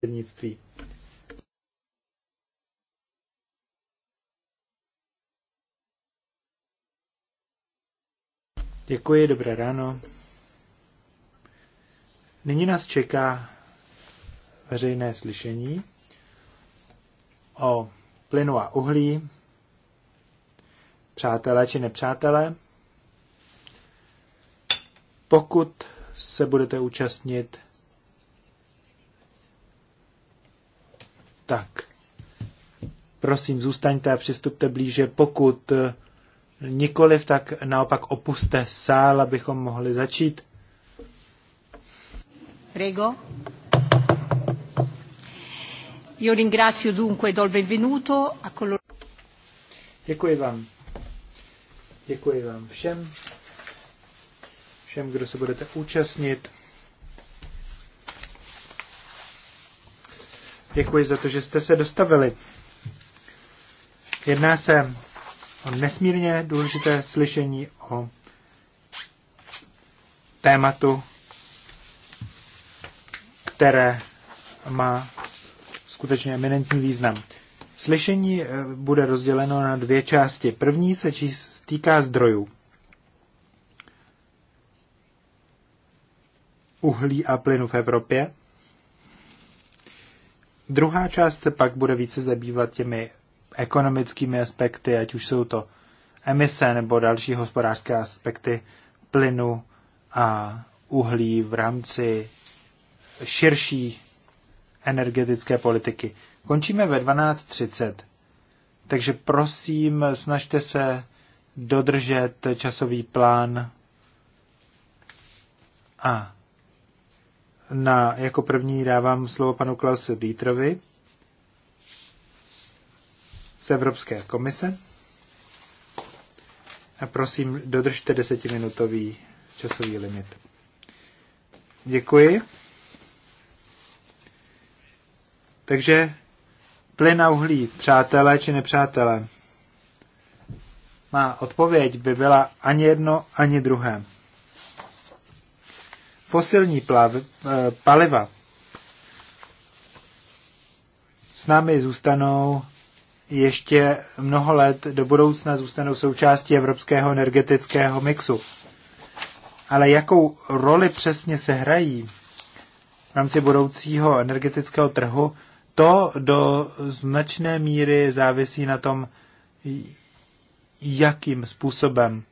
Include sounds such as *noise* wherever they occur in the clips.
předsednictví Děkuji, dobré ráno. Nyní nás čeká veřejné slyšení o plynu a uhlí, přátelé či nepřátelé. Pokud se budete účastnit tak prosím, zůstaňte a přistupte blíže. Pokud eh, nikoliv, tak naopak opuste sál, abychom mohli začít. Prego. Io ringrazio dunque, do il benvenuto a coloro... Děkuji vám. Děkuji vám všem. Všem, kdo se budete účastnit Děkuji za to, že jste se dostavili. Jedná se o nesmírně důležité slyšení o tématu, které má skutečně eminentní význam. Slyšení eh, bude rozděleno na dvě části. První se čís, týká zdrojů. Uhlí a plynu v Evropě. Druhá část se pak bude více zabývat těmi ekonomickými aspekty, ať už jsou to emise nebo další hospodářské aspekty plynu a uhlí v rámci širší energetické politiky. Končíme ve 12.30, takže prosím, snažte se dodržet časový plán. A na, jako první dávám slovo panu Klausu Dietrovi z Evropské komise. A prosím, dodržte desetiminutový časový limit. Děkuji. Takže plyn a uhlí, přátelé či nepřátelé? Má odpověď by byla ani jedno, ani druhé fosilní plav, eh, paliva s námi zůstanou ještě mnoho let do budoucna zůstanou součástí evropského energetického mixu. Ale jakou roli přesně se hrají v rámci budoucího energetického trhu, to do značné míry závisí na tom, jakým způsobem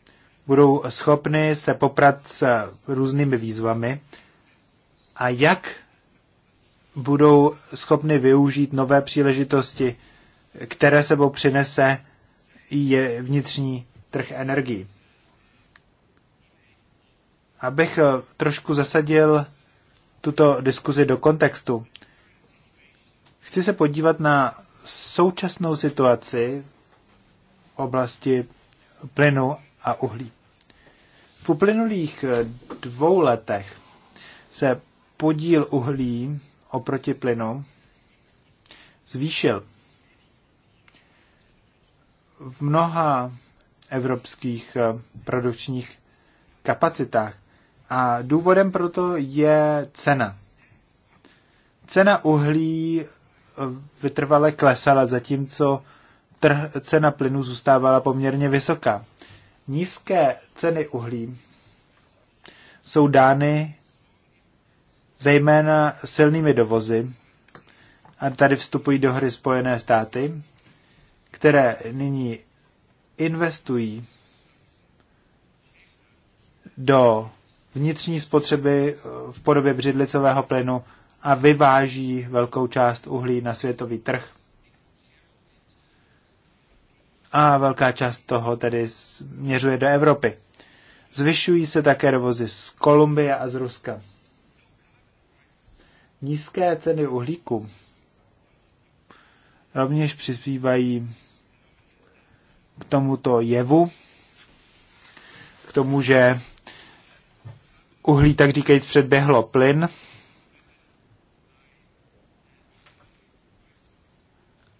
budou schopny se poprat s různými výzvami a jak budou schopny využít nové příležitosti, které sebou přinese je vnitřní trh energií. Abych eh, trošku zasadil tuto diskuzi do kontextu, chci se podívat na současnou situaci v oblasti plynu a uhlí. V uplynulých eh, dvou letech se podíl uhlí oproti plynu zvýšil. V mnoha evropských eh, produkčních kapacitách. A důvodem proto je cena. Cena uhlí eh, vytrvale klesala, zatímco trh, cena plynu zůstávala poměrně vysoká. Nízké ceny uhlí jsou dány zejména silnými dovozy, a tady vstupují do hry Spojené státy, které nyní investují do vnitřní spotřeby eh, v podobě břidlicového plynu a vyváží velkou část uhlí na světový trh a velká část toho tedy směřuje do Evropy. Zvyšují se také dovozy z Kolumbie a z Ruska. Nízké ceny uhlíku rovněž přispívají k tomuto jevu, k tomu, že uhlí, tak říkajíc, předběhlo plyn.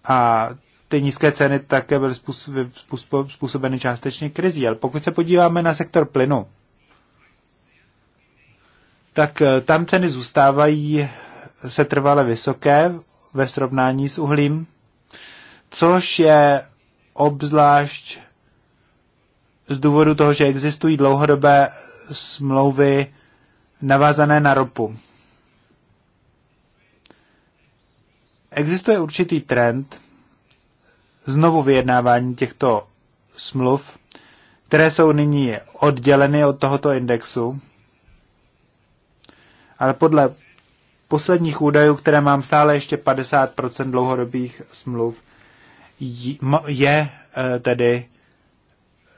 A ty nízké ceny také byly způsobeny částečně krizí. Ale pokud se podíváme na sektor plynu, tak eh, tam ceny zůstávají eh, se trvale vysoké ve srovnání s uhlím, což je obzvlášť z důvodu toho, že existují dlouhodobé smlouvy navázané na ropu. Existuje určitý trend, znovu vyjednávání těchto smluv, které jsou nyní odděleny od tohoto indexu. Ale podle posledních údajů, které mám stále ještě 50% dlouhodobých smluv, je eh, tedy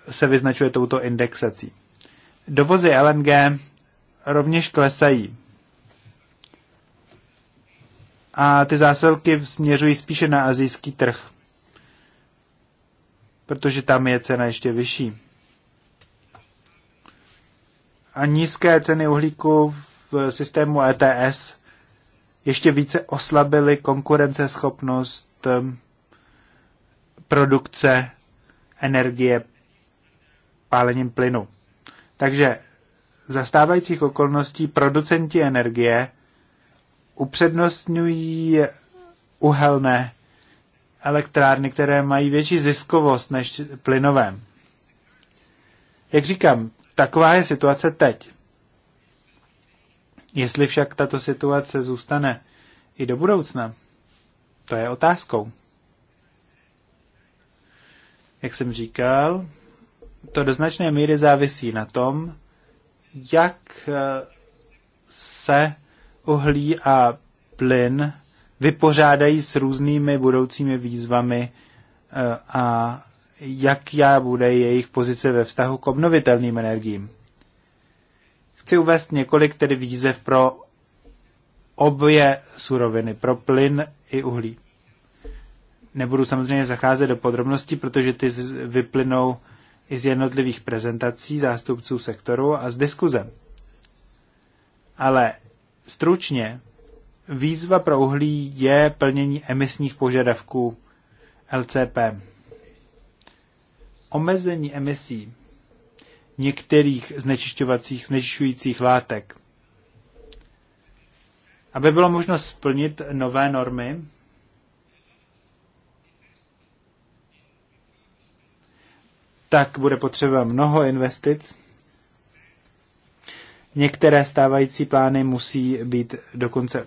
se vyznačuje touto indexací. Dovozy LNG rovněž klesají. A ty zásilky směřují spíše na azijský trh protože tam je cena ještě vyšší. A nízké ceny uhlíku v systému ETS ještě více oslabily konkurenceschopnost um, produkce energie pálením plynu. Takže za stávajících okolností producenti energie upřednostňují uhelné elektrárny, které mají větší ziskovost než plynové. Jak říkám, taková je situace teď. Jestli však tato situace zůstane i do budoucna, to je otázkou. Jak jsem říkal, to do značné míry závisí na tom, jak eh, se uhlí a plyn vypořádají s různými budoucími výzvami eh, a jak já bude jejich pozice ve vztahu k obnovitelným energiím. Chci uvést několik tedy výzev pro obě suroviny, pro plyn i uhlí. Nebudu samozřejmě zacházet do podrobností, protože ty vyplynou i z jednotlivých prezentací zástupců sektoru a z diskuze. Ale stručně výzva pro uhlí je plnění emisních požadavků LCP. Omezení emisí některých znečišťovacích, znečišťujících látek. Aby bylo možno splnit nové normy, tak bude potřeba mnoho investic. Některé stávající plány musí být dokonce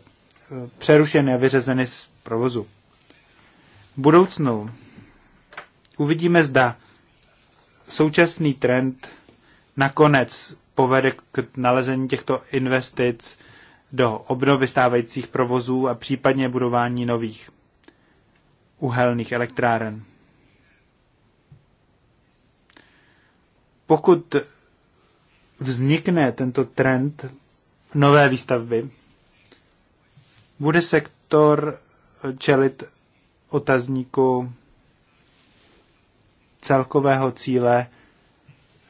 přerušeny a vyřezeny z provozu. V budoucnu uvidíme, zda současný trend nakonec povede k nalezení těchto investic do obnovy stávajících provozů a případně budování nových uhelných elektráren. Pokud vznikne tento trend nové výstavby, bude sektor čelit otazníku celkového cíle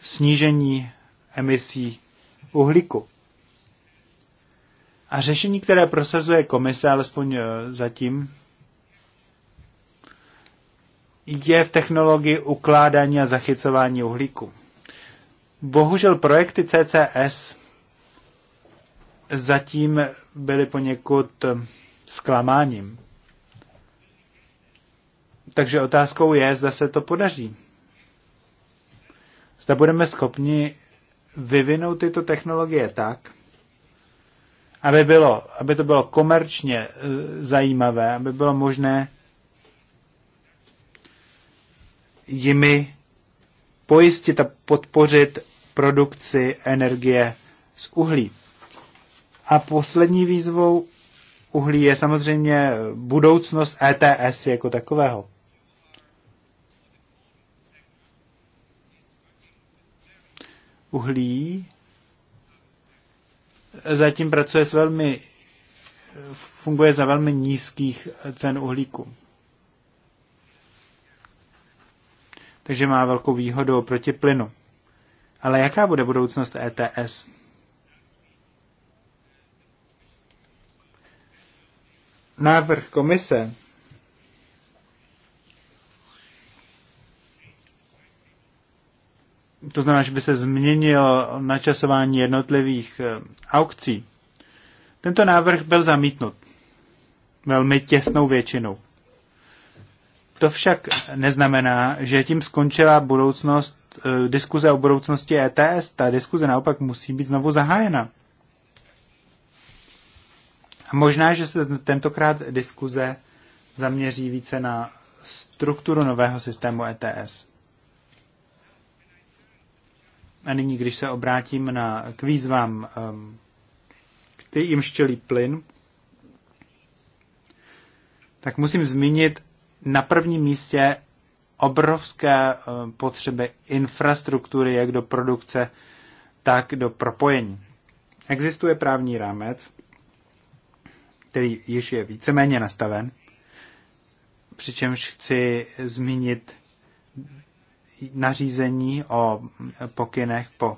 snížení emisí uhlíku. A řešení, které prosazuje komise, alespoň e, zatím, je v technologii ukládání a zachycování uhlíku. Bohužel projekty CCS zatím byli poněkud eh, zklamáním. Takže otázkou je, zda se to podaří. Zda budeme schopni vyvinout tyto technologie tak, aby, bylo, aby to bylo komerčně eh, zajímavé, aby bylo možné jimi pojistit a podpořit produkci energie z uhlí. A poslední výzvou uhlí je samozřejmě budoucnost ETS jako takového. Uhlí zatím pracuje s velmi, funguje za velmi nízkých cen uhlíku. Takže má velkou výhodu oproti plynu. Ale jaká bude budoucnost ETS? návrh komise to znamená, že by se změnil načasování jednotlivých eh, aukcí. Tento návrh byl zamítnut velmi těsnou většinou. To však neznamená, že tím skončila budoucnost, eh, diskuze o budoucnosti ETS. Ta diskuze naopak musí být znovu zahájena. A možná, že se tentokrát diskuze zaměří více na strukturu nového systému ETS. A nyní, když se obrátím na, k výzvám, ehm, který jim štělí plyn, tak musím zmínit na prvním místě obrovské ehm, potřeby infrastruktury, jak do produkce, tak do propojení. Existuje právní rámec, který již je víceméně nastaven, přičemž chci zmínit nařízení o pokynech po,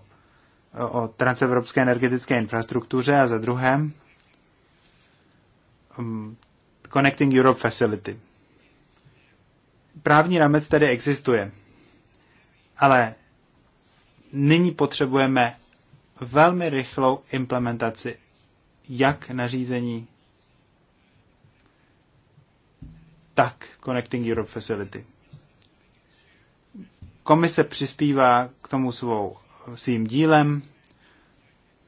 o transevropské energetické infrastruktuře a za druhém mm, Connecting Europe Facility. Právní rámec tedy existuje, ale nyní potřebujeme velmi rychlou implementaci jak nařízení, tak Connecting Europe Facility. Komise přispívá k tomu svou, svým dílem.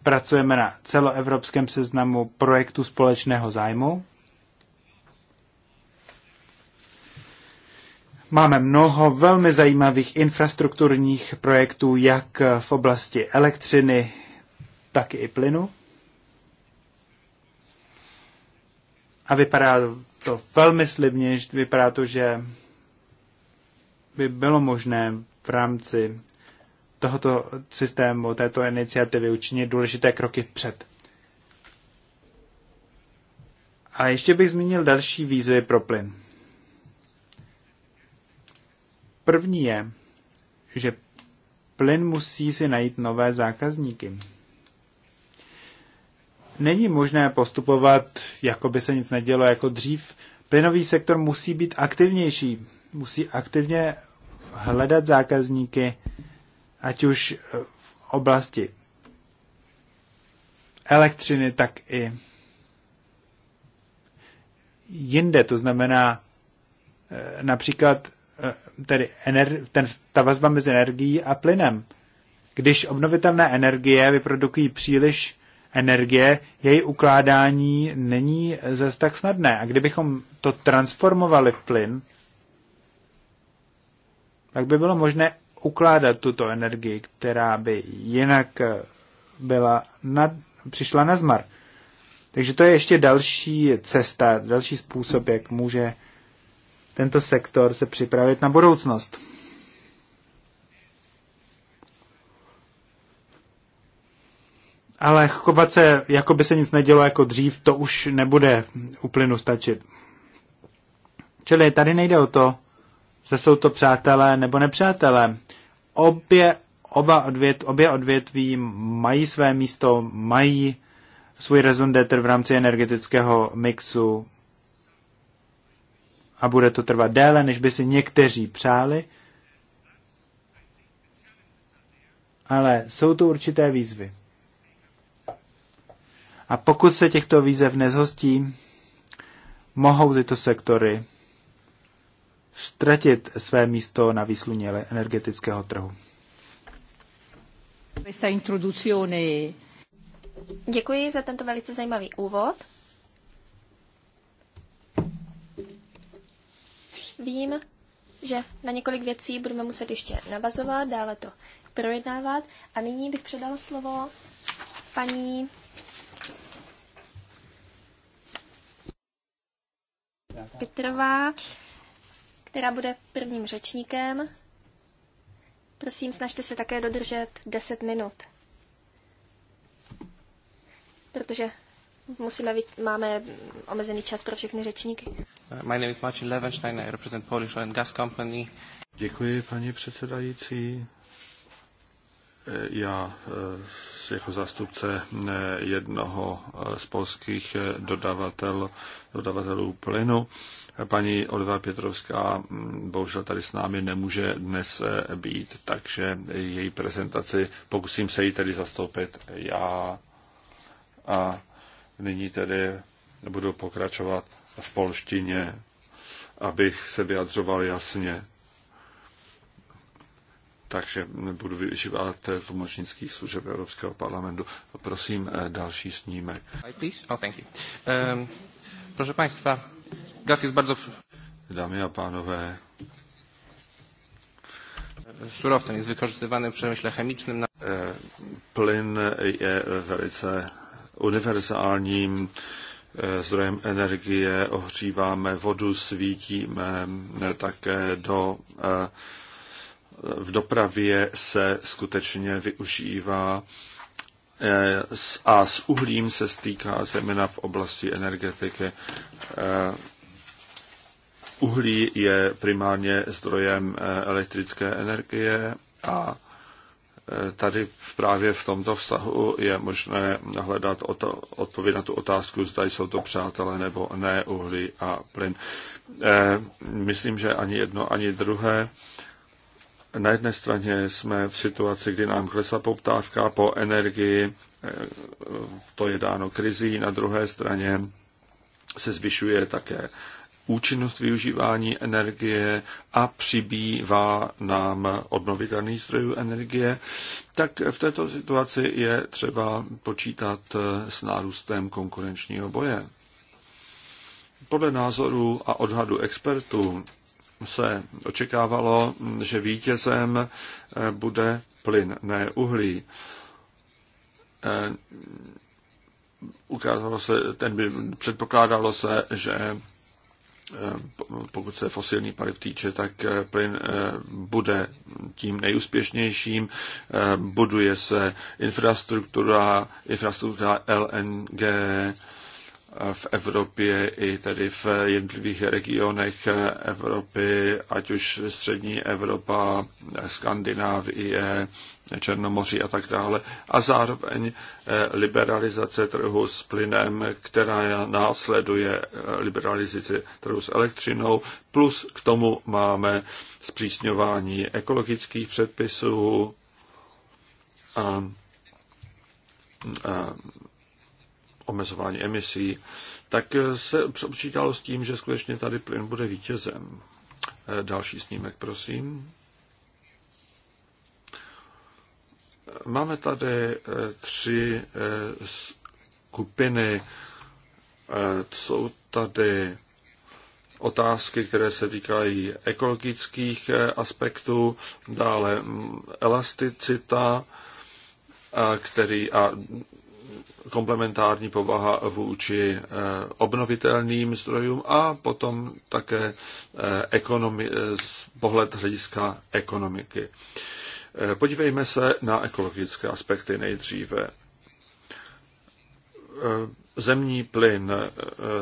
Pracujeme na celoevropském seznamu projektu společného zájmu. Máme mnoho velmi zajímavých infrastrukturních projektů, jak v oblasti elektřiny, tak i plynu. A vypadá to velmi slibně, vypadá to, že by bylo možné v rámci tohoto systému, této iniciativy učinit důležité kroky vpřed. A ještě bych zmínil další výzvy pro plyn. První je, že plyn musí si najít nové zákazníky není možné postupovat, jako by se nic nedělo, jako dřív. Plynový sektor musí být aktivnější, musí aktivně hledat zákazníky, ať už v oblasti elektřiny, tak i jinde. To znamená eh, například eh, tedy ener, ten, ta vazba mezi energií a plynem. Když obnovitelné energie vyprodukují příliš energie, její ukládání není zase tak snadné. A kdybychom to transformovali v plyn, tak by bylo možné ukládat tuto energii, která by jinak byla na, přišla na zmar. Takže to je ještě další cesta, další způsob, jak může tento sektor se připravit na budoucnost. Ale chovat se, jako by se nic nedělo jako dřív, to už nebude uplynu stačit. Čili tady nejde o to, že jsou to přátelé nebo nepřátelé. Obě, oba odvět, obě odvětví mají své místo, mají svůj rezondetr v rámci energetického mixu a bude to trvat déle, než by si někteří přáli, ale jsou to určité výzvy. A pokud se těchto výzev nezhostí, mohou tyto sektory ztratit své místo na výsluně energetického trhu. Děkuji za tento velice zajímavý úvod. Vím, že na několik věcí budeme muset ještě navazovat, dále to projednávat. A nyní bych předala slovo paní Petrová, která bude prvním řečníkem. Prosím, snažte se také dodržet 10 minut, protože musíme, máme omezený čas pro všechny řečníky. Uh, my name is Martin Levenstein, I represent Polish Oil and Gas Company. Děkuji, paní předsedající. Eh, já eh, jako zástupce eh, jednoho z polských dodavatel, dodavatelů plynu, paní Olva Pětrovská mm, bohužel tady s námi nemůže dnes být, takže její prezentaci pokusím se jí tedy zastoupit já. A nyní tedy budu pokračovat v polštině, abych se vyjadřoval jasně takže budu využívat tlumočnických služeb Evropského parlamentu. Prosím eh, další snímek. Oh, Um, proszę Państwa, gaz jest bardzo... Dámy a pánové. Surowcem jest wykorzystywany w przemyśle chemicznym. Na... Eh, plyn je velice univerzálním eh, zdrojem energie, ohříváme vodu, svítíme také do uh, v dopravě se skutečně využívá eh, a s uhlím se stýká zejména v oblasti energetiky. Eh, uhlí je primárně zdrojem eh, elektrické energie a tady právě v tomto vztahu je možné hledat odpověď na tu otázku, zda jsou to přátelé nebo ne uhlí a plyn. Myslím, že ani jedno, ani druhé na jedné straně jsme v situaci, kdy nám klesá poptávka po energii, eh, to je dáno krizí, na druhé straně se zvyšuje také účinnost využívání energie a přibývá nám obnovitelný zdrojů energie, tak v této situaci je třeba počítat eh, s nárůstem konkurenčního boje. Podle názoru a odhadu expertů se očekávalo, že vítězem eh, bude plyn, ne uhlí. Eh, ukázalo se, ten by, předpokládalo se, že eh, pokud se fosilní paliv týče, tak plyn bude tím nejúspěšnějším. Buduje se infrastruktura, infrastruktura LNG, v Evropě i tedy v jednotlivých regionech Evropy, ať už střední Evropa, Skandinávie, Černomoří a tak dále. A zároveň eh, liberalizace trhu s plynem, která následuje eh, liberalizaci trhu s elektřinou, plus k tomu máme zpřísňování ekologických předpisů a, a omezování emisí, tak se přepočítalo s tím, že skutečně tady plyn bude vítězem. Eh, další snímek, prosím. Máme tady eh, tři eh, skupiny. Jsou tady otázky, které se týkají ekologických aspektů, dále mm, elasticita, který a komplementární povaha vůči eh, obnovitelným zdrojům a potom také eh, ekonomi, eh, pohled hlediska ekonomiky. Podívejme se na ekologické aspekty nejdříve. Zemní plyn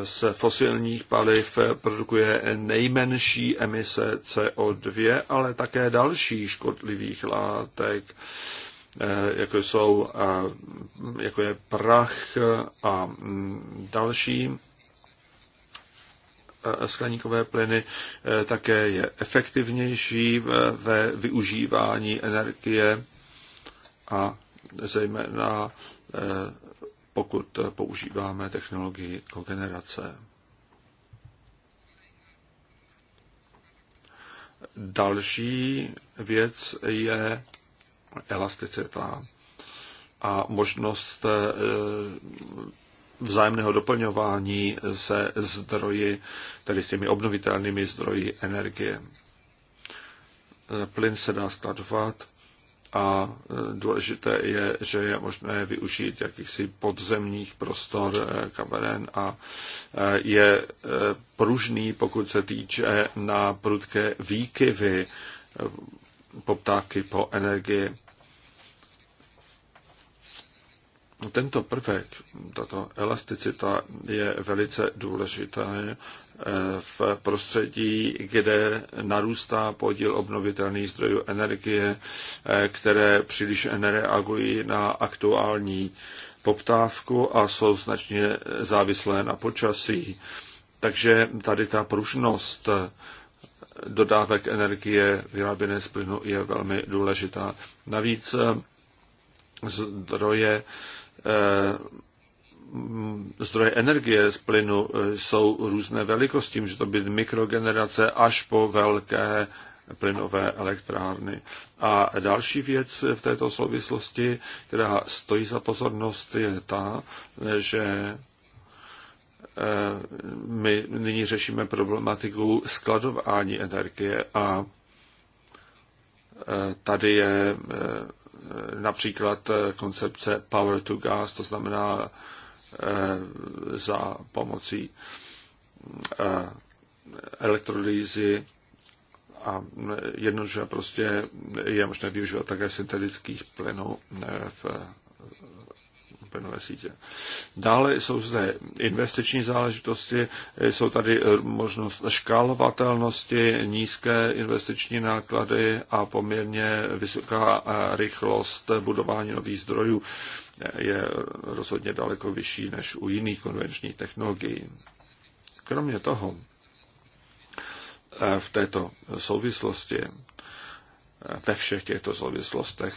z fosilních paliv produkuje nejmenší emise CO2, ale také dalších škodlivých látek Eh, jako, jsou, eh, jako je prach a mm, další eh, skleníkové plyny, také je efektivnější ve využívání energie a zejména pokud používáme technologii kogenerace. Další věc je elasticita a možnost eh, vzájemného doplňování se zdroji, tedy s těmi obnovitelnými zdroji energie. Eh, plyn se dá skladovat a eh, důležité je, že je možné využít jakýchsi podzemních prostor kaveren a je pružný, pokud se týče na prudké výkyvy poptávky po energii. No, tento prvek, tato elasticita je velice důležitá eh, v prostředí, kde narůstá podíl obnovitelných zdrojů energie, eh, které příliš nereagují na aktuální poptávku a jsou značně závislé na počasí. Takže tady ta pružnost eh, dodávek energie vyráběné z plynu je velmi důležitá. Navíc zdroje Eh, zdroje energie z plynu eh, jsou různé velikosti, může to být mikrogenerace až po velké plynové elektrárny. A další věc v této souvislosti, která stojí za pozornost, je ta, že eh, my nyní řešíme problematiku skladování energie a tady je například eh, koncepce power to gas, to znamená eh, za pomocí eh, elektrolýzy a jednoduše prostě je možné využívat také syntetických plynů v plynové sítě. Dále jsou zde investiční záležitosti, jsou tady možnost škálovatelnosti, nízké investiční náklady a poměrně vysoká rychlost budování nových zdrojů je rozhodně daleko vyšší než u jiných konvenčních technologií. Kromě toho, v této souvislosti ve všech těchto souvislostech.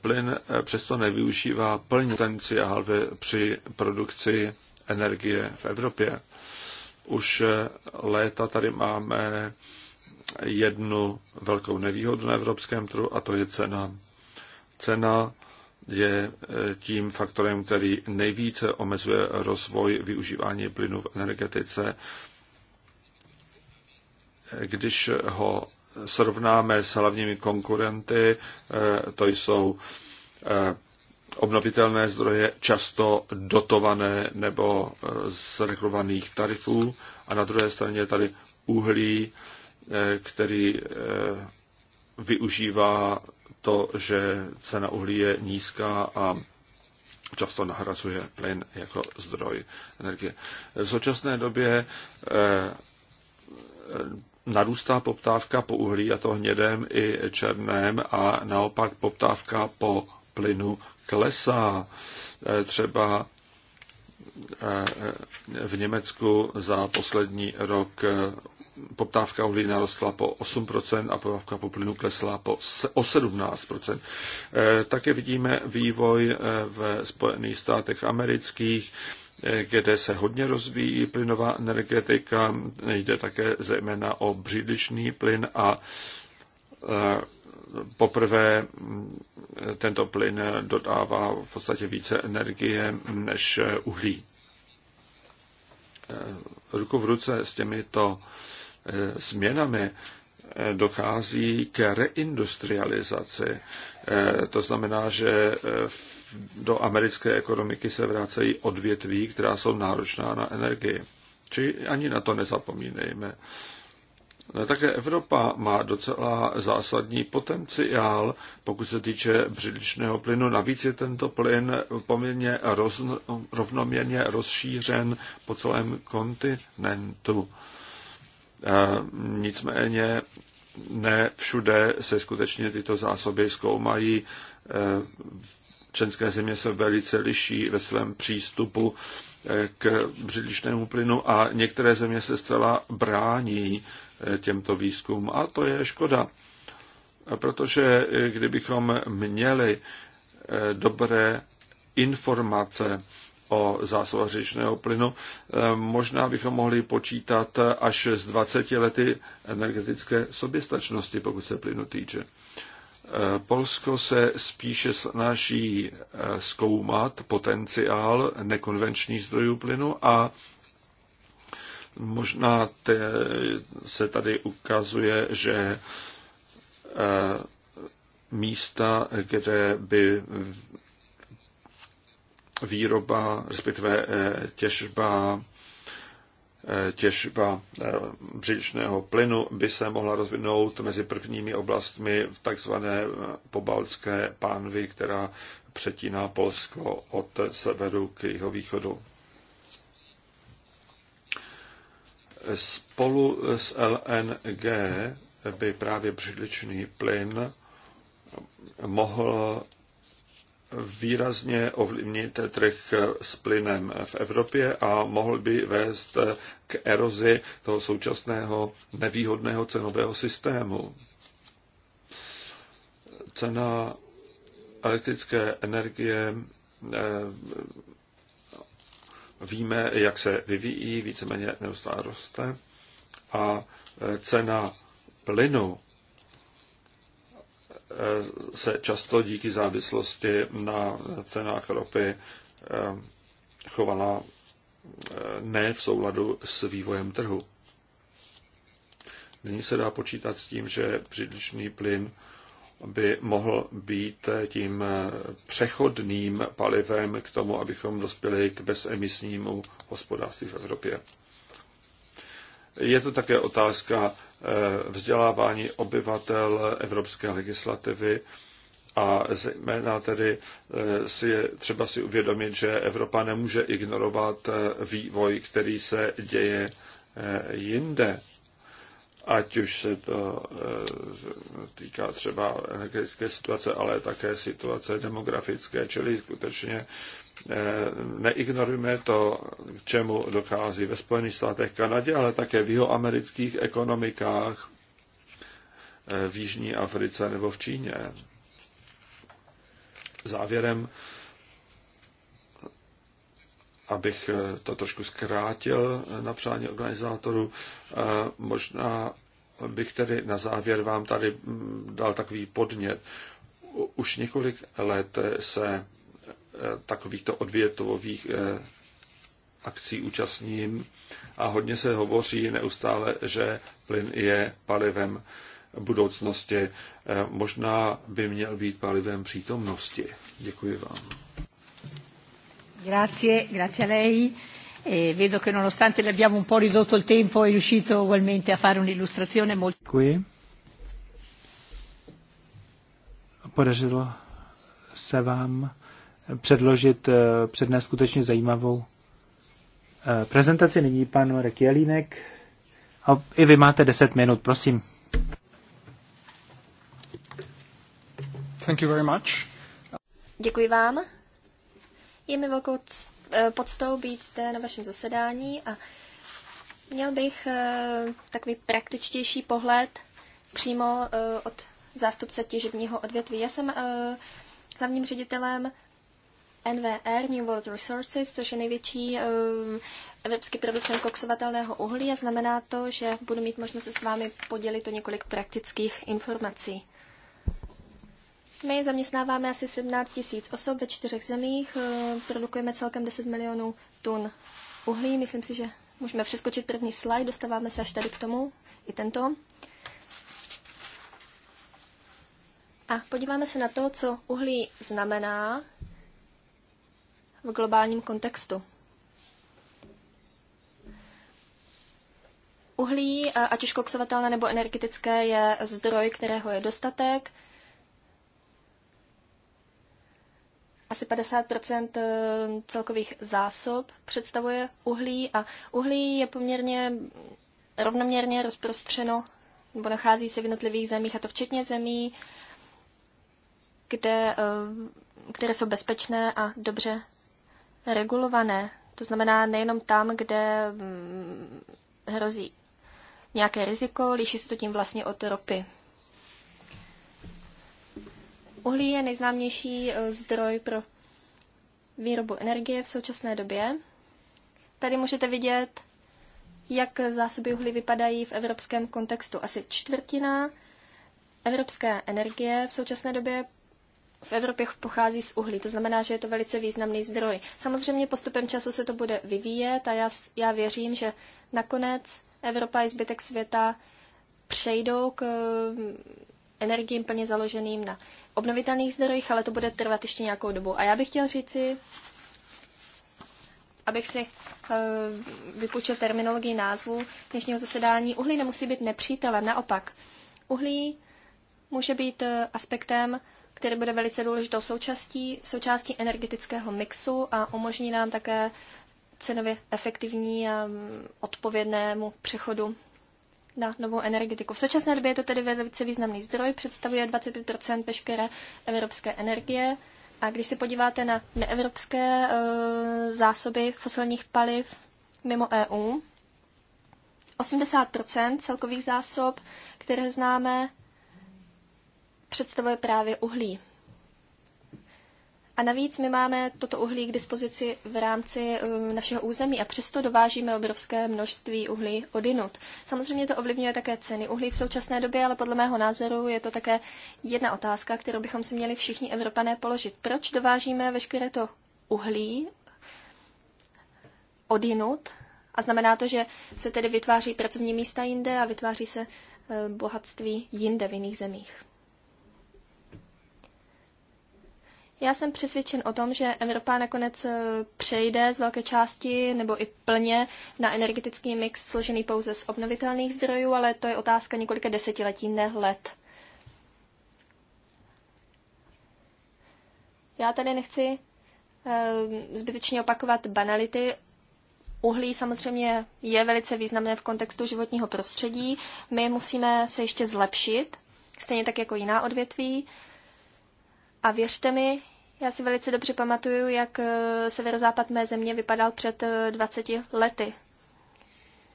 Plyn přesto nevyužívá plný potenciál při produkci energie v Evropě. Už léta tady máme jednu velkou nevýhodu na evropském trhu a to je cena. Cena je eh, tím faktorem, který nejvíce omezuje rozvoj využívání plynu v energetice. Když ho srovnáme s hlavními konkurenty, eh, to jsou eh, obnovitelné zdroje často dotované nebo eh, z regulovaných tarifů a na druhé straně je tady uhlí, který využívá to, že cena uhlí je nízká a často nahrazuje plyn jako zdroj energie. V současné době narůstá poptávka po uhlí, a to hnědém i černém, a naopak poptávka po plynu klesá. Eh, třeba eh, v Německu za poslední rok eh, poptávka uhlí narostla po 8% a poptávka po plynu klesla po o 17%. Také vidíme vývoj v Spojených státech amerických kde se hodně rozvíjí plynová energetika. Jde také zejména o bříličný plyn a e, poprvé mm, tento plyn dodává v podstatě více energie než uhlí. E, ruku v ruce s těmito e, změnami dochází k reindustrializaci. To znamená, že v do americké ekonomiky se vracejí odvětví, která jsou náročná na energii. Či ani na to nezapomínejme. No, také Evropa má docela zásadní potenciál, pokud se týče břidličného plynu. Navíc je tento plyn poměrně roz, rovnoměrně rozšířen po celém kontinentu. E, nicméně ne všude se skutečně tyto zásoby zkoumají. E, Členské země se velice liší ve svém přístupu eh, k břidličnému plynu a některé země se zcela brání eh, těmto výzkum a to je škoda. Protože eh, kdybychom měli dobré informace o zásobách řečného plynu, možná bychom mohli počítat až z 20 lety energetické soběstačnosti, pokud se plynu týče. Eh, Polsko se spíše snaží eh, zkoumat potenciál nekonvenčních zdrojů plynu a možná te, se tady ukazuje, že eh, místa, kde by výroba, respektive těžba Eh, těžba eh, břičného plynu by se mohla rozvinout mezi prvními oblastmi v takzvané eh, pobaltské pánvi, která přetíná Polsko od severu k jeho východu. Spolu s LNG by právě břidličný plyn mohl výrazně ovlivnit trh s plynem v Evropě a mohl by vést k erozi toho současného nevýhodného cenového systému. Cena elektrické energie eh, víme, jak se vyvíjí, víceméně neustále roste a eh, cena plynu Eh, se často díky závislosti na cenách ropy eh, chovala eh, ne v souladu s vývojem trhu. Nyní se dá počítat s tím, že přílišný plyn by mohl být tím přechodným palivem k tomu, abychom dospěli k bezemisnímu hospodářství v Evropě. Je to také otázka eh, vzdělávání obyvatel evropské legislativy a zejména tedy eh, si je třeba si uvědomit, že Evropa nemůže ignorovat eh, vývoj, který se děje jinde. Ať už se to týká třeba energetické situace, ale také situace demografické, čili skutečně neignorujme to, k čemu dochází ve Spojených státech Kanadě, ale také v jeho amerických ekonomikách, eh, v Jižní Africe nebo v Číně. Závěrem, abych eh, to trošku zkrátil eh, na přání organizátorů, možná bych tedy na závěr vám tady mm, dal takový podnět. Už několik let se Eh, takovýchto odvětových eh, akcí účastním a hodně se hovoří neustále, že plyn je palivem budoucnosti. Eh, možná by měl být palivem přítomnosti. Děkuji vám. Grazie, grazie a lei. E vedo che nonostante le abbiamo un po' ridotto il tempo è riuscito ugualmente a fare un'illustrazione molto... Děkuji. Podařilo se vám předložit, eh, přednést skutečně zajímavou eh, prezentaci. Nyní pan Marek Jelínek. A i vy máte 10 minut, prosím. Thank you very much. Děkuji vám. Je mi velkou eh, poctou být zde na vašem zasedání a měl bych takový praktičtější pohled přímo od zástupce těžebního odvětví. Já jsem hlavním ředitelem NVR, New World Resources, což je největší ehm, evropský producent koksovatelného uhlí a znamená to, že budu mít možnost se s vámi podělit o několik praktických informací. My zaměstnáváme asi 17 tisíc osob ve čtyřech zemích, ehm, produkujeme celkem 10 milionů tun uhlí. Myslím si, že můžeme přeskočit první slide, dostáváme se až tady k tomu, i tento. A podíváme se na to, co uhlí znamená v globálním kontextu. Uhlí, eh, ať už koksovatelné nebo energetické, je zdroj, kterého je dostatek. Asi 50 eh, celkových zásob představuje uhlí a uhlí je poměrně rovnoměrně rozprostřeno nebo nachází se v jednotlivých zemích, a to včetně zemí, kde, eh, které jsou bezpečné a dobře regulované. To znamená nejenom tam, kde mm, hrozí nějaké riziko, liší se to tím vlastně od ropy. Uhlí je nejznámější e, zdroj pro výrobu energie v současné době. Tady můžete vidět, jak zásoby uhlí vypadají v evropském kontextu. Asi čtvrtina evropské energie v současné době v Evropě pochází z uhlí, to znamená, že je to velice významný zdroj. Samozřejmě postupem času se to bude vyvíjet a já, já věřím, že nakonec Evropa i zbytek světa přejdou k eh, energiím plně založeným na obnovitelných zdrojích, ale to bude trvat ještě nějakou dobu. A já bych chtěl říci, abych si eh, vypůjčil terminologii názvu dnešního zasedání, uhlí nemusí být nepřítelem, naopak. Uhlí může být eh, aspektem, který bude velice důležitou součástí, součástí energetického mixu a umožní nám také cenově efektivní a mm, odpovědnému přechodu na novou energetiku. V současné době je to tedy velice významný zdroj, představuje 25 veškeré evropské energie. A když se podíváte na neevropské e, zásoby fosilních paliv mimo EU, 80 celkových zásob, které známe, představuje právě uhlí. A navíc my máme toto uhlí k dispozici v rámci um, našeho území a přesto dovážíme obrovské množství uhlí odinut. Samozřejmě to ovlivňuje také ceny uhlí v současné době, ale podle mého názoru je to také jedna otázka, kterou bychom si měli všichni Evropané položit. Proč dovážíme veškeré to uhlí odinut? A znamená to, že se tedy vytváří pracovní místa jinde a vytváří se eh, bohatství jinde v jiných zemích. Já jsem přesvědčen o tom, že Evropa nakonec eh, přejde z velké části nebo i plně na energetický mix složený pouze z obnovitelných zdrojů, ale to je otázka několika desetiletí, ne let. Já tady nechci eh, zbytečně opakovat banality. Uhlí samozřejmě je velice významné v kontextu životního prostředí. My musíme se ještě zlepšit, stejně tak jako jiná odvětví. A věřte mi, já si velice dobře pamatuju, jak eh, severozápad mé země vypadal před 20 eh, lety.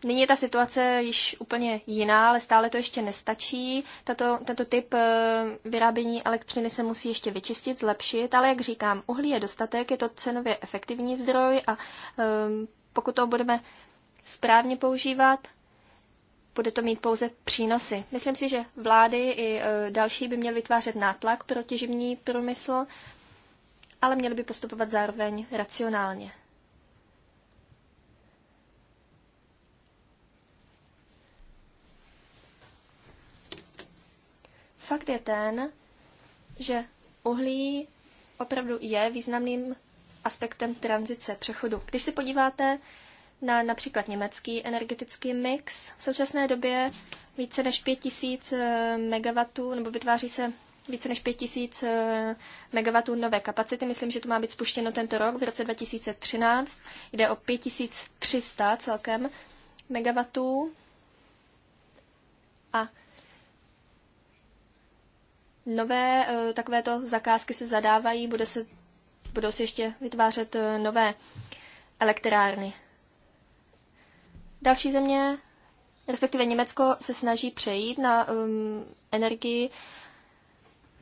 Nyní je ta situace již úplně jiná, ale stále to ještě nestačí. Tato, tento typ eh, vyrábění elektřiny se musí ještě vyčistit, zlepšit, ale jak říkám, uhlí je dostatek, je to cenově efektivní zdroj a pokud to budeme správně používat, bude to mít pouze přínosy. Myslím si, že vlády i další by měly vytvářet nátlak pro těživní průmysl, ale měli by postupovat zároveň racionálně. Fakt je ten, že uhlí opravdu je významným aspektem tranzice, přechodu. Když se podíváte na například německý energetický mix, v současné době více než 5000 eh, MW, nebo vytváří se více než 5000 eh, MW nové kapacity. Myslím, že to má být spuštěno tento rok, v roce 2013. Jde o 5300 celkem MW. A nové eh, takovéto zakázky se zadávají, bude se, budou se ještě vytvářet eh, nové elektrárny. Další země, respektive Německo, se snaží přejít na um, energii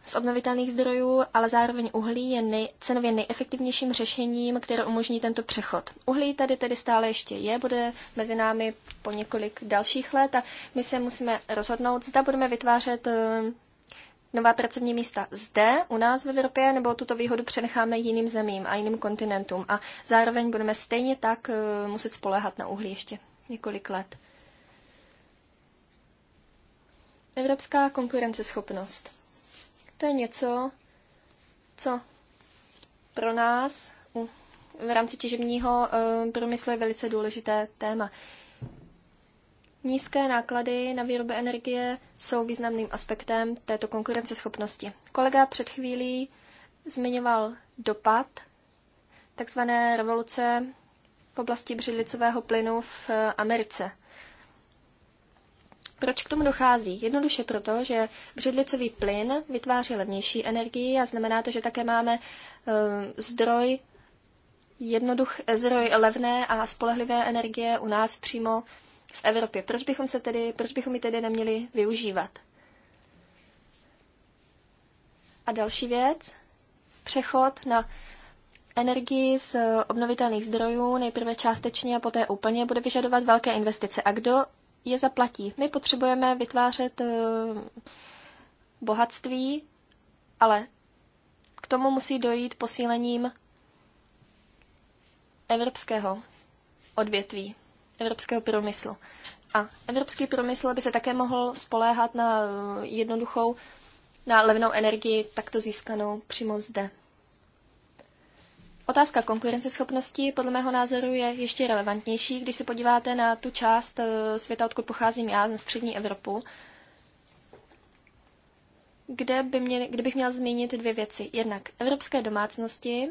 z obnovitelných zdrojů, ale zároveň uhlí je nej, cenově nejefektivnějším řešením, které umožní tento přechod. Uhlí tady tedy stále ještě je, bude mezi námi po několik dalších let a my se musíme rozhodnout, zda budeme vytvářet eh, nová pracovní místa zde, u nás v Evropě, nebo tuto výhodu přenecháme jiným zemím a jiným kontinentům. A zároveň budeme stejně tak eh, muset spoléhat na uhlí ještě několik let. Evropská konkurenceschopnost. To je něco, co pro nás v rámci těžebního eh, průmyslu je velice důležité téma. Nízké náklady na výrobu energie jsou významným aspektem této konkurenceschopnosti. Kolega před chvílí zmiňoval dopad takzvané revoluce v oblasti břidlicového plynu v eh, Americe. Proč k tomu dochází? Jednoduše proto, že břidlicový plyn vytváří levnější energii a znamená to, že také máme eh, zdroj, jednoduch, zdroj levné a spolehlivé energie u nás přímo v Evropě. Proč bychom, se tedy, proč bychom ji tedy neměli využívat? A další věc, přechod na energii z obnovitelných zdrojů, nejprve částečně a poté úplně, bude vyžadovat velké investice. A kdo je zaplatí. My potřebujeme vytvářet eh, bohatství, ale k tomu musí dojít posílením evropského odvětví, evropského průmyslu. A evropský průmysl by se také mohl spoléhat na eh, jednoduchou, na levnou energii, takto získanou přímo zde. Otázka konkurenceschopnosti podle mého názoru je ještě relevantnější, když se podíváte na tu část eh, světa, odkud pocházím já, na střední Evropu, kde, by mě, kde bych měl zmínit dvě věci. Jednak evropské domácnosti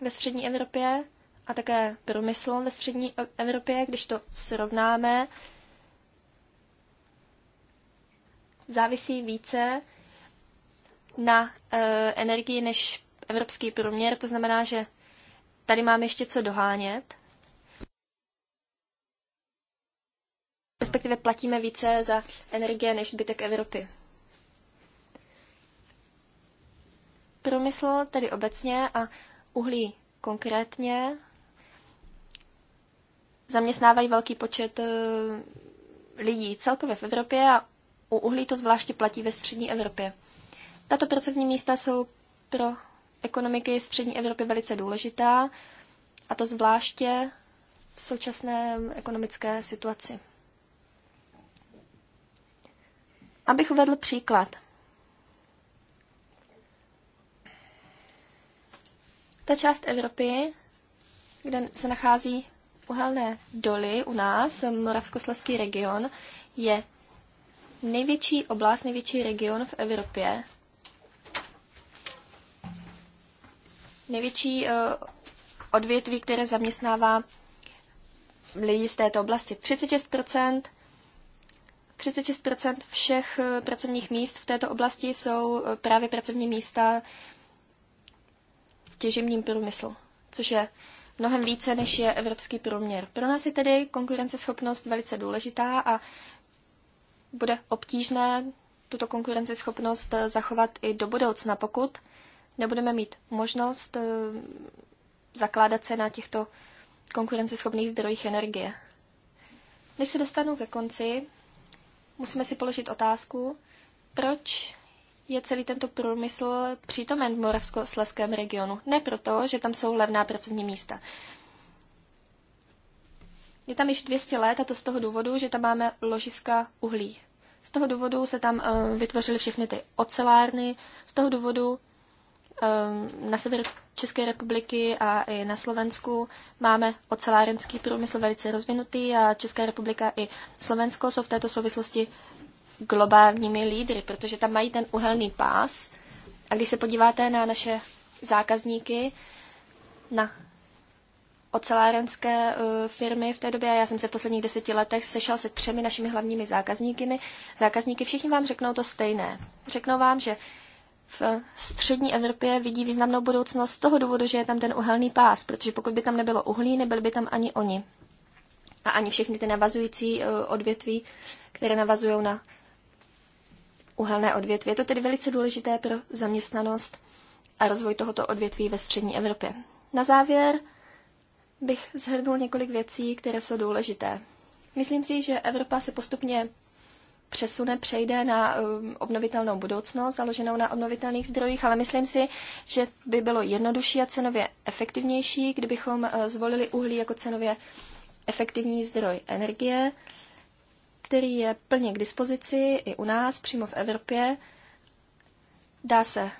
ve střední Evropě a také průmysl ve střední Evropě, když to srovnáme, závisí více na e, energii než evropský průměr. To znamená, že Tady mám ještě co dohánět. Respektive platíme více za energie než zbytek Evropy. Průmysl tedy obecně a uhlí konkrétně zaměstnávají velký počet eh, lidí celkově v Evropě a u uhlí to zvláště platí ve střední Evropě. Tato pracovní místa jsou pro ekonomiky střední Evropy velice důležitá, a to zvláště v současné ekonomické situaci. Abych uvedl příklad. Ta část Evropy, kde se nachází uhelné doly u nás, Moravskoslezský region, je největší oblast, největší region v Evropě, největší eh, odvětví, které zaměstnává lidí z této oblasti. 36%, 36 všech eh, pracovních míst v této oblasti jsou eh, právě pracovní místa v těžebním průmyslu, což je mnohem více, než je evropský průměr. Pro nás je tedy konkurenceschopnost velice důležitá a bude obtížné tuto konkurenceschopnost zachovat i do budoucna, pokud nebudeme mít možnost eh, zakládat se na těchto konkurenceschopných zdrojích energie. Než se dostanu ke konci, musíme si položit otázku, proč je celý tento průmysl přítomen v Moravskosleském regionu. Ne proto, že tam jsou levná pracovní místa. Je tam již 200 let a to z toho důvodu, že tam máme ložiska uhlí. Z toho důvodu se tam eh, vytvořily všechny ty ocelárny, z toho důvodu Ehm, na sever České republiky a i na Slovensku máme ocelárenský průmysl velice rozvinutý a Česká republika i Slovensko jsou v této souvislosti globálními lídry, protože tam mají ten uhelný pás. A když se podíváte na naše zákazníky, na ocelárenské eh, firmy v té době, a já jsem se v posledních deseti letech sešel se třemi našimi hlavními zákazníky, zákazníky všichni vám řeknou to stejné. Řeknou vám, že v střední Evropě vidí významnou budoucnost z toho důvodu, že je tam ten uhelný pás, protože pokud by tam nebylo uhlí, nebyl by tam ani oni. A ani všechny ty navazující eh, odvětví, které navazují na uhelné odvětví. Je to tedy velice důležité pro zaměstnanost a rozvoj tohoto odvětví ve střední Evropě. Na závěr bych zhrnul několik věcí, které jsou důležité. Myslím si, že Evropa se postupně přesune přejde na um, obnovitelnou budoucnost, založenou na obnovitelných zdrojích, ale myslím si, že by bylo jednodušší a cenově efektivnější, kdybychom uh, zvolili uhlí jako cenově efektivní zdroj energie, který je plně k dispozici i u nás, přímo v Evropě. Dá se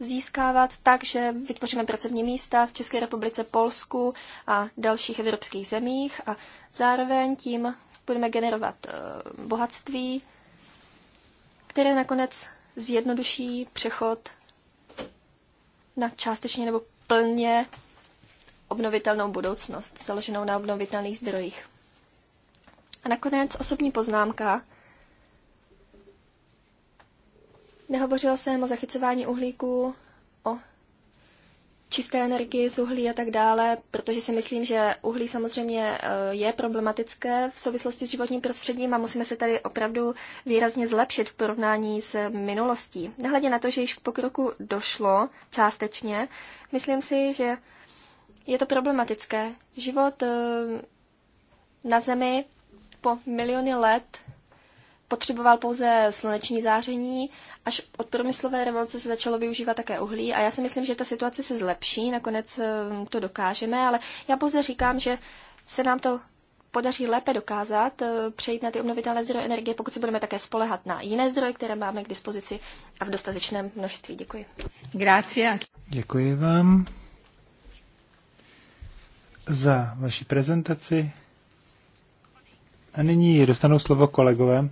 získávat tak, že vytvoříme pracovní místa v České republice, Polsku a dalších evropských zemích a zároveň tím budeme generovat eh, bohatství, které nakonec zjednoduší přechod na částečně nebo plně obnovitelnou budoucnost, založenou na obnovitelných zdrojích. A nakonec osobní poznámka. Nehovořila jsem o zachycování uhlíku, o čisté energie z uhlí a tak dále, protože si myslím, že uhlí samozřejmě eh, je problematické v souvislosti s životním prostředím a musíme se tady opravdu výrazně zlepšit v porovnání s minulostí. Nehledě na to, že již k pokroku došlo částečně, myslím si, že je to problematické. Život eh, na Zemi po miliony let potřeboval pouze sluneční záření, až od průmyslové revoluce se začalo využívat také uhlí a já si myslím, že ta situace se zlepší, nakonec eh, to dokážeme, ale já pouze říkám, že se nám to podaří lépe dokázat eh, přejít na ty obnovitelné zdroje energie, pokud se budeme také spolehat na jiné zdroje, které máme k dispozici a v dostatečném množství. Děkuji. Grazie. Děkuji vám za vaši prezentaci. A nyní dostanou slovo kolegové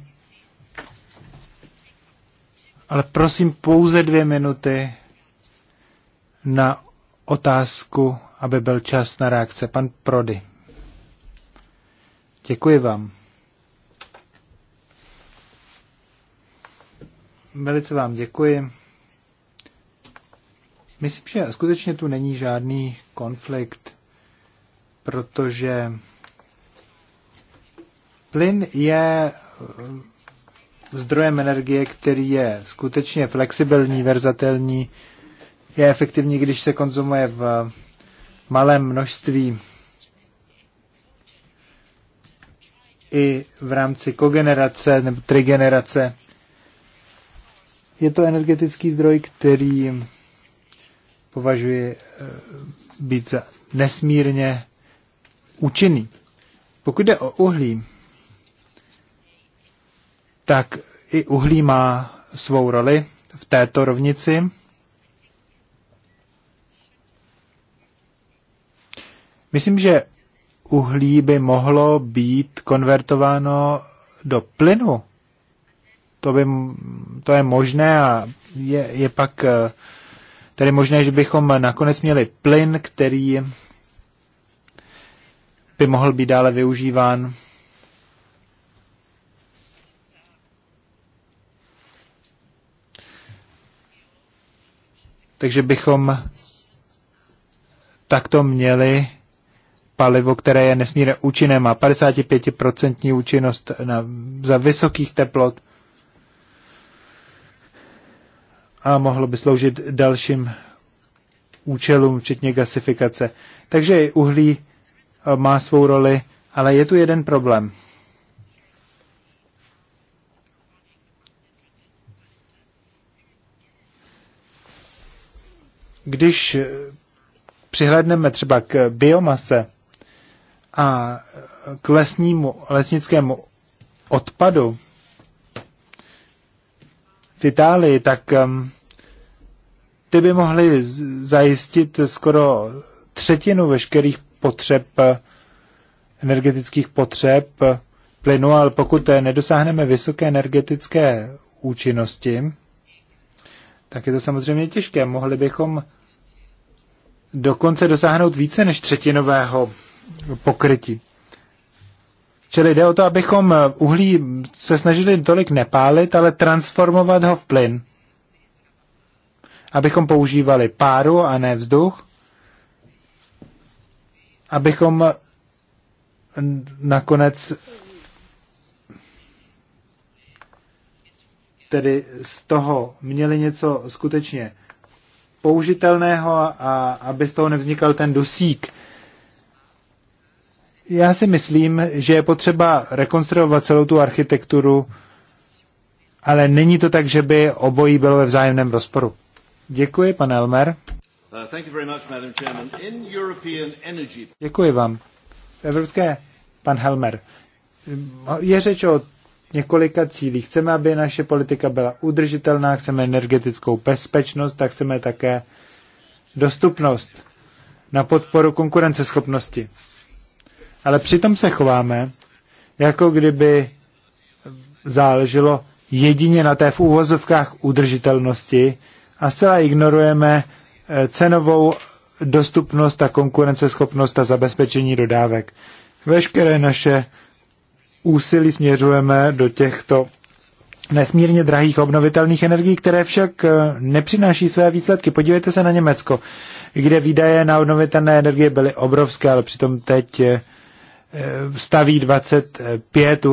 ale prosím pouze dvě minuty na otázku, aby byl čas na reakce. Pan Prody. Děkuji vám. Velice vám děkuji. Myslím, že skutečně tu není žádný konflikt, protože plyn je zdrojem energie, který je skutečně flexibilní, verzatelní, je efektivní, když se konzumuje v malém množství. I v rámci kogenerace nebo trigenerace je to energetický zdroj, který považuji eh, být za nesmírně účinný. Pokud jde o uhlí, tak i uhlí má svou roli v této rovnici. Myslím, že uhlí by mohlo být konvertováno do plynu. To, by, to je možné a je, je pak eh, tedy možné, že bychom nakonec měli plyn, který by mohl být dále využíván Takže bychom takto měli palivo, které je nesmírně účinné, má 55% účinnost na, za vysokých teplot a mohlo by sloužit dalším účelům, včetně gasifikace. Takže i uhlí eh, má svou roli, ale je tu jeden problém. Když přihledneme třeba k biomase a k lesnímu, lesnickému odpadu v Itálii, tak um, ty by mohly zajistit skoro třetinu veškerých potřeb, energetických potřeb plynu, ale pokud nedosáhneme vysoké energetické účinnosti, tak je to samozřejmě těžké. Mohli bychom dokonce dosáhnout více než třetinového pokrytí. Čili jde o to, abychom uhlí se snažili tolik nepálit, ale transformovat ho v plyn. Abychom používali páru a ne vzduch. Abychom nakonec tedy z toho měli něco skutečně použitelného a aby z toho nevznikal ten dusík. Já si myslím, že je potřeba rekonstruovat celou tu architekturu, ale není to tak, že by obojí bylo ve vzájemném rozporu. Děkuji, pane Elmer. Uh, Děkuji vám. Evropské, pan Helmer, je řeč o několika cílí. Chceme, aby naše politika byla udržitelná, chceme energetickou bezpečnost, tak chceme také dostupnost na podporu konkurenceschopnosti. Ale přitom se chováme, jako kdyby záleželo jedině na té v úvozovkách udržitelnosti a zcela ignorujeme eh, cenovou dostupnost a konkurenceschopnost a zabezpečení dodávek. Veškeré naše úsilí směřujeme do těchto nesmírně drahých obnovitelných energií, které však eh, nepřináší své výsledky. Podívejte se na Německo, kde výdaje na obnovitelné energie byly obrovské, ale přitom teď eh, eh, staví 25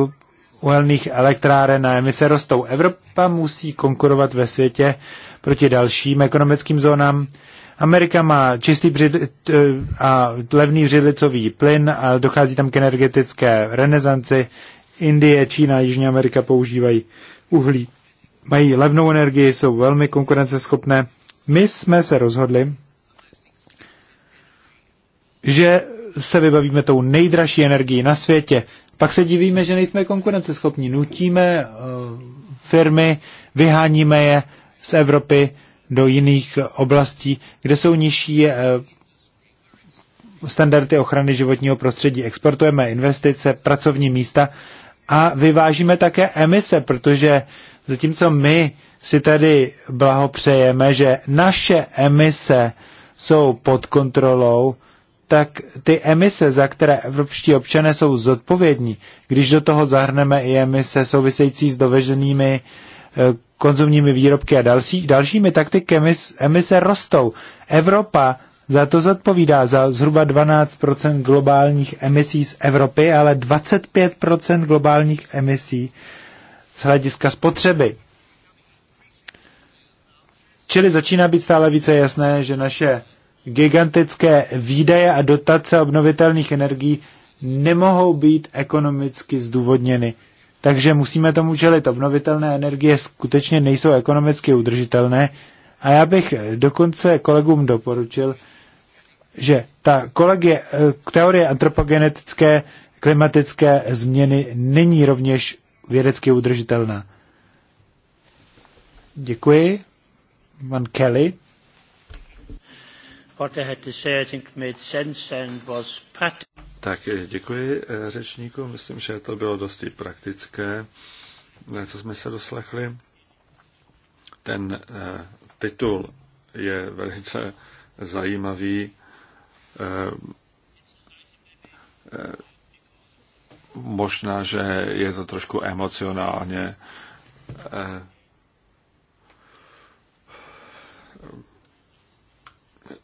uhelných elektráren na emise rostou. Evropa musí konkurovat ve světě proti dalším ekonomickým zónám, Amerika má čistý břid, eh, a levný břidlicový plyn a dochází tam k energetické renesanci. Indie, Čína, Jižní Amerika používají uhlí. Mají levnou energii, jsou velmi konkurenceschopné. My jsme se rozhodli, že se vybavíme tou nejdražší energií na světě. Pak se divíme, že nejsme konkurenceschopní. Nutíme eh, firmy, vyháníme je z Evropy, do jiných oblastí, kde jsou nižší eh, standardy ochrany životního prostředí. Exportujeme investice, pracovní místa a vyvážíme také emise, protože zatímco my si tady blahopřejeme, že naše emise jsou pod kontrolou, tak ty emise, za které evropští občané jsou zodpovědní, když do toho zahrneme i emise související s doveženými eh, konzumními výrobky a další, dalšími, taktiky emis, emise rostou. Evropa za to zodpovídá za zhruba 12 globálních emisí z Evropy, ale 25 globálních emisí z hlediska spotřeby. Čili začíná být stále více jasné, že naše gigantické výdaje a dotace obnovitelných energií nemohou být ekonomicky zdůvodněny takže musíme tomu čelit. Obnovitelné energie skutečně nejsou ekonomicky udržitelné. A já bych dokonce kolegům doporučil, že ta kolegie, eh, teorie antropogenetické klimatické změny není rovněž vědecky udržitelná. Děkuji. Pan Kelly. What I had to say sense and was tak eh, děkuji eh, řečníku, myslím, že to bylo dosti praktické, eh, co jsme se doslechli. Ten titul je velice zajímavý. Možná, že je to trošku emocionálně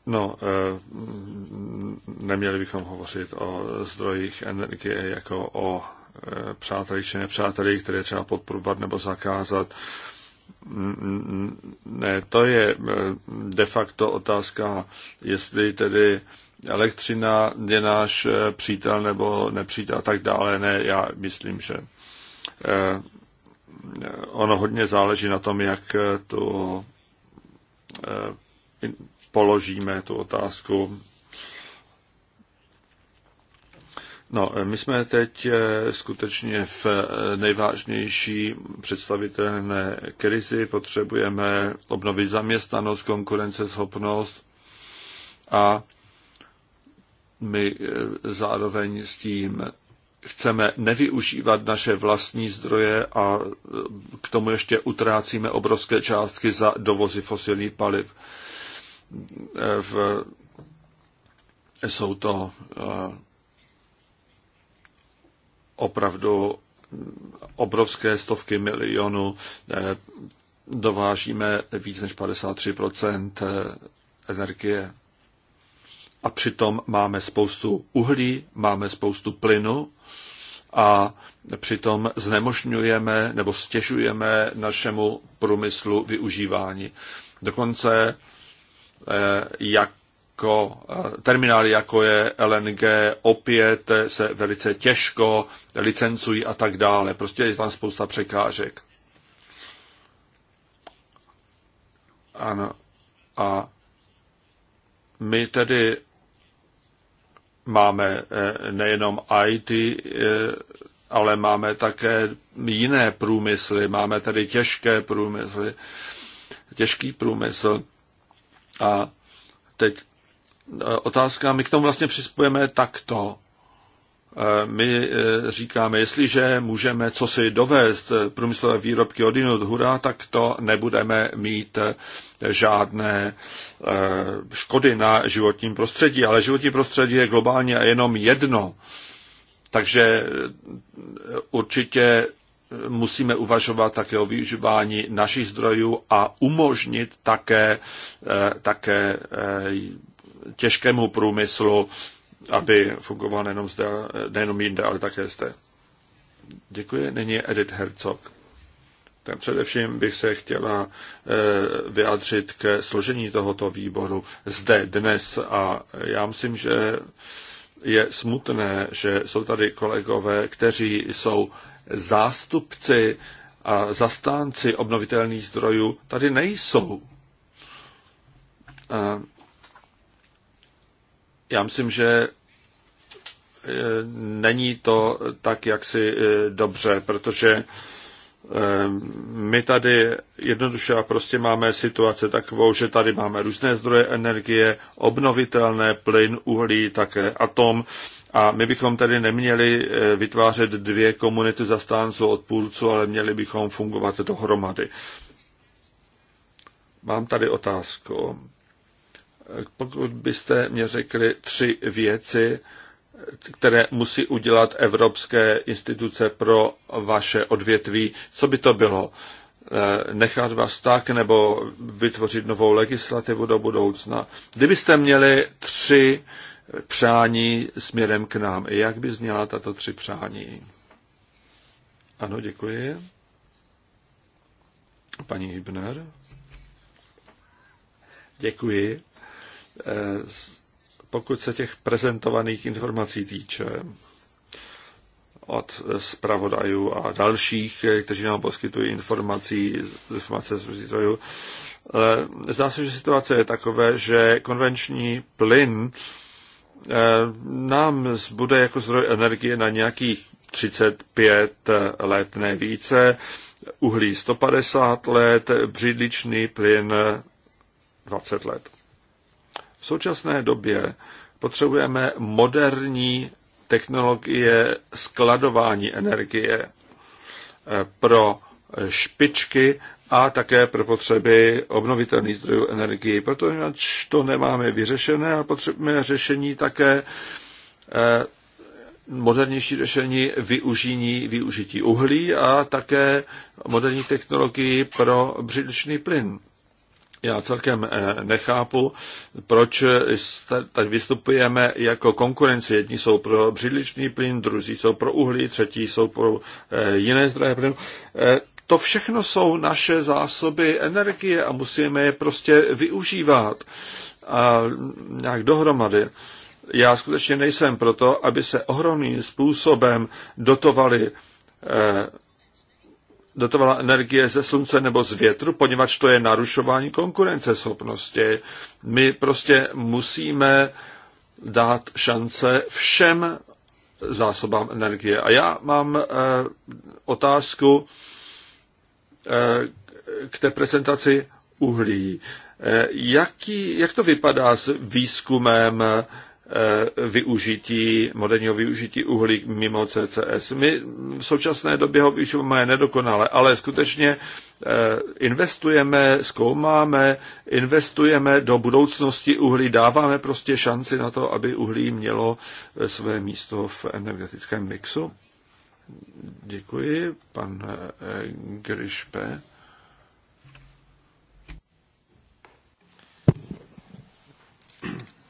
No, eh, mm, neměli bychom hovořit o zdrojích energie jako o eh, přátelích či nepřátelích, které třeba podporovat nebo zakázat. Mm, ne, to je eh, de facto otázka, jestli tedy elektřina je náš přítel nebo nepřítel a tak dále. Ne, já myslím, že ono hodně záleží na tom, jak tu položíme tu otázku. No, my jsme teď eh, skutečně v eh, nejvážnější představitelné krizi. Potřebujeme obnovit zaměstnanost, konkurenceschopnost a my eh, zároveň s tím chceme nevyužívat naše vlastní zdroje a k tomu ještě utrácíme obrovské částky za dovozy fosilních paliv v, jsou to eh, opravdu obrovské stovky milionů. Eh, dovážíme víc než 53 eh, energie. A přitom máme spoustu uhlí, máme spoustu plynu a přitom znemožňujeme nebo stěžujeme našemu průmyslu využívání. Dokonce Eh, jako eh, terminály, jako je LNG, opět se velice těžko licencují a tak dále. Prostě je tam spousta překážek. Ano. A my tedy máme eh, nejenom IT, ale máme také jiné průmysly. Máme tedy těžké průmysly, těžký průmysl. A teď e, otázka, my k tomu vlastně přispujeme takto. E, my e, říkáme, jestliže můžeme co si dovést průmyslové výrobky od jinot, hurá, tak to nebudeme mít žádné škody na životním prostředí. Ale životní prostředí je globálně jenom jedno. Takže určitě musíme uvažovat také o využívání našich zdrojů a umožnit také, eh, také eh, těžkému průmyslu, aby fungoval nejenom, zde, nejenom jinde, ale také zde. Děkuji. Nyní Edith Herzog. Tak především bych se chtěla eh, vyjádřit ke složení tohoto výboru zde dnes a já myslím, že je smutné, že jsou tady kolegové, kteří jsou zástupci a zastánci obnovitelných zdrojů tady nejsou. Já myslím, že e, není to tak, jak si e, dobře, protože e, my tady jednoduše a prostě máme situace takovou, že tady máme různé zdroje energie, obnovitelné plyn, uhlí, také atom a my bychom tady neměli eh, vytvářet dvě komunity zastánců odpůrců, ale měli bychom fungovat dohromady. Mám tady otázku. Eh, pokud byste mě řekli tři věci, které musí udělat evropské instituce pro vaše odvětví, co by to bylo? Eh, nechat vás tak nebo vytvořit novou legislativu do budoucna. Kdybyste měli tři přání směrem k nám. jak by zněla tato tři přání? Ano, děkuji. Paní Hibner. Děkuji. Eh, pokud se těch prezentovaných informací týče, od zpravodajů a dalších, eh, kteří nám poskytují informací, informace z různých eh, Zdá se, že situace je takové, že konvenční plyn Eh, nám zbude jako zdroj energie na nějakých 35 let, ne více, uhlí 150 let, břidličný plyn 20 let. V současné době potřebujeme moderní technologie skladování energie eh, pro špičky a také pro potřeby obnovitelných zdrojů energie. Protože to nemáme vyřešené a potřebujeme řešení také eh, modernější řešení využití, využití uhlí a také moderní technologii pro břidličný plyn. Já celkem eh, nechápu, proč tady vystupujeme jako konkurenci. Jedni jsou pro břidličný plyn, druzí jsou pro uhlí, třetí jsou pro eh, jiné zdroje plynu. To všechno jsou naše zásoby energie a musíme je prostě využívat a nějak dohromady. Já skutečně nejsem proto, aby se ohromným způsobem dotovali eh, dotovala energie ze slunce nebo z větru, poněvadž to je narušování konkurenceschopnosti. My prostě musíme dát šance všem zásobám energie. A já mám eh, otázku k té prezentaci uhlí. Eh, jaký, jak to vypadá s výzkumem eh, využití, moderního využití uhlí mimo CCS. My v současné době ho využíváme nedokonale, ale skutečně eh, investujeme, zkoumáme, investujeme do budoucnosti uhlí, dáváme prostě šanci na to, aby uhlí mělo své místo v energetickém mixu. Děkuji, pan eh, Grišpe.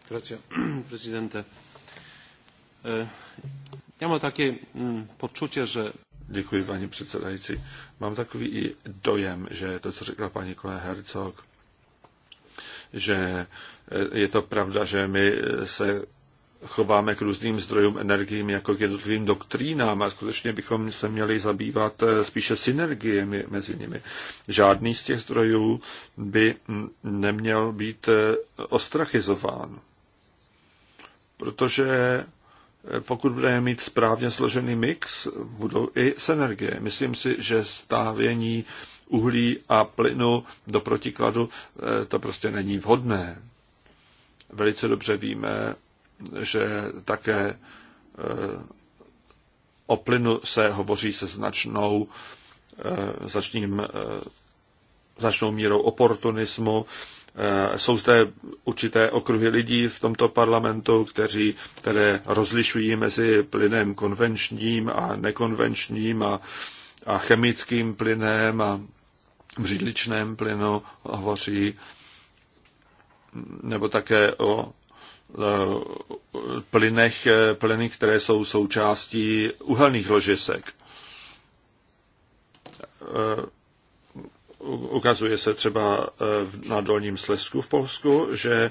Grazie, *clears throat* prezidente. Eh, Já mám také mm, počutě, že... Děkuji, paní předsedající. Mám takový i dojem, že to, co řekla paní Kole Hercog, že eh, je to pravda, že my se chováme k různým zdrojům energiím jako k jednotlivým doktrínám a skutečně bychom se měli zabývat eh, spíše synergiemi mezi nimi. Žádný z těch zdrojů by mm, neměl být eh, ostrachizován, protože eh, pokud budeme mít správně složený mix, budou i synergie. Myslím si, že stávění uhlí a plynu do protikladu, to prostě není vhodné. Velice dobře víme, že také eh, o plynu se hovoří se značnou, eh, značným, eh, značnou mírou oportunismu. Jsou zde určité okruhy lidí v tomto parlamentu, kteří které rozlišují mezi plynem konvenčním a nekonvenčním a, a chemickým plynem a břidličném plynu hovoří nebo také o Eh, plynech, eh, plyny, které jsou součástí uhelných ložisek. Eh, ukazuje se třeba na Dolním Slezsku v Polsku, že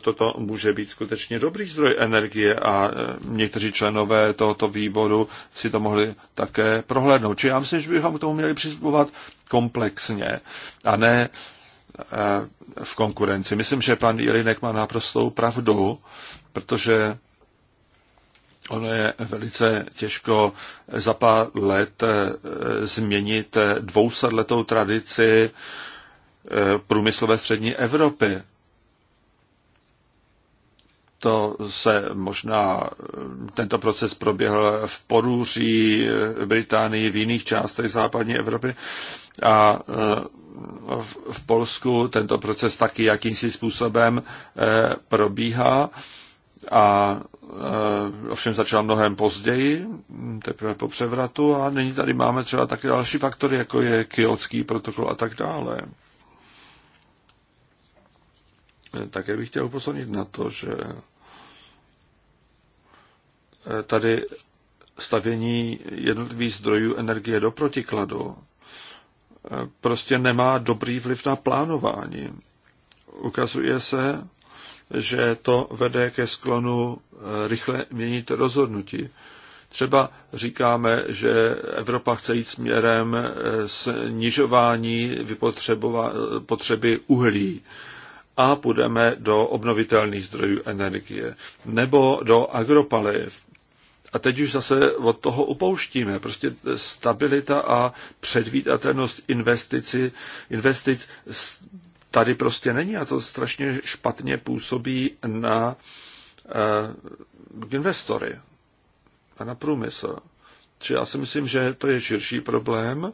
toto může být skutečně dobrý zdroj energie a někteří členové tohoto výboru si to mohli také prohlédnout. Či já myslím, že bychom k tomu měli přistupovat komplexně a ne Eh, v konkurenci. Myslím, že pan Jelinek má naprostou pravdu, protože ono je velice těžko za pár let eh, změnit dvousadletou tradici eh, průmyslové střední Evropy to se možná, tento proces proběhl v Porůří, v Británii, v jiných částech západní Evropy a e, v Polsku tento proces taky jakýmsi způsobem e, probíhá a e, ovšem začal mnohem později, teprve po převratu a nyní tady máme třeba také další faktory, jako je kyotský protokol a tak dále. Eh, také bych chtěl upozornit na to, že eh, tady stavění jednotlivých zdrojů energie do protikladu eh, prostě nemá dobrý vliv na plánování. Ukazuje se, že to vede ke sklonu rychle měnit rozhodnutí. Třeba říkáme, že Evropa chce jít směrem snižování potřeby uhlí a půjdeme do obnovitelných zdrojů energie nebo do agropaliv. A teď už zase od toho upouštíme. Prostě stabilita a předvídatelnost investici, investic tady prostě není a to strašně špatně působí na uh, investory a na průmysl. Či já si myslím, že to je širší problém,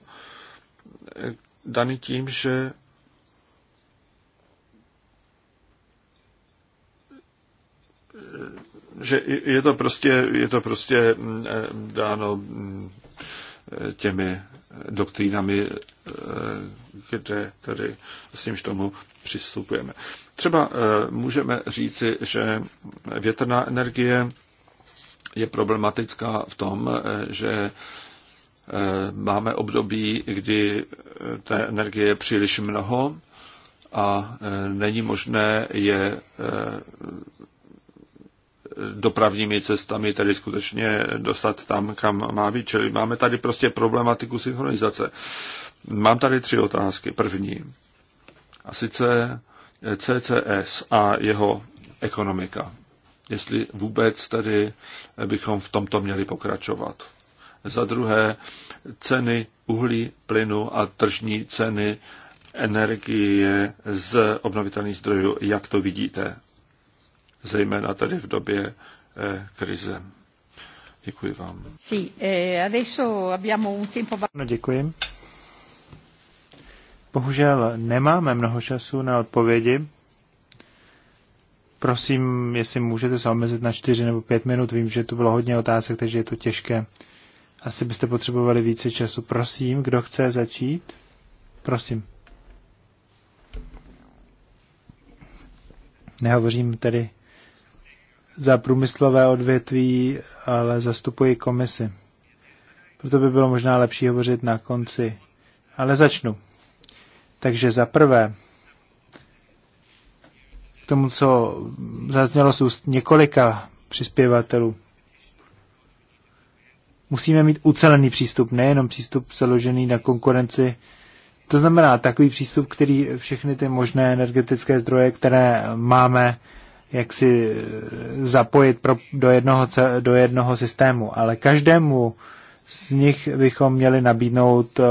eh, daný tím, že že je to prostě, je to prostě mm, eh, dáno mm, eh, těmi doktrínami, eh, kde tady s nímž tomu přistupujeme. Třeba můžeme říci, že větrná energie je problematická v tom, že máme období, kdy té energie je příliš mnoho a není možné je dopravními cestami, tedy skutečně dostat tam, kam má být. Čili máme tady prostě problematiku synchronizace. Mám tady tři otázky. První. A sice CCS a jeho ekonomika. Jestli vůbec tady bychom v tomto měli pokračovat. Za druhé, ceny uhlí, plynu a tržní ceny energie z obnovitelných zdrojů. Jak to vidíte? zejména tady v době eh, krize. Děkuji vám. Sí, eh, No, děkuji. Bohužel nemáme mnoho času na odpovědi. Prosím, jestli můžete se omezit na čtyři nebo pět minut. Vím, že tu bylo hodně otázek, takže je to těžké. Asi byste potřebovali více času. Prosím, kdo chce začít? Prosím. Nehovořím tedy za průmyslové odvětví, ale zastupuji komisi. Proto by bylo možná lepší hovořit na konci. Ale začnu. Takže za prvé, k tomu, co zaznělo z úst několika přispěvatelů, musíme mít ucelený přístup, nejenom přístup založený na konkurenci. To znamená takový přístup, který všechny ty možné energetické zdroje, které máme, jak si eh, zapojit pro, do, jednoho, do jednoho systému, ale každému z nich bychom měli nabídnout eh,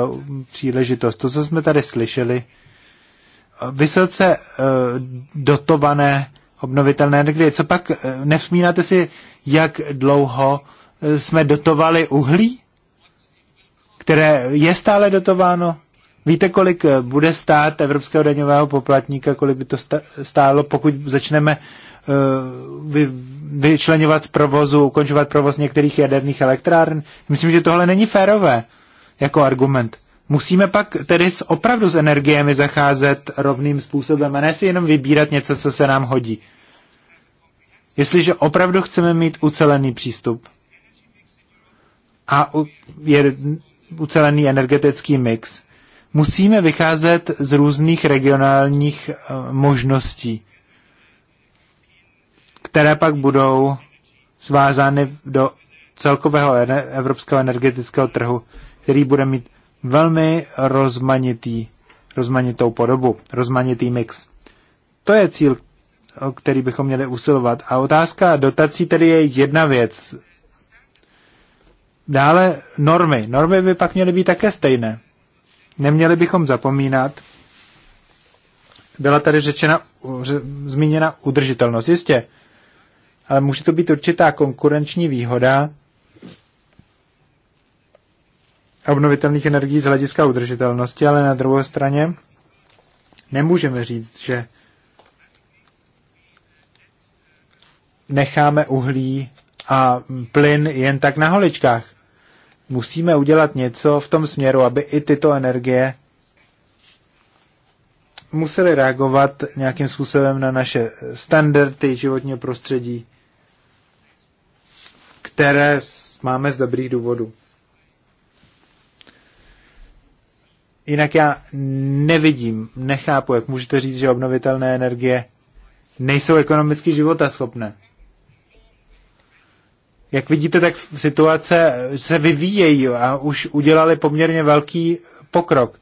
příležitost. To, co jsme tady slyšeli, eh, vysoce dotované obnovitelné energie. Co pak, nevzpomínáte si, jak dlouho jsme dotovali uhlí, které je stále dotováno? Víte, kolik bude stát evropského daňového poplatníka, kolik by to stálo, pokud začneme Eh, vy, vyčlenovat z provozu, ukončovat provoz některých jaderných elektráren. Myslím, že tohle není férové jako argument. Musíme pak tedy s, opravdu s energiemi zacházet rovným způsobem a ne si jenom vybírat něco, co se nám hodí. Jestliže opravdu chceme mít ucelený přístup a u, je ucelený energetický mix, musíme vycházet z různých regionálních eh, možností které pak budou svázány do celkového evropského energetického trhu, který bude mít velmi rozmanitý, rozmanitou podobu, rozmanitý mix. To je cíl, o který bychom měli usilovat. A otázka dotací tedy je jedna věc. Dále normy. Normy by pak měly být také stejné. Neměli bychom zapomínat, byla tady řečena, zmíněna udržitelnost. Jistě, ale může to být určitá konkurenční výhoda obnovitelných energií z hlediska udržitelnosti, ale na druhé straně nemůžeme říct, že necháme uhlí a plyn jen tak na holičkách. Musíme udělat něco v tom směru, aby i tyto energie museli reagovat nějakým způsobem na naše standardy životního prostředí které máme z dobrých důvodů. Jinak já nevidím, nechápu, jak můžete říct, že obnovitelné energie nejsou ekonomicky životaschopné. Jak vidíte, tak situace se vyvíjejí a už udělali poměrně velký pokrok.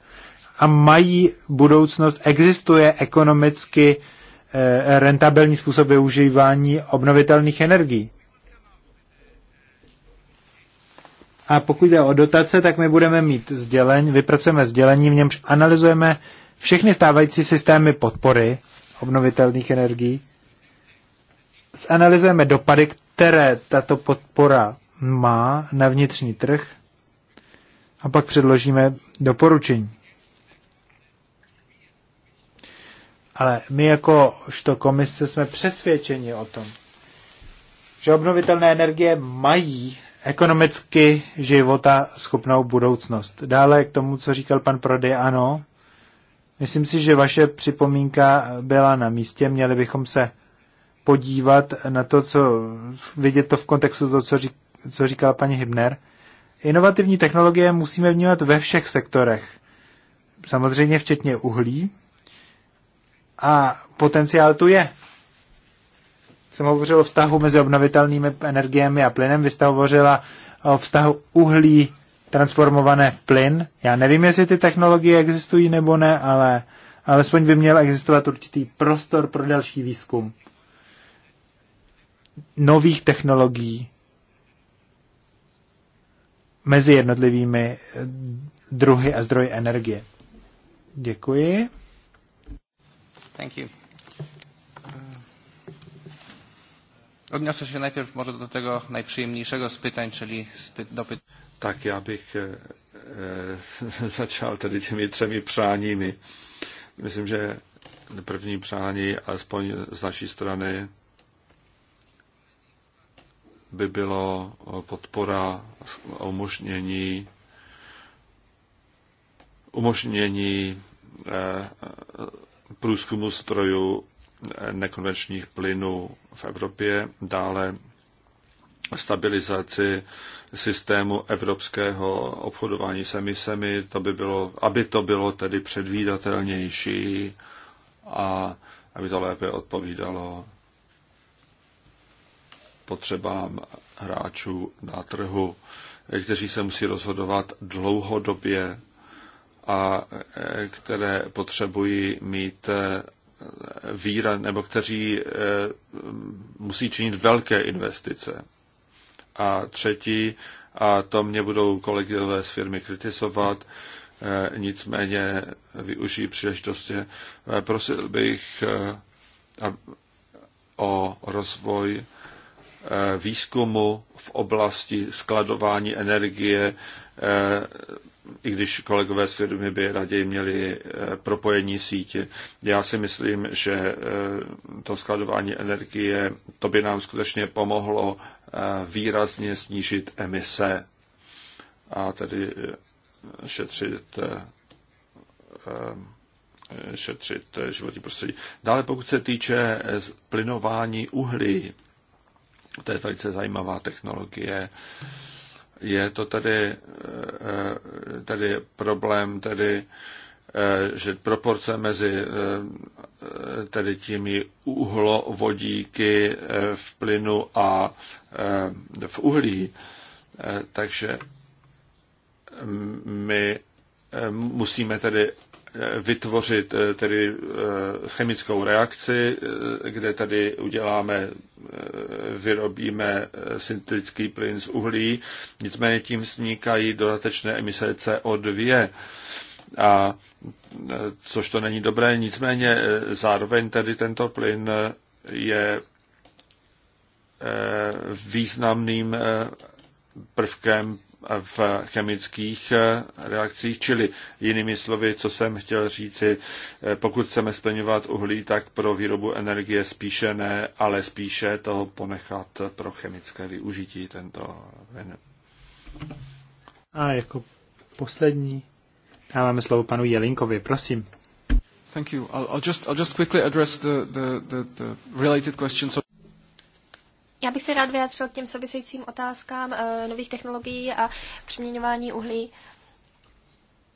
A mají budoucnost, existuje ekonomicky eh, rentabilní způsob využívání obnovitelných energií. A pokud jde o dotace, tak my budeme mít sdělení, vypracujeme sdělení, v němž analyzujeme všechny stávající systémy podpory obnovitelných energií, zanalizujeme dopady, které tato podpora má na vnitřní trh a pak předložíme doporučení. Ale my jako što komise jsme přesvědčeni o tom, že obnovitelné energie mají ekonomicky života schopnou budoucnost. Dále k tomu, co říkal pan Prody, ano, myslím si, že vaše připomínka byla na místě, měli bychom se podívat na to, co, vidět to v kontextu toho, co, řík, co říkala paní Hybner. Inovativní technologie musíme vnímat ve všech sektorech. Samozřejmě včetně uhlí. A potenciál tu je jsem hovořil o vztahu mezi obnovitelnými energiemi a plynem, vy jste hovořila o vztahu uhlí transformované v plyn. Já nevím, jestli ty technologie existují nebo ne, ale alespoň by měl existovat určitý prostor pro další výzkum nových technologií mezi jednotlivými druhy a zdroji energie. Děkuji. Thank you. Odniosę się najpierw może do tego najprzyjemniejszego z pytań, czyli z py- do pytań. Tak, já bych e, e *laughs* začal tedy těmi trzemi přáními. Myslím, že první přání, alespoň z naší strany, by bylo podpora umožnění umožnění e, průzkumu strojů nekonvenčních plynů v Evropě, dále stabilizaci systému evropského obchodování s emisemi, to by bylo, aby to bylo tedy předvídatelnější a aby to lépe odpovídalo potřebám hráčů na trhu, kteří se musí rozhodovat dlouhodobě a e, které potřebují mít e, víra nebo kteří eh, musí činit velké investice. A třetí, a to mě budou kolegové z firmy kritizovat, eh, nicméně využijí příležitosti. Eh, prosil bych o rozvoj výzkumu v oblasti skladování energie i když kolegové z firmy by raději měli eh, propojení sítě. Já si myslím, že eh, to skladování energie, to by nám skutečně pomohlo eh, výrazně snížit emise a tedy šetřit šetřit životní prostředí. Dále pokud se týče plynování uhlí, to je velice zajímavá technologie. Je to tedy, eh, eh, tedy problém tedy eh, že proporce mezi tedy těmi uhlovodíky v plynu a v uhlí. Takže my musíme tedy Eh, vytvořit eh, tedy eh, chemickou reakci, kde tady uděláme, vyrobíme syntetický plyn z uhlí, nicméně tím vznikají dodatečné emise CO2, a, což to není dobré, nicméně zároveň tedy tento plyn je významným prvkem v chemických eh, reakcích, čili jinými slovy, co jsem chtěl říci, eh, pokud chceme splňovat uhlí, tak pro výrobu energie spíše ne, ale spíše toho ponechat pro chemické využití tento ven. A jako poslední dáváme slovo panu Jelinkovi, prosím. Thank you. I'll, I'll just I'll just quickly address the the the, the related questions. Já bych se rád vyjádřil k těm souvisejícím otázkám uh, nových technologií a přeměňování uhlí.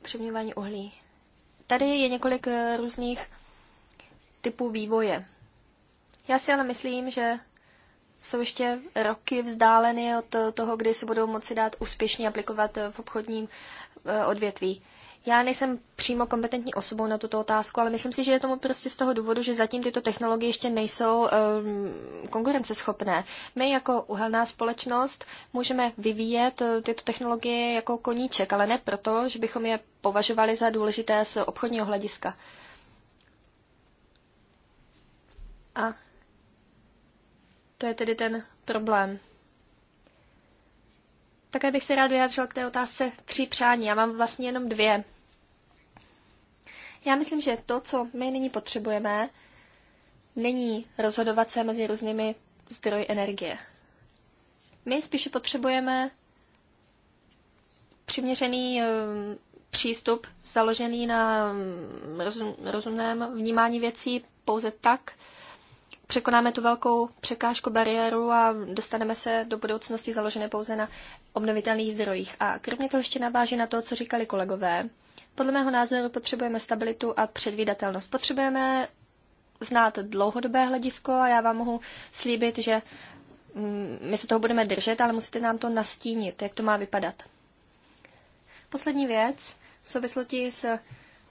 Přeměňování uhlí. Tady je několik uh, různých typů vývoje. Já si ale myslím, že jsou ještě roky vzdáleny od eh, toho, kdy se budou moci dát úspěšně aplikovat v obchodním odvětví. Já nejsem přímo kompetentní osobou na tuto otázku, ale myslím si, že je tomu prostě z toho důvodu, že zatím tyto technologie ještě nejsou um, konkurenceschopné. My jako uhelná společnost můžeme vyvíjet eh, tyto technologie jako koníček, ale ne proto, že bychom je považovali za důležité z obchodního hlediska. A to je tedy ten problém. Také bych se rád vyjádřil k té otázce tři přání. Já mám vlastně jenom dvě. Já myslím, že to, co my nyní potřebujeme, není rozhodovat se mezi různými zdroji energie. My spíše potřebujeme přiměřený eh, přístup založený na mm, rozum, rozumném vnímání věcí pouze tak, překonáme tu velkou překážku bariéru a dostaneme se do budoucnosti založené pouze na obnovitelných zdrojích. A kromě toho ještě naváží na to, co říkali kolegové. Podle mého názoru potřebujeme stabilitu a předvídatelnost. Potřebujeme znát dlouhodobé hledisko a já vám mohu slíbit, že mm, my se toho budeme držet, ale musíte nám to nastínit, jak to má vypadat. Poslední věc v souvislosti s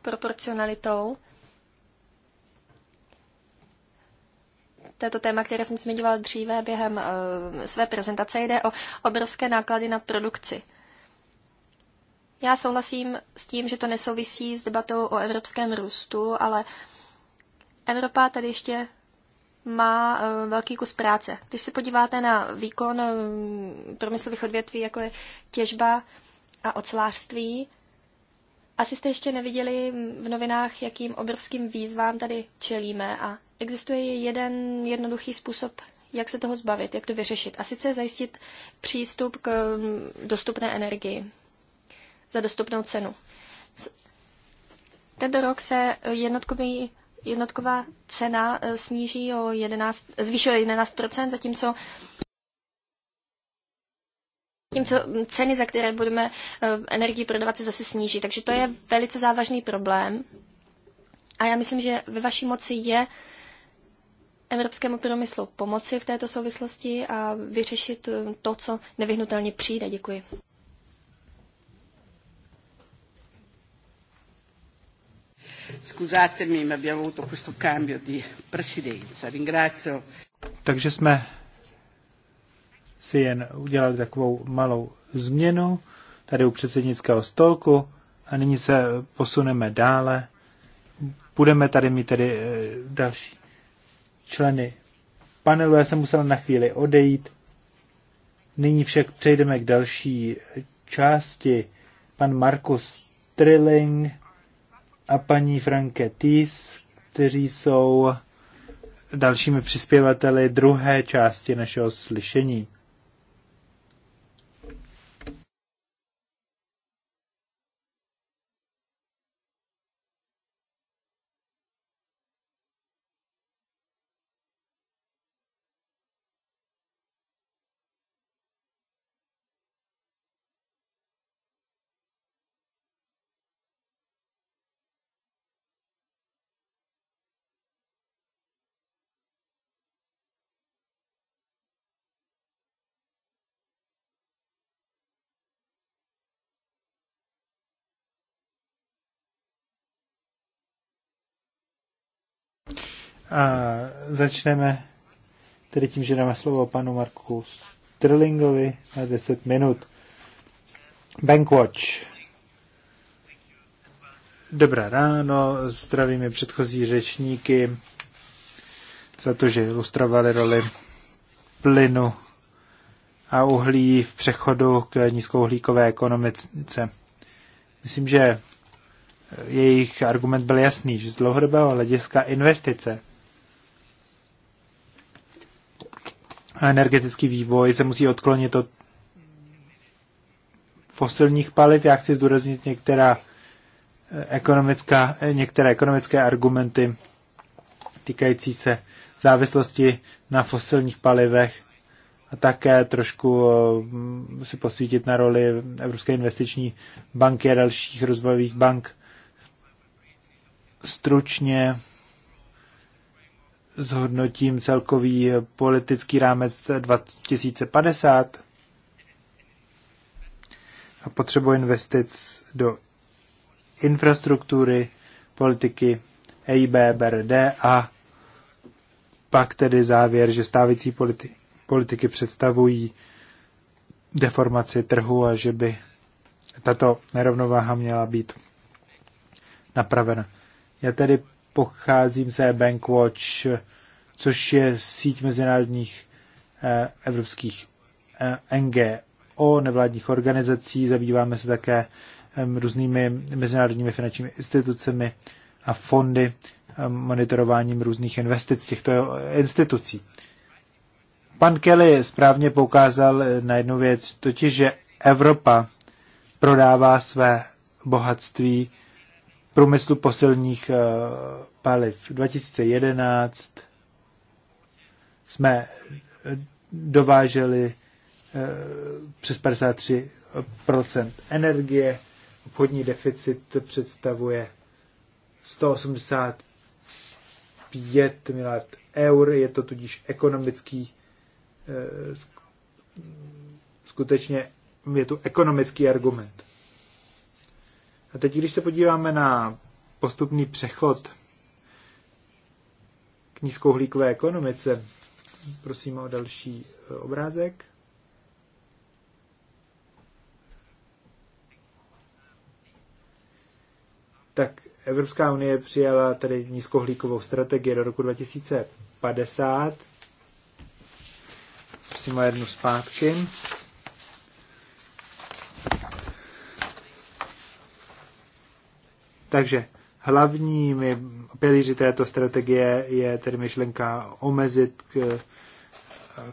proporcionalitou. to téma, které jsem zmiňoval dříve během eh, své prezentace, jde o obrovské náklady na produkci. Já souhlasím s tím, že to nesouvisí s debatou o evropském růstu, ale Evropa tady ještě má eh, velký kus práce. Když se podíváte na výkon eh, promyslových odvětví, jako je těžba a ocelářství, asi jste ještě neviděli v novinách, jakým obrovským výzvám tady čelíme a existuje jeden jednoduchý způsob, jak se toho zbavit, jak to vyřešit. A sice zajistit přístup k mm, dostupné energii za dostupnou cenu. Tento rok se jednotkový, jednotková cena e, sníží o 11, zvýší o 11%, zatímco zatímco ceny, za které budeme e, energii prodávat, se zase sníží. Takže to je velice závažný problém. A já myslím, že ve vaší moci je evropskému průmyslu pomoci v této souvislosti a vyřešit eh, to, co nevyhnutelně přijde. Děkuji. Takže jsme si jen udělali takovou malou změnu tady u předsednického stolku a nyní se posuneme dále. Budeme tady mít tedy eh, další členy panelu. Já jsem musel na chvíli odejít. Nyní však přejdeme k další části. Pan Markus Trilling a paní Franke Tis, kteří jsou dalšími přispěvateli druhé části našeho slyšení. A začneme tedy tím, že dáme slovo panu Marku Sterlingovi na 10 minut. Bankwatch. Dobrá ráno, zdravíme předchozí řečníky za to, že ilustrovali roli plynu a uhlí v přechodu k nízkouhlíkové ekonomice. Myslím, že jejich argument byl jasný, že z dlouhodobého hlediska investice a energetický vývoj se musí odklonit od fosilních paliv. Já chci zdůraznit některá eh, ekonomická, eh, některé ekonomické argumenty týkající se závislosti na fosilních palivech a také trošku eh, mm, si posvítit na roli Evropské investiční banky a dalších rozvojových bank. Stručně zhodnotím celkový politický rámec 2050 a potřebu investic do infrastruktury, politiky EIB, BRD a pak tedy závěr, že stávající politi- politiky představují deformaci trhu a že by tato nerovnováha měla být napravena. Já tedy pocházím z Bankwatch, což je síť mezinárodních eh, evropských eh, NGO, nevládních organizací. Zabýváme se také různými mezinárodními finančními institucemi a fondy, monitorováním různých investic těchto institucí. Pan Kelly správně poukázal eh, na jednu věc, totiž, že Evropa prodává své bohatství průmyslu posilních eh, paliv. 2011 jsme eh, dováželi eh, přes 53 energie. Obchodní deficit představuje 185 miliard eur. Je to tudíž ekonomický skutečně je to ekonomický argument. A teď, když se podíváme na postupný přechod k nízkouhlíkové ekonomice, prosím o další eh, obrázek. Tak Evropská unie přijala tedy nízkohlíkovou strategii do roku 2050. Prosím o jednu zpátky. Takže hlavními pilíři této strategie je tedy myšlenka omezit eh,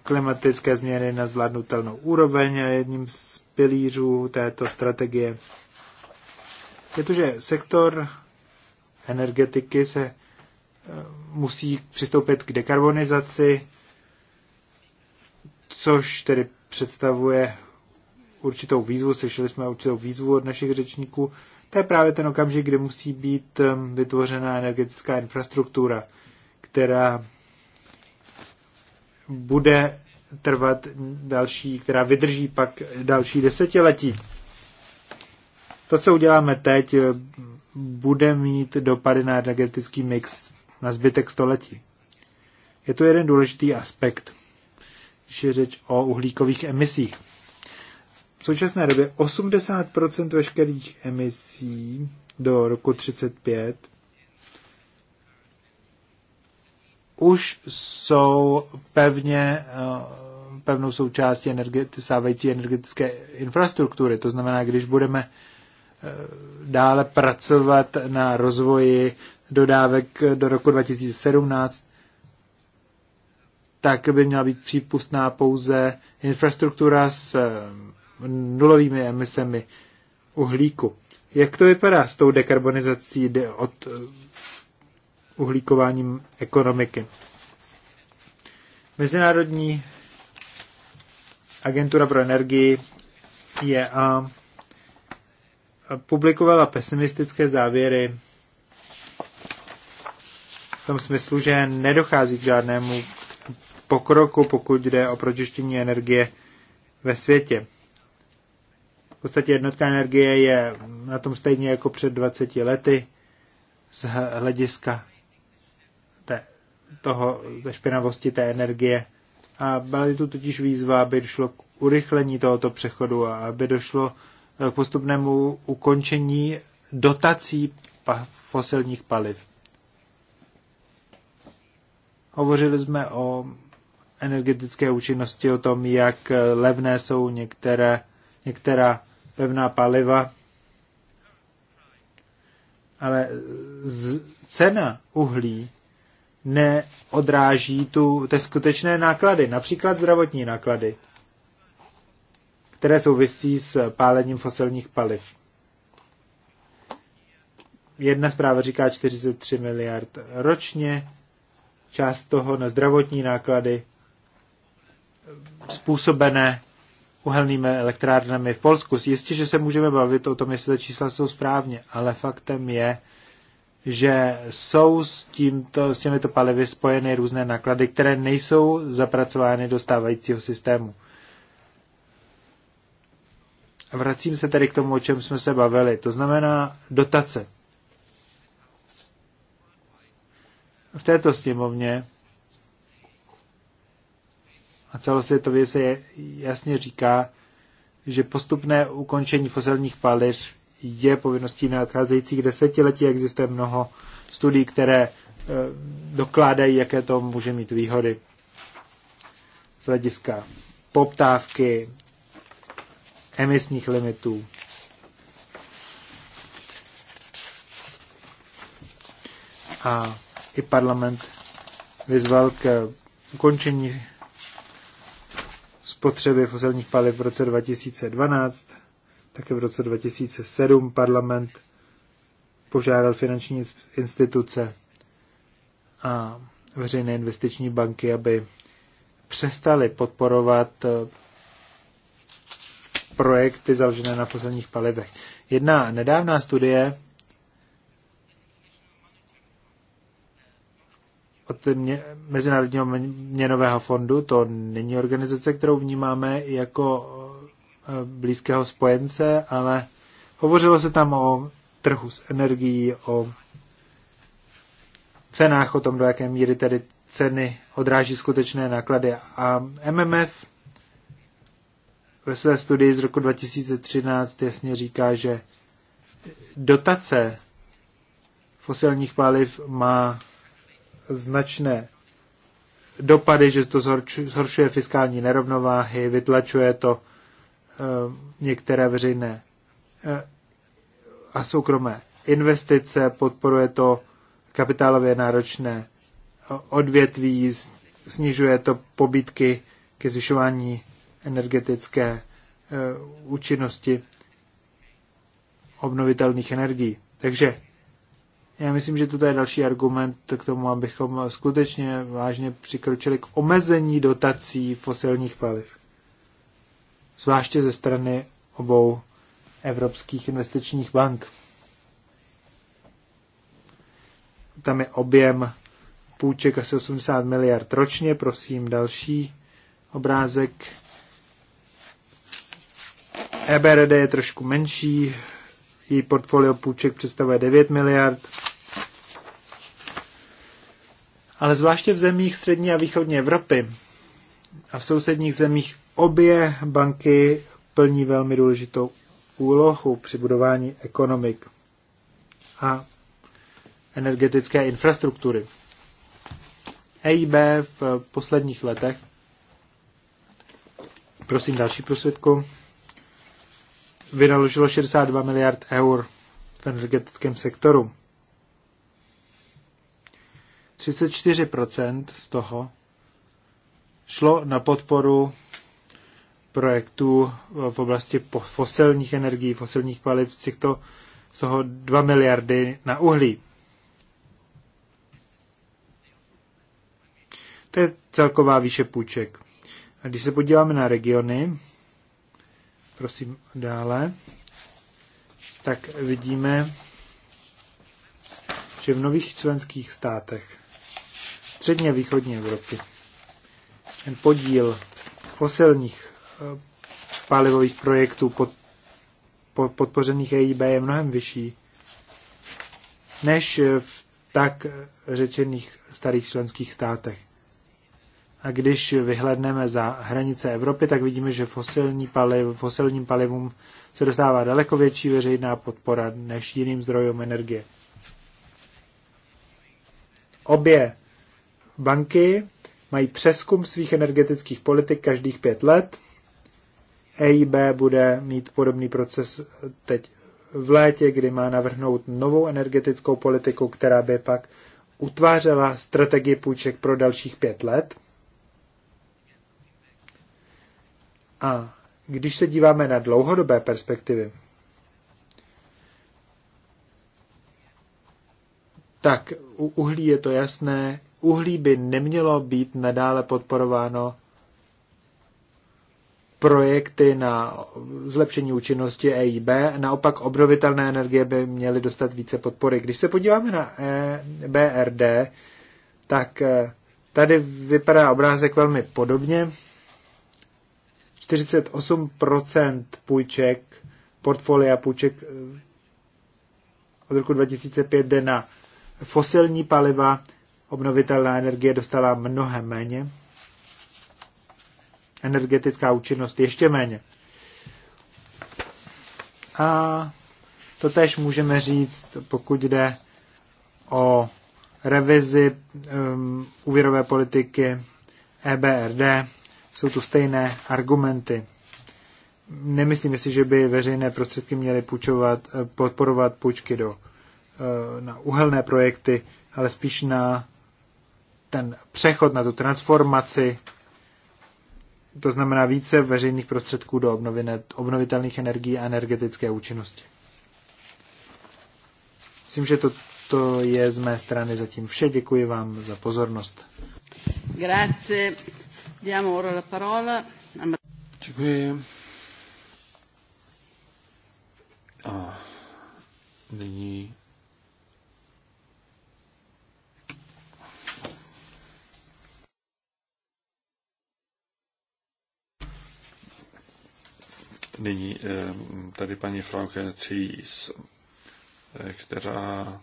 klimatické změny na zvládnutelnou úroveň a jedním z pilířů této strategie je to, že sektor energetiky se eh, musí přistoupit k dekarbonizaci, což tedy představuje určitou výzvu, slyšeli jsme určitou výzvu od našich řečníků, to je právě ten okamžik, kdy musí být vytvořena energetická infrastruktura, která bude trvat další, která vydrží pak další desetiletí. To, co uděláme teď, bude mít dopady na energetický mix na zbytek století. Je to jeden důležitý aspekt, když je řeč o uhlíkových emisích. V současné době 80% veškerých emisí do roku 35 už jsou pevně, eh, pevnou součástí energeti, sávající energetické infrastruktury. To znamená, když budeme eh, dále pracovat na rozvoji dodávek do roku 2017, tak by měla být přípustná pouze infrastruktura s nulovými emisemi uhlíku. Jak to vypadá s tou dekarbonizací od eh, uhlíkováním ekonomiky? Mezinárodní agentura pro energii je a publikovala pesimistické závěry v tom smyslu, že nedochází k žádnému pokroku, pokud jde o pročištění energie ve světě podstatě jednotka energie je na tom stejně jako před 20 lety z hlediska té, toho, té špinavosti té energie. A byla tu totiž výzva, aby došlo k urychlení tohoto přechodu a aby došlo eh, k postupnému ukončení dotací fosilních paliv. Hovořili jsme o energetické účinnosti, o tom, jak eh, levné jsou některé, některá pevná paliva, ale z, cena uhlí neodráží tu, ty skutečné náklady, například zdravotní náklady, které souvisí s pálením fosilních paliv. Jedna zpráva říká 43 miliard ročně, část toho na zdravotní náklady způsobené uhelnými elektrárnami v Polsku. Jistě, že se můžeme bavit o tom, jestli ta čísla jsou správně, ale faktem je, že jsou s, tímto, s těmito palivy spojeny různé náklady, které nejsou zapracovány do stávajícího systému. A vracím se tedy k tomu, o čem jsme se bavili. To znamená dotace. V této sněmovně a celosvětově se jasně říká, že postupné ukončení fosilních paliv je povinností na nadcházejících desetiletí. Existuje mnoho studií, které eh, dokládají, jaké to může mít výhody z hlediska poptávky, emisních limitů. A i parlament vyzval k ukončení spotřeby fosilních paliv v roce 2012, také v roce 2007 parlament požádal finanční instituce a veřejné investiční banky, aby přestali podporovat eh, projekty založené na fosilních palivech. Jedna nedávná studie od mě, Mezinárodního měnového fondu. To není organizace, kterou vnímáme jako eh, blízkého spojence, ale hovořilo se tam o trhu s energií, o cenách, o tom, do jaké míry tedy ceny odráží skutečné náklady. A MMF ve své studii z roku 2013 jasně říká, že dotace fosilních paliv má značné dopady, že to zhoršuje fiskální nerovnováhy, vytlačuje to eh, některé veřejné eh, a soukromé investice, podporuje to kapitálově náročné odvětví, snižuje to pobítky ke zvyšování energetické eh, účinnosti obnovitelných energií. Takže já myslím, že toto je další argument k tomu, abychom skutečně vážně přikročili k omezení dotací fosilních paliv. Zvláště ze strany obou evropských investičních bank. Tam je objem půjček asi 80 miliard ročně. Prosím další obrázek. EBRD je trošku menší, její portfolio půjček představuje 9 miliard ale zvláště v zemích střední a východní Evropy a v sousedních zemích obě banky plní velmi důležitou úlohu při budování ekonomik a energetické infrastruktury. EIB v posledních letech prosím další prosvědku, vynaložilo 62 miliard eur v energetickém sektoru. 34% z toho šlo na podporu projektů v oblasti fosilních energií, fosilních paliv, z těchto z toho 2 miliardy na uhlí. To je celková výše půjček. A když se podíváme na regiony, prosím dále, tak vidíme, že v nových členských státech střední a východní Evropy. Ten podíl fosilních eh, palivových projektů pod, pod, podpořených EIB je mnohem vyšší než eh, v tak řečených starých členských státech. A když vyhledneme za hranice Evropy, tak vidíme, že fosilní paliv, fosilním palivům se dostává daleko větší veřejná podpora než jiným zdrojům energie. Obě Banky mají přeskum svých energetických politik každých pět let. EIB bude mít podobný proces teď v létě, kdy má navrhnout novou energetickou politiku, která by pak utvářela strategii půjček pro dalších pět let. A když se díváme na dlouhodobé perspektivy, tak u uhlí je to jasné, uhlí by nemělo být nadále podporováno projekty na zlepšení účinnosti EIB, naopak obnovitelné energie by měly dostat více podpory. Když se podíváme na e BRD, tak eh, tady vypadá obrázek velmi podobně. 48% půjček, portfolia půjček eh, od roku 2005 jde na fosilní paliva, obnovitelná energie dostala mnohem méně, energetická účinnost ještě méně. A to tež můžeme říct, pokud jde o revizi um, úvěrové politiky EBRD, jsou tu stejné argumenty. Nemyslím si, že by veřejné prostředky měly půjčovat, eh, podporovat půjčky do, eh, na uhelné projekty, ale spíš na ten přechod na tu transformaci, to znamená více veřejných prostředků do obnovitelných energií a energetické účinnosti. Myslím, že to, to je z mé strany zatím vše. Děkuji vám za pozornost. Grazie. Diamo ora la parola. Děkuji. A nyní Nyní eh, tady paní Franke Tříz, eh, která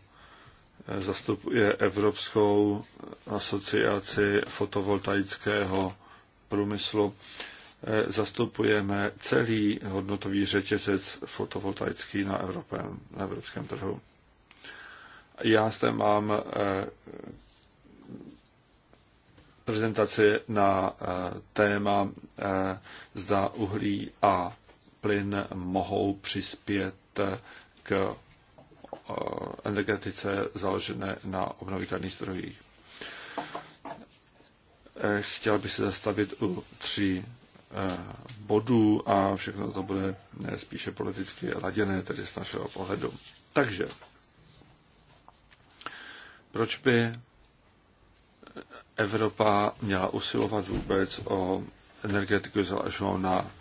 eh, zastupuje Evropskou asociaci fotovoltaického průmyslu. Zastupujeme celý hodnotový řetězec fotovoltaický na, Evropě, na evropském trhu. Já zde mám prezentaci na téma zda uhlí a plyn mohou přispět k eh, energetice založené na obnovitelných zdrojích. Eh, chtěl bych se zastavit u tří eh, bodů a všechno to bude spíše politicky laděné, tedy z našeho pohledu. Takže, proč by Evropa měla usilovat vůbec o energetiku založenou na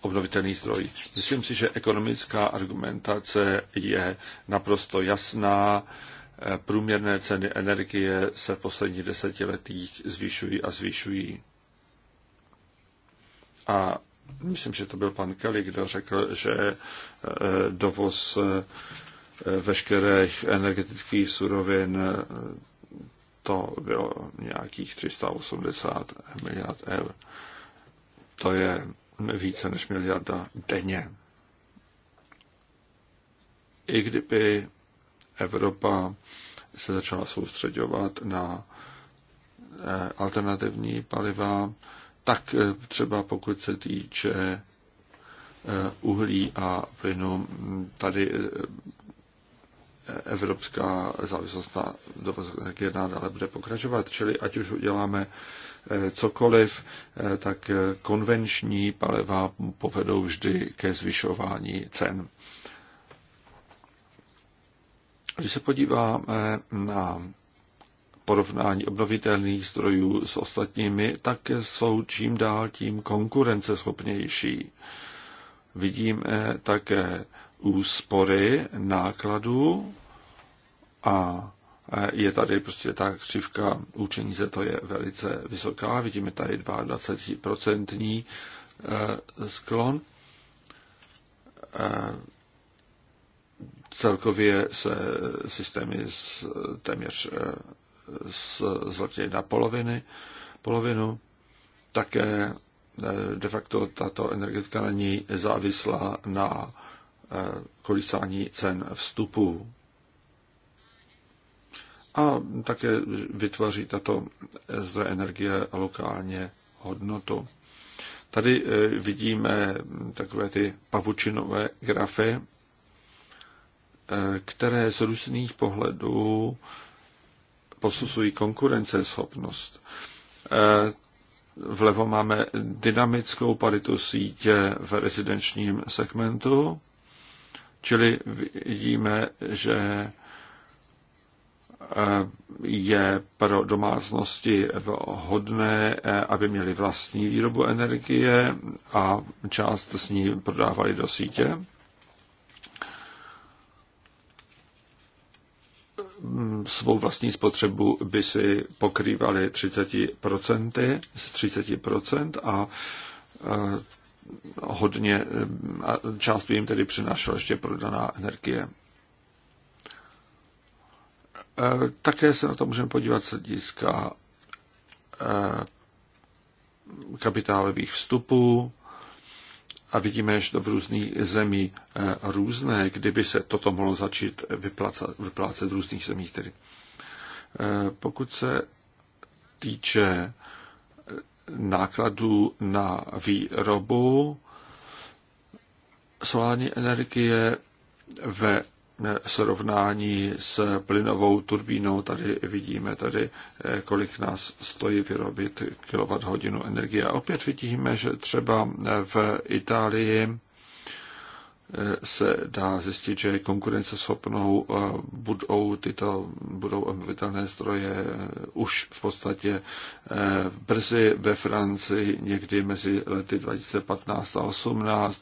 obnovitelných zdrojích. Myslím si, že ekonomická argumentace je naprosto jasná. Průměrné ceny energie se v posledních desetiletích zvyšují a zvyšují. A myslím, že to byl pan Kelly, kdo řekl, že eh, dovoz eh, veškerých energetických surovin eh, to bylo nějakých 380 miliard eur. To je více než miliarda denně. I kdyby Evropa se začala soustředovat na eh, alternativní paliva, tak eh, třeba pokud se týče eh, uhlí a plynu, tady evropská závislost na dovozu energie nadále bude pokračovat. Čili ať už uděláme Eh, cokoliv, eh, tak eh, konvenční paliva povedou vždy ke zvyšování cen. Když se podíváme na porovnání obnovitelných zdrojů s ostatními, tak jsou čím dál tím konkurenceschopnější. Vidíme také úspory nákladů a je tady prostě ta křivka se, to je velice vysoká, vidíme tady 22% eh, sklon. Eh, celkově se systémy z, téměř eh, zlepšily na poloviny, polovinu. Také de facto tato energetika není závislá na kolísání cen vstupů a také vytvoří tato zdroje energie lokálně hodnotu. Tady eh, vidíme takové ty pavučinové grafy, eh, které z různých pohledů posuzují konkurenceschopnost. Eh, vlevo máme dynamickou paritu sítě v rezidenčním segmentu, čili vidíme, že je pro domácnosti vhodné, eh, aby měli vlastní výrobu energie a část s ní prodávali do sítě. Svou vlastní spotřebu by si pokrývali 30%, z 30% a eh, hodně eh, část by jim tedy přinášela ještě prodaná energie. Eh, také se na to můžeme podívat z hlediska eh, kapitálových vstupů a vidíme, že to v různých zemí eh, různé, kdyby se toto mohlo začít vyplácet, vyplácet v různých zemích. Tedy. Pokud se týče nákladů na výrobu, solární energie ve srovnání s plynovou turbínou, tady vidíme tady, eh, kolik nás stojí vyrobit hodinu energie. A opět vidíme, že třeba eh, v Itálii eh, se dá zjistit, že konkurenceschopnou budou tyto budou obnovitelné zdroje už v podstatě brzy ve Francii někdy mezi lety 2015 a 2018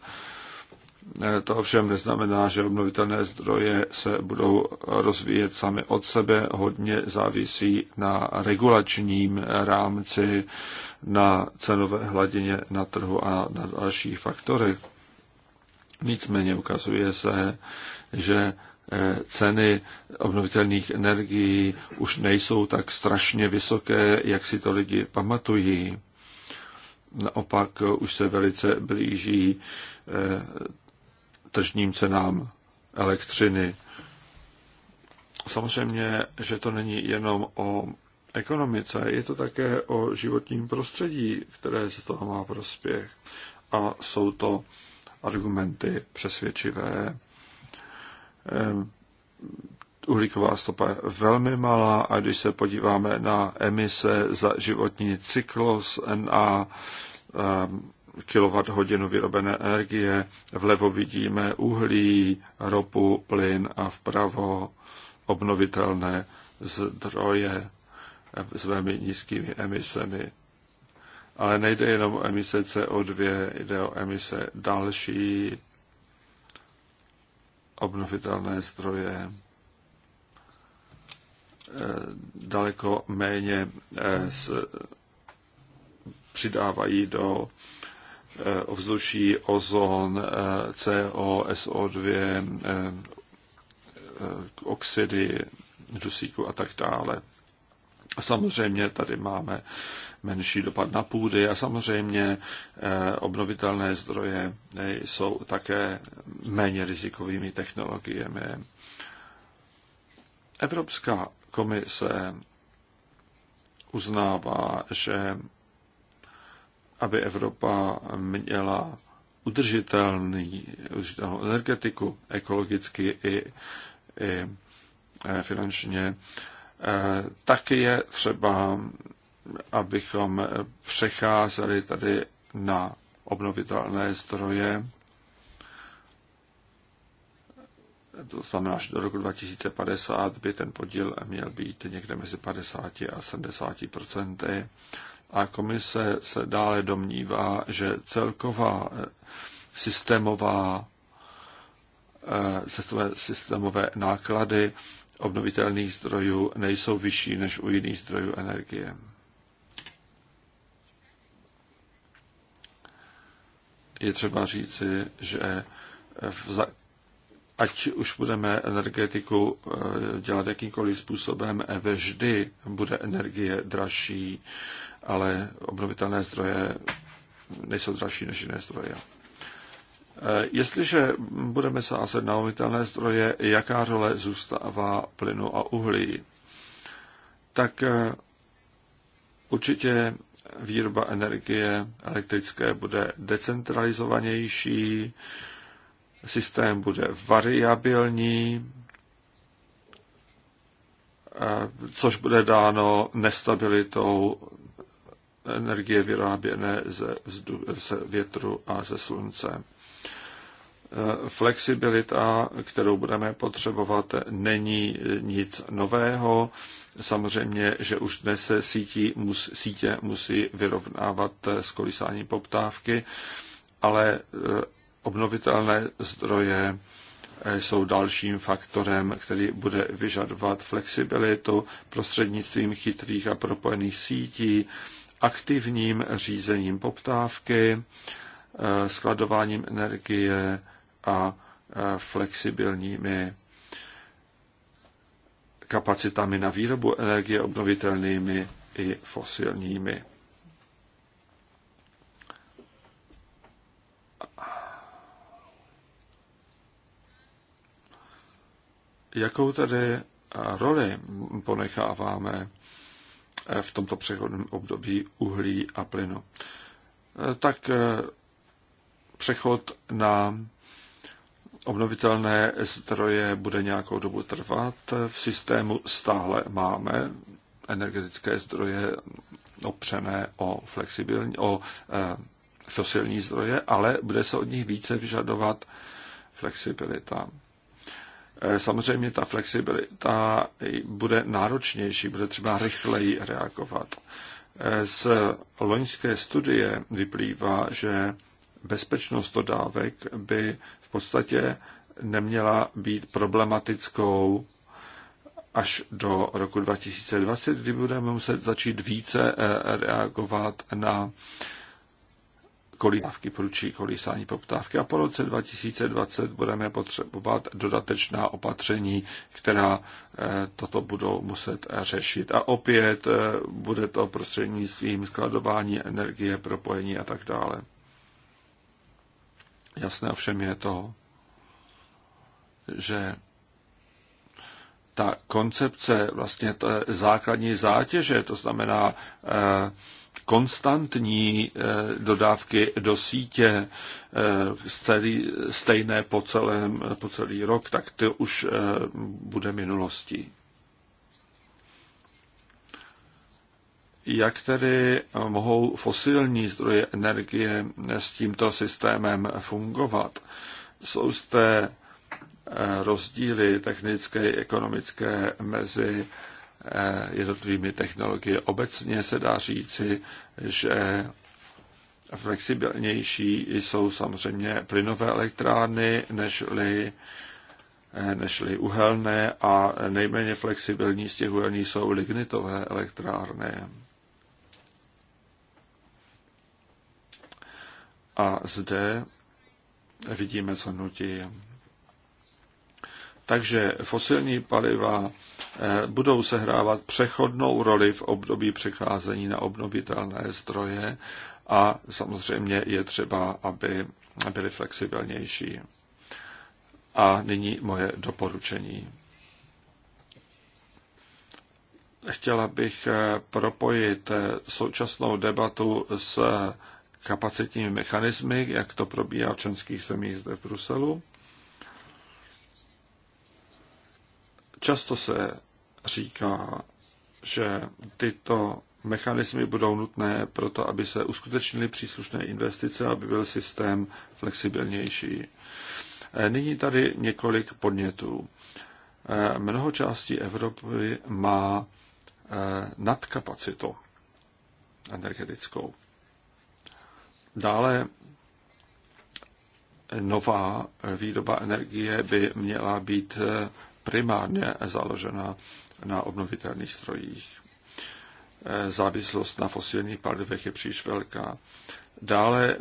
Eh, to ovšem neznamená, že obnovitelné zdroje se budou rozvíjet sami od sebe. Hodně závisí na regulačním rámci, na cenové hladině na trhu a na dalších faktorech. Nicméně ukazuje se, že eh, ceny obnovitelných energií už nejsou tak strašně vysoké, jak si to lidi pamatují. Naopak už se velice blíží eh, tržním cenám elektřiny. Samozřejmě, že to není jenom o ekonomice, je to také o životním prostředí, které z toho má prospěch. A jsou to argumenty přesvědčivé. Ehm, uhlíková stopa je velmi malá a když se podíváme na emise za životní cyklus na ehm, kWh vyrobené energie. Vlevo vidíme uhlí, ropu, plyn a vpravo obnovitelné zdroje s velmi nízkými emisemi. Ale nejde jenom o emise CO2, jde o emise další obnovitelné zdroje eh, daleko méně eh, přidávají do Eh, ovzduší, ozon, eh, CO, SO2, eh, oxidy dusíku a tak dále. A samozřejmě tady máme menší dopad na půdy a samozřejmě obnovitelné zdroje jsou také méně rizikovými technologiemi. Evropská komise uznává, že aby Evropa měla udržitelný, udržitelnou energetiku ekologicky i, i e, finančně, e, tak je třeba, abychom přecházeli tady na obnovitelné zdroje. To znamená, že do roku 2050 by ten podíl měl být někde mezi 50 a 70 procenty a komise se dále domnívá, že celková eh, systémová eh, systémové náklady obnovitelných zdrojů nejsou vyšší než u jiných zdrojů energie. Je třeba říci, že v ať už budeme energetiku eh, dělat jakýmkoliv způsobem, vždy bude energie dražší, ale obnovitelné zdroje nejsou dražší než jiné zdroje. Eh, jestliže budeme sázet na obnovitelné zdroje, jaká role zůstává plynu a uhlí? Tak eh, určitě výroba energie elektrické bude decentralizovanější, systém bude variabilní, což bude dáno nestabilitou energie vyráběné ze, ze větru a ze slunce. E, flexibilita, kterou budeme potřebovat, není nic nového. Samozřejmě, že už dnes se sítí, mus, sítě musí vyrovnávat s kolísáním poptávky, ale e, obnovitelné zdroje eh, jsou dalším faktorem, který bude vyžadovat flexibilitu prostřednictvím chytrých a propojených sítí, aktivním řízením poptávky, eh, skladováním energie a eh, flexibilními kapacitami na výrobu energie obnovitelnými i fosilními. Jakou tedy roli ponecháváme eh, v tomto přechodném období uhlí a plynu? Eh, tak eh, přechod na obnovitelné zdroje bude nějakou dobu trvat. V systému stále máme energetické zdroje opřené o flexibilní, o fosilní zdroje, ale bude se od nich více vyžadovat flexibilita. Eh, samozřejmě ta flexibilita bude náročnější, bude třeba rychleji reagovat. Eh, z loňské studie vyplývá, že bezpečnost dodávek by v podstatě neměla být problematickou až do roku 2020, kdy budeme muset začít více eh, reagovat na kolívky, průčí kolísání poptávky. A po roce 2020 budeme potřebovat dodatečná opatření, která eh, toto budou muset řešit. A opět eh, bude to prostřednictvím skladování energie, propojení a tak dále. Jasné ovšem je to, že ta koncepce vlastně základní zátěže, to znamená eh, konstantní eh, dodávky do sítě eh, stejné po, celém, po celý rok, tak to už eh, bude minulostí. Jak tedy mohou fosilní zdroje energie s tímto systémem fungovat? Jsou zde rozdíly technické i ekonomické mezi Eh, jednotlivými technologie. Obecně se dá říci, že flexibilnější jsou samozřejmě plynové elektrárny nežli, eh, nežli uhelné a nejméně flexibilní z těch uhelných jsou lignitové elektrárny. A zde vidíme, co nutí. Takže fosilní paliva Eh, budou sehrávat přechodnou roli v období přecházení na obnovitelné zdroje a samozřejmě je třeba, aby byly flexibilnější. A nyní moje doporučení. Chtěla bych eh, propojit eh, současnou debatu s kapacitními mechanismy, jak to probíhá v členských zemích zde v Bruselu. Často se říká, že tyto mechanismy budou nutné pro to, aby se uskutečnily příslušné investice, aby byl systém flexibilnější. Eh, nyní tady několik podnětů. Eh, mnoho částí Evropy má eh, nadkapacitu energetickou. Dále nová výroba energie by měla být primárně založena na obnovitelných strojích. E, závislost na fosilních palivech je příliš velká. Dále e,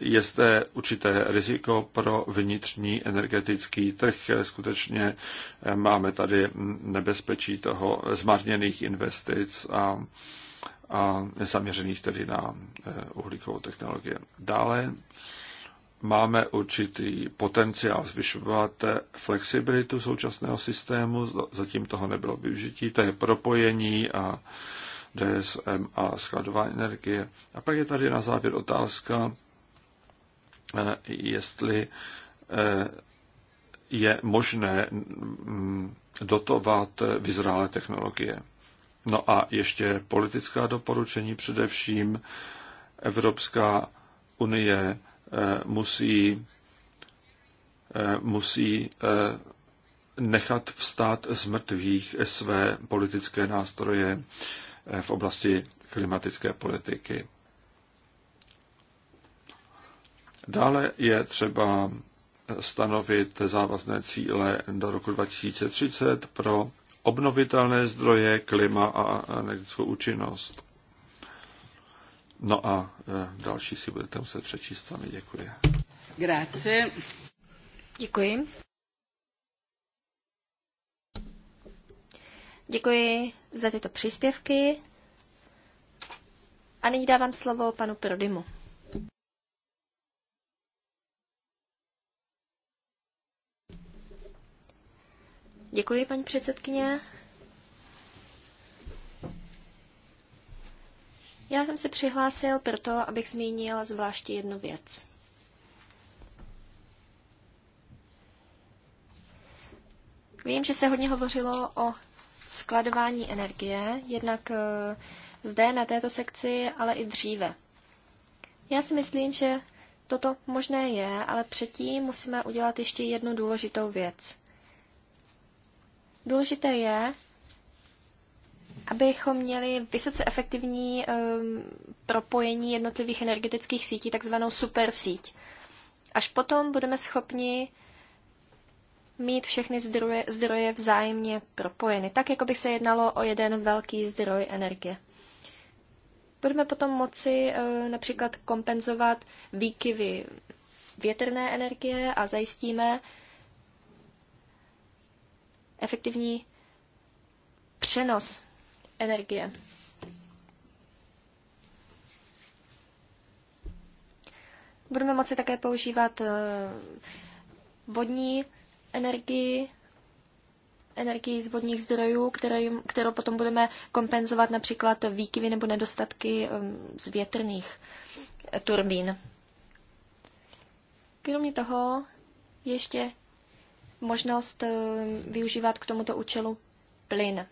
je zde určité riziko pro vnitřní energetický trh. E, skutečně máme tady nebezpečí toho zmarněných investic a, a zaměřených tedy na uhlíkovou technologie. Dále máme určitý potenciál zvyšovat flexibilitu současného systému, zatím toho nebylo využití, to je propojení a DSM a skladování energie. A pak je tady na závěr otázka, eh, jestli eh, je možné mm, dotovat vyzrálé technologie. No a ještě politická doporučení, především Evropská unie Eh, musí, eh, musí eh, nechat vstát z mrtvých své politické nástroje v oblasti klimatické politiky. Dále je třeba stanovit závazné cíle do roku 2030 pro obnovitelné zdroje, klima a energetickou účinnost. No a e, další si budete muset přečíst sami. Děkuji. Grazie. Děkuji. Děkuji za tyto příspěvky. A nyní dávám slovo panu Prodimu. Děkuji, paní předsedkyně. Já jsem se přihlásil proto, abych zmínil zvláště jednu věc. Vím, že se hodně hovořilo o skladování energie, jednak eh, zde na této sekci, ale i dříve. Já si myslím, že toto možné je, ale předtím musíme udělat ještě jednu důležitou věc. Důležité je, abychom měli vysoce efektivní um, propojení jednotlivých energetických sítí, takzvanou supersíť. Až potom budeme schopni mít všechny zdroje, zdroje vzájemně propojeny, tak jako by se jednalo o jeden velký zdroj energie. Budeme potom moci uh, například kompenzovat výkyvy větrné energie a zajistíme efektivní přenos energie. Budeme moci také používat eh, vodní energii, energii z vodních zdrojů, kterou, kterou potom budeme kompenzovat například výkyvy nebo nedostatky eh, z větrných eh, turbín. Kromě toho ještě možnost využívat k tomuto účelu plyn.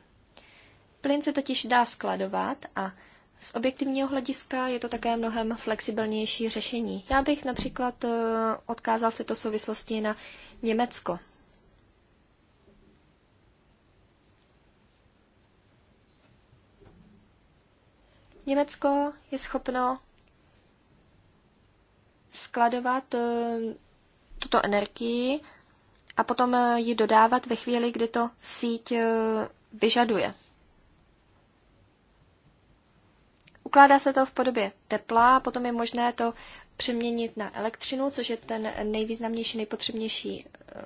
Plyn se totiž dá skladovat a z objektivního hlediska je to také mnohem flexibilnější řešení. Já bych například eh, odkázal v této souvislosti na Německo. Německo je schopno skladovat eh, tuto energii a potom ji dodávat ve chvíli, kdy to síť eh, vyžaduje. Ukládá se to v podobě tepla, potom je možné to přeměnit na elektřinu, což je ten nejvýznamnější, nejpotřebnější eh,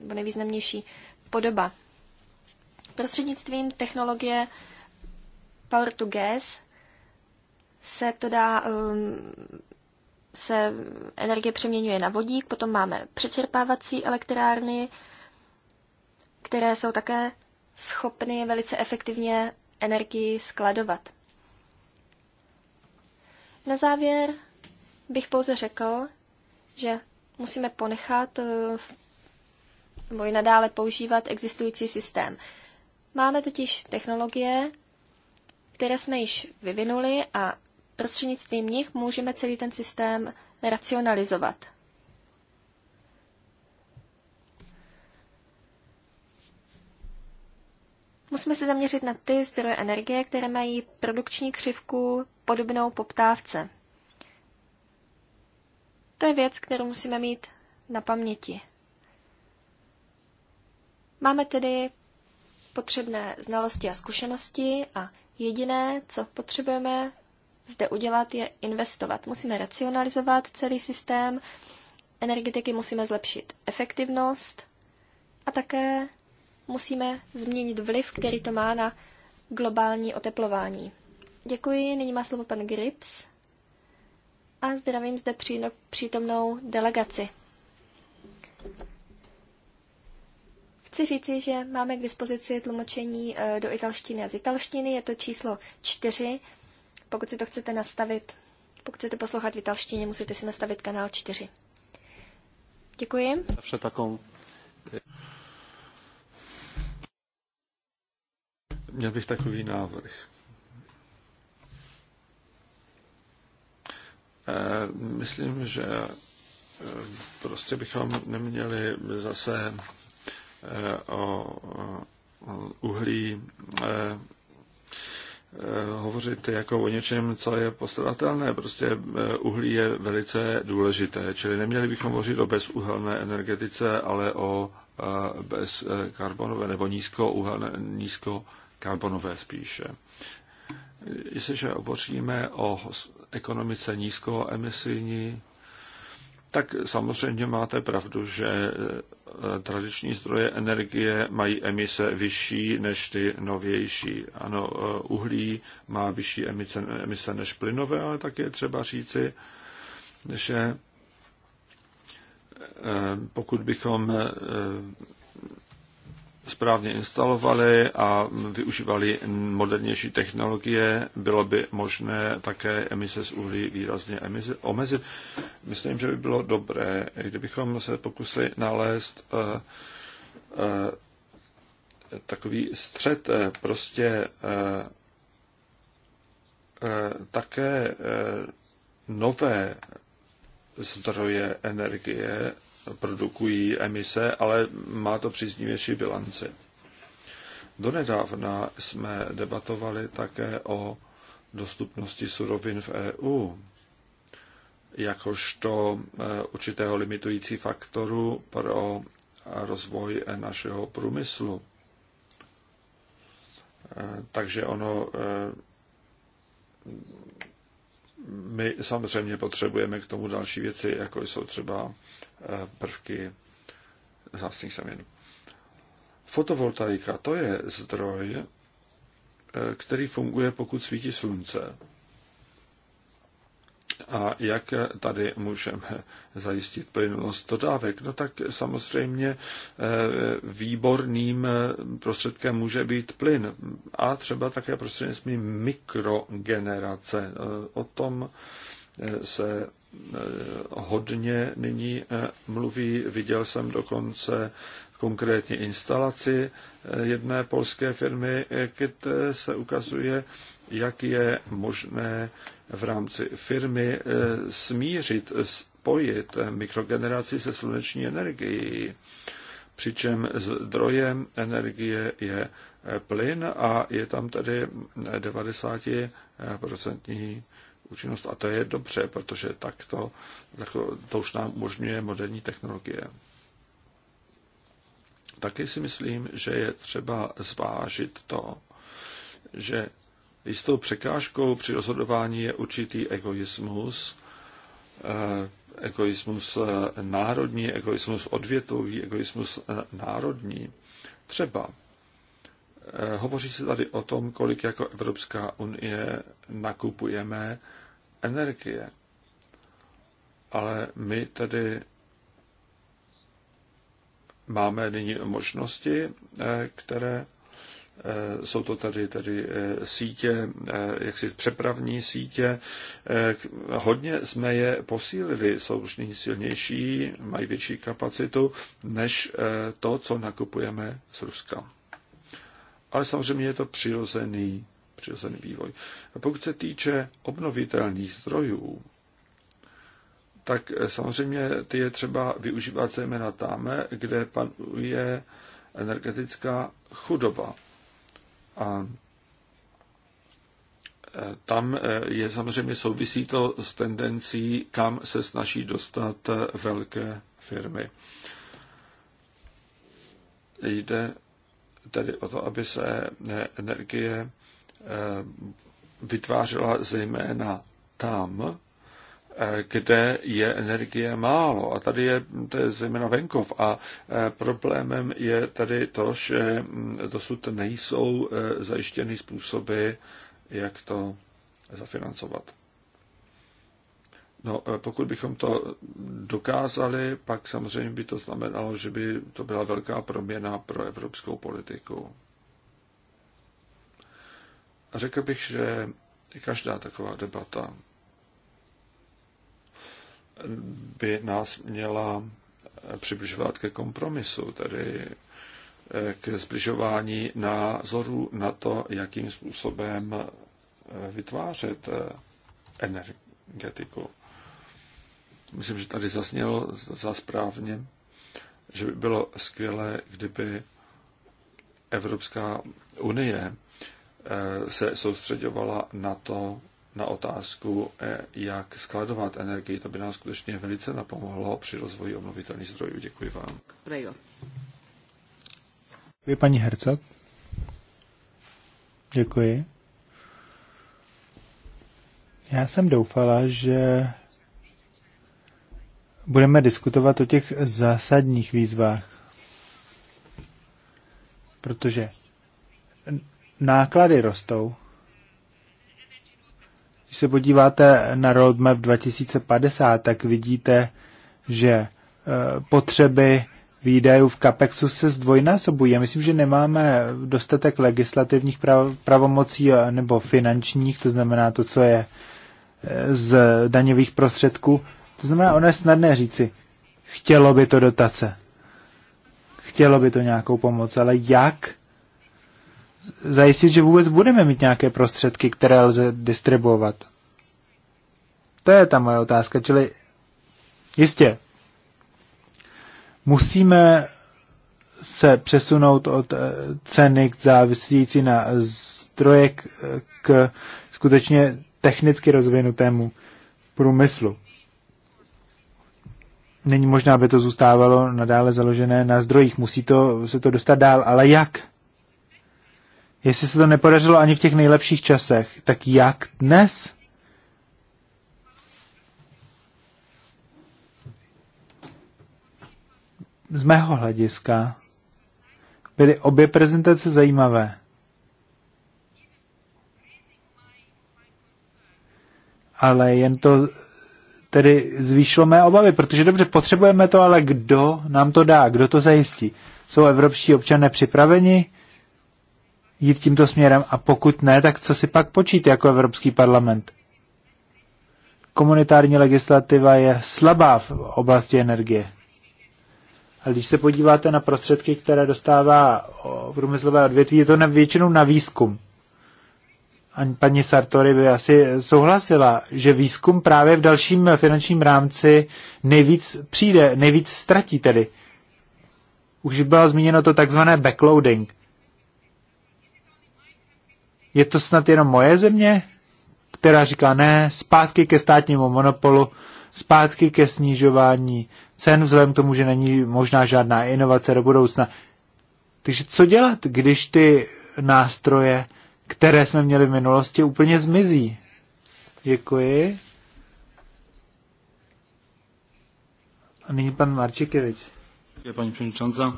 nebo nejvýznamnější podoba. Prostřednictvím technologie Power to Gas se to dá, ehm, se energie přeměňuje na vodík, potom máme přečerpávací elektrárny, které jsou také schopny velice efektivně energii skladovat. Na závěr bych pouze řekl, že musíme ponechat eh, nebo i nadále používat existující systém. Máme totiž technologie, které jsme již vyvinuli a prostřednictvím nich můžeme celý ten systém racionalizovat. Musíme se zaměřit na ty zdroje energie, které mají produkční křivku podobnou poptávce. To je věc, kterou musíme mít na paměti. Máme tedy potřebné znalosti a zkušenosti a jediné, co potřebujeme zde udělat, je investovat. Musíme racionalizovat celý systém energetiky, musíme zlepšit efektivnost a také musíme změnit vliv, který to má na globální oteplování. Děkuji, nyní má slovo pan Grips a zdravím zde přítomnou delegaci. Chci říci, že máme k dispozici tlumočení eh, do italštiny a z italštiny, je to číslo čtyři. Pokud si to chcete nastavit, pokud chcete poslouchat v italštině, musíte si nastavit kanál čtyři. Děkuji. Vše takovou. Měl bych takový návrh. Eh, myslím, že eh, prostě bychom neměli zase eh, o uhlí hovořit jako o něčem, co je postradatelné. Prostě uhlí je velice důležité, čili neměli bychom hovořit o bezuhelné energetice, ale o bezkarbonové nebo nízkouhelné, nízko karbonové spíše. Jestliže hovoříme o ekonomice nízkoemisijní, tak samozřejmě máte pravdu, že eh, tradiční zdroje energie mají emise vyšší než ty novější. Ano, eh, uhlí má vyšší emise, emise než plynové, ale také třeba říci, že eh, pokud bychom správně instalovali a využívali modernější technologie, bylo by možné také emise z uhlí výrazně emise, omezit. Myslím, že by bylo dobré, kdybychom se pokusili nalézt uh, uh, takový střed, uh, prostě také nové zdroje energie produkují emise, ale má to příznivější bilanci. Donedávna jsme debatovali také o dostupnosti surovin v EU jakožto eh, určitého limitující faktoru pro rozvoj eh, našeho průmyslu. Eh, takže ono my samozřejmě potřebujeme k tomu další věci, jako jsou třeba Eh, prvky zácných semen. Fotovoltaika to je zdroj, eh, který funguje, pokud svítí slunce. A jak tady můžeme zajistit plynulost dodávek? No tak samozřejmě eh, výborným prostředkem může být plyn a třeba také prostřednictvím mikrogenerace. O tom se hodně nyní eh, mluví. Viděl jsem dokonce konkrétně instalaci eh, jedné polské firmy, eh, kde se ukazuje, jak je možné v rámci firmy smířit, spojit mikrogeneraci se sluneční energií. Přičem zdrojem energie je plyn a je tam tedy 90% účinnost a to je dobře, protože tak to, tak to, to už nám umožňuje moderní technologie. Taky si myslím, že je třeba zvážit to, že jistou překážkou při rozhodování je určitý egoismus, eh, egoismus eh, národní, egoismus odvětový, egoismus eh, národní. Třeba hovoří se tady o tom, kolik jako Evropská unie nakupujeme energie. Ale my tedy máme nyní možnosti, eh, které eh, jsou to tady, tady eh, sítě, jaksi přepravní sítě. Hodně jsme je posílili, jsou už nyní silnější, mají větší kapacitu, než to, co nakupujeme z Ruska. Ale samozřejmě je to přirozený přirozený vývoj. A pokud se týče obnovitelných zdrojů, tak eh, samozřejmě ty je třeba využívat zejména tam, eh, kde panuje energetická chudoba. A eh, tam je samozřejmě souvisí to s tendencí, kam se snaží dostat velké firmy. Jde tedy o to, aby se energie Eh, vytvářela zejména tam, eh, kde je energie málo. A tady je, to je zejména venkov. A eh, problémem je tady to, že mm, dosud nejsou zajištěny způsoby, jak to zafinancovat. No, pokud bychom to dokázali, pak samozřejmě by to znamenalo, že by to byla velká proměna pro evropskou politiku. Řekl bych, že každá taková debata by nás měla přibližovat ke kompromisu, tedy eh, k zbližování názoru na to, jakým způsobem eh, vytvářet eh, energetiku. Myslím, že tady zaznělo za správně, že by bylo skvělé, kdyby Evropská unie Eh, se soustředovala na to, na otázku, eh, jak skladovat energii. To by nám skutečně velice napomohlo při rozvoji obnovitelných zdrojů. Děkuji vám. Děkuji, paní Hercog. Děkuji. Já jsem doufala, že budeme diskutovat o těch zásadních výzvách. Protože náklady rostou. Když se podíváte na roadmap 2050, tak vidíte, že e, potřeby výdajů v CAPEXu se zdvojnásobují. Já myslím, že nemáme dostatek legislativních pravomocí e, nebo finančních, to znamená to, co je e, z daňových prostředků. To znamená, ono je snadné říci, chtělo by to dotace, chtělo by to nějakou pomoc, ale jak zajistit, že vůbec budeme mít nějaké prostředky, které lze distribuovat. To je ta moje otázka, čili jistě musíme se přesunout od eh, ceny k závisící na zdroje k skutečně technicky rozvinutému průmyslu. Není možná, aby to zůstávalo nadále založené na zdrojích. Musí to, se to dostat dál, ale jak? Jestli se to nepodařilo ani v těch nejlepších časech, tak jak dnes? Z mého hlediska byly obě prezentace zajímavé. Ale jen to tedy zvýšilo mé obavy, protože dobře, potřebujeme to, ale kdo nám to dá, kdo to zajistí? Jsou evropští občané připraveni? jít tímto směrem a pokud ne, tak co si pak počít jako Evropský parlament? Komunitární legislativa je slabá v oblasti energie. A když se podíváte na prostředky, které dostává průmyslové odvětví, je to na většinou na výzkum. A paní Sartori by asi souhlasila, že výzkum právě v dalším finančním rámci nejvíc přijde, nejvíc ztratí tedy. Už bylo zmíněno to takzvané backloading. Je to snad jenom moje země, která říká ne, zpátky ke státnímu monopolu, zpátky ke snižování cen, vzhledem k tomu, že není možná žádná inovace do budoucna. Takže co dělat, když ty nástroje, které jsme měli v minulosti, úplně zmizí? Děkuji. A nyní pan Marčikevič. Děkuji, paní předsedající.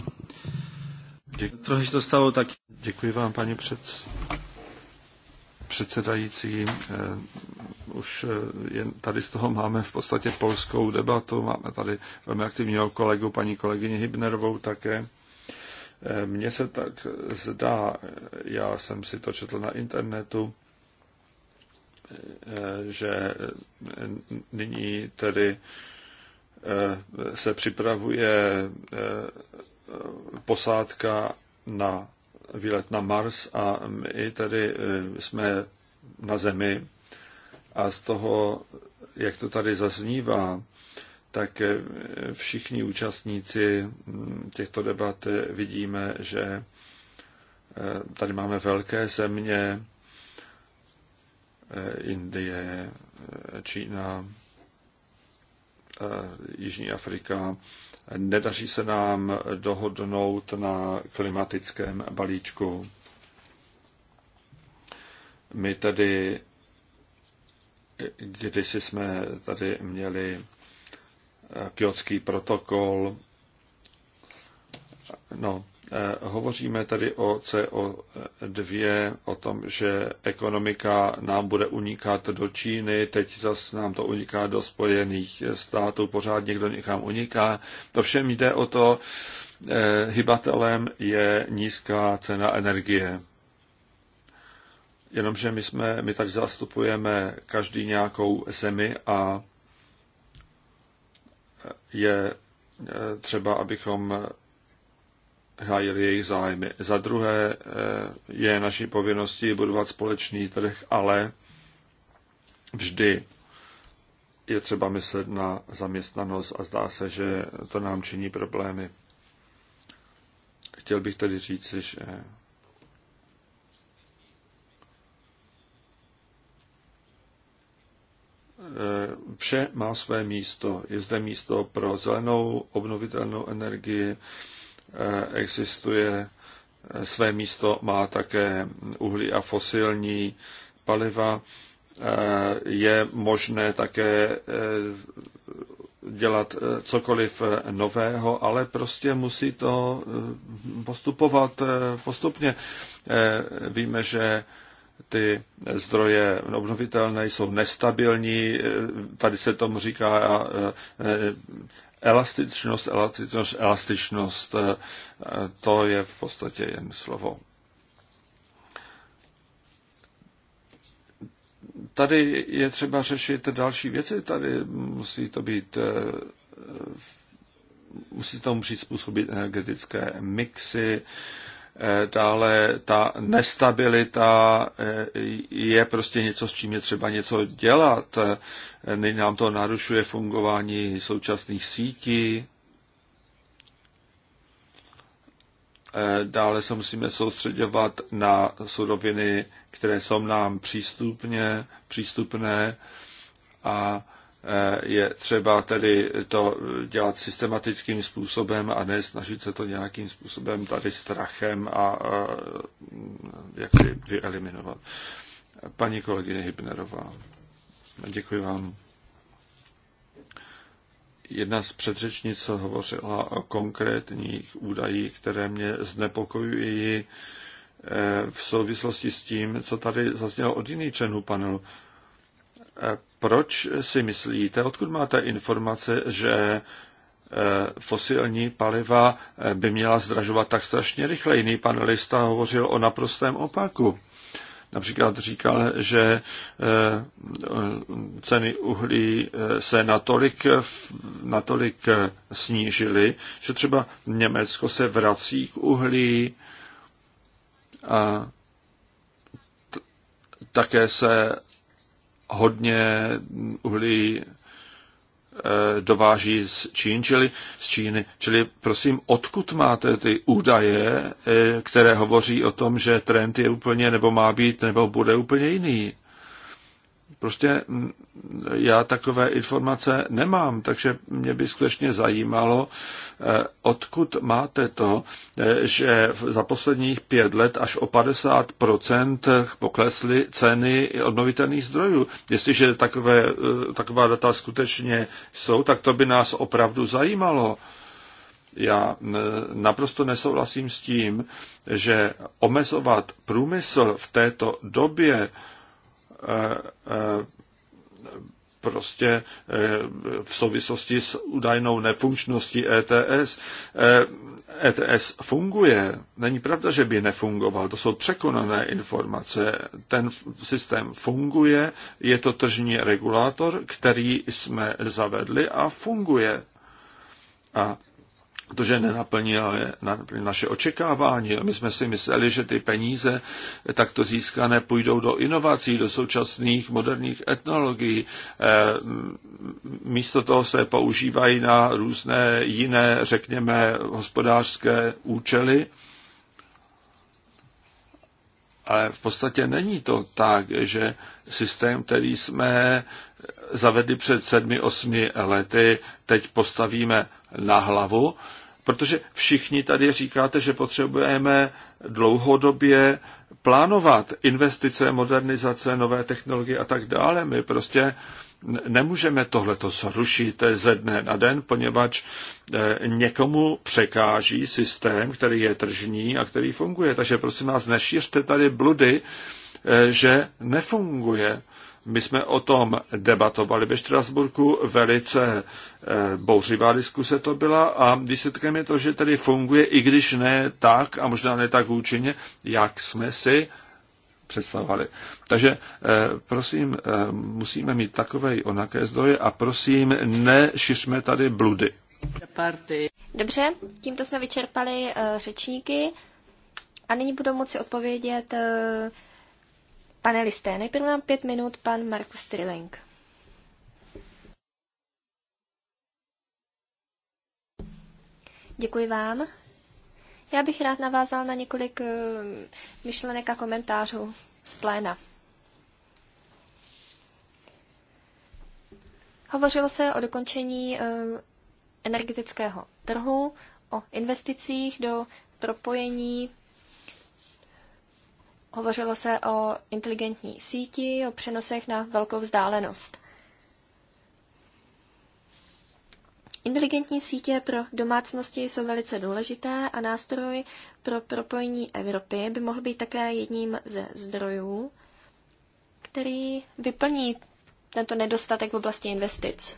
Trochu to stalo tak. Děkuji vám, paní předsedající předsedající. Eh, už eh, jen tady z toho máme v podstatě polskou debatu. Máme tady velmi aktivního kolegu, paní kolegyni Hybnerovou také. Eh, mně se tak zdá, já jsem si to četl na internetu, že nyní tedy se připravuje posádka na výlet na Mars a my tady e, jsme na Zemi a z toho, jak to tady zaznívá, tak e, všichni účastníci těchto debat e, vidíme, že tady máme velké země, Indie, Čína, Jižní Afrika, nedaří se nám dohodnout na klimatickém balíčku. My tedy, když jsme tady měli kjotský protokol, no, Eh, hovoříme tady o CO2, o tom, že ekonomika nám bude unikat do Číny, teď zase nám to uniká do Spojených států, pořád někdo někam uniká. To všem jde o to, eh, hybatelem je nízká cena energie. Jenomže my, jsme, my tak zastupujeme každý nějakou zemi a eh, je třeba, abychom hájil jejich zájmy. Za druhé eh, je naší povinností budovat společný trh, ale vždy je třeba myslet na zaměstnanost a zdá se, že to nám činí problémy. Chtěl bych tedy říct, že eh, vše má své místo. Je zde místo pro zelenou obnovitelnou energii, Eh, existuje, eh, své místo má také uhlí a fosilní paliva. Eh, je možné také dělat cokoliv nového, ale prostě musí to postupovat postupně. Víme, že ty zdroje obnovitelné jsou nestabilní, tady se tomu říká Elastičnost, elastičnost, elastičnost, eh, to je v podstatě jen slovo. Tady je třeba řešit další věci, tady musí to být eh, musí tomu přizpůsobit energetické mixy, Eh, dále ta nestabilita eh, je prostě něco, s čím je třeba něco dělat. Eh, nám to narušuje fungování současných sítí. Dále se musíme soustředovat na suroviny, které jsou nám přístupně, přístupné a Eh, je třeba tedy to dělat systematickým způsobem a ne snažit se to nějakým způsobem tady strachem a, a eh, jak si vyeliminovat. Paní kolegyně Hybnerová, děkuji vám. Jedna z předřečnic hovořila o konkrétních údajích, které mě znepokojují eh, v souvislosti s tím, co tady zaznělo od jiných členů panelu. Proč si myslíte, odkud máte informace, že eh, fosilní paliva eh, by měla zdražovat tak strašně rychle? Jiný panelista hovořil o naprostém opaku. Například říkal, že eh, ceny uhlí se natolik, natolik snížily, že třeba Německo se vrací k uhlí a také se hodně uhlí eh, dováží z Čín, čili z Číny. Čili prosím, odkud máte ty údaje, eh, které hovoří o tom, že trend je úplně, nebo má být, nebo bude úplně jiný? Prostě já takové informace nemám, takže mě by skutečně zajímalo, e, odkud máte to, e, že za posledních pět let až o 50% poklesly ceny obnovitelných zdrojů. Jestliže takové, e, taková data skutečně jsou, tak to by nás opravdu zajímalo. Já naprosto nesouhlasím s tím, že omezovat průmysl v této době, prostě eh, v souvislosti s údajnou nefunkčností ETS. ETS eh, e funguje. Není pravda, že by nefungoval. To jsou překonané informace. Ten systém funguje, je to tržní regulátor, který jsme zavedli a funguje. A protože nenaplnil naše očekávání. My jsme si mysleli, že ty peníze takto získané půjdou do inovací, do současných moderních etnologií. E, místo toho se používají na různé jiné, řekněme, hospodářské účely. Ale v podstatě není to tak, že systém, který jsme zavedli před sedmi, osmi lety, teď postavíme na hlavu Protože všichni tady říkáte, že potřebujeme dlouhodobě plánovat investice, modernizace, nové technologie a tak dále. My prostě nemůžeme tohleto zrušit ze dne na den, poněvadž eh, někomu překáží systém, který je tržní a který funguje. Takže prosím vás, nešířte tady bludy, eh, že nefunguje. My jsme o tom debatovali ve Štrasburku, velice eh, bouřivá diskuse to byla a výsledkem je to, že tady funguje, i když ne tak a možná ne tak účinně, jak jsme si představovali. Takže eh, prosím, eh, musíme mít takové onaké zdroje a prosím, nešiřme tady bludy. Dobře, tímto jsme vyčerpali řečníky a nyní budou moci odpovědět panelisté. Nejprve mám pět minut pan Markus Striling. Děkuji vám. Já bych rád navázal na několik eh, myšlenek a komentářů z pléna. Hovořilo se o dokončení eh, energetického trhu, o investicích do propojení Hovořilo se o inteligentní síti, o přenosech na velkou vzdálenost. Inteligentní sítě pro domácnosti jsou velice důležité a nástroj pro propojení Evropy by mohl být také jedním ze zdrojů, který vyplní tento nedostatek v oblasti investic.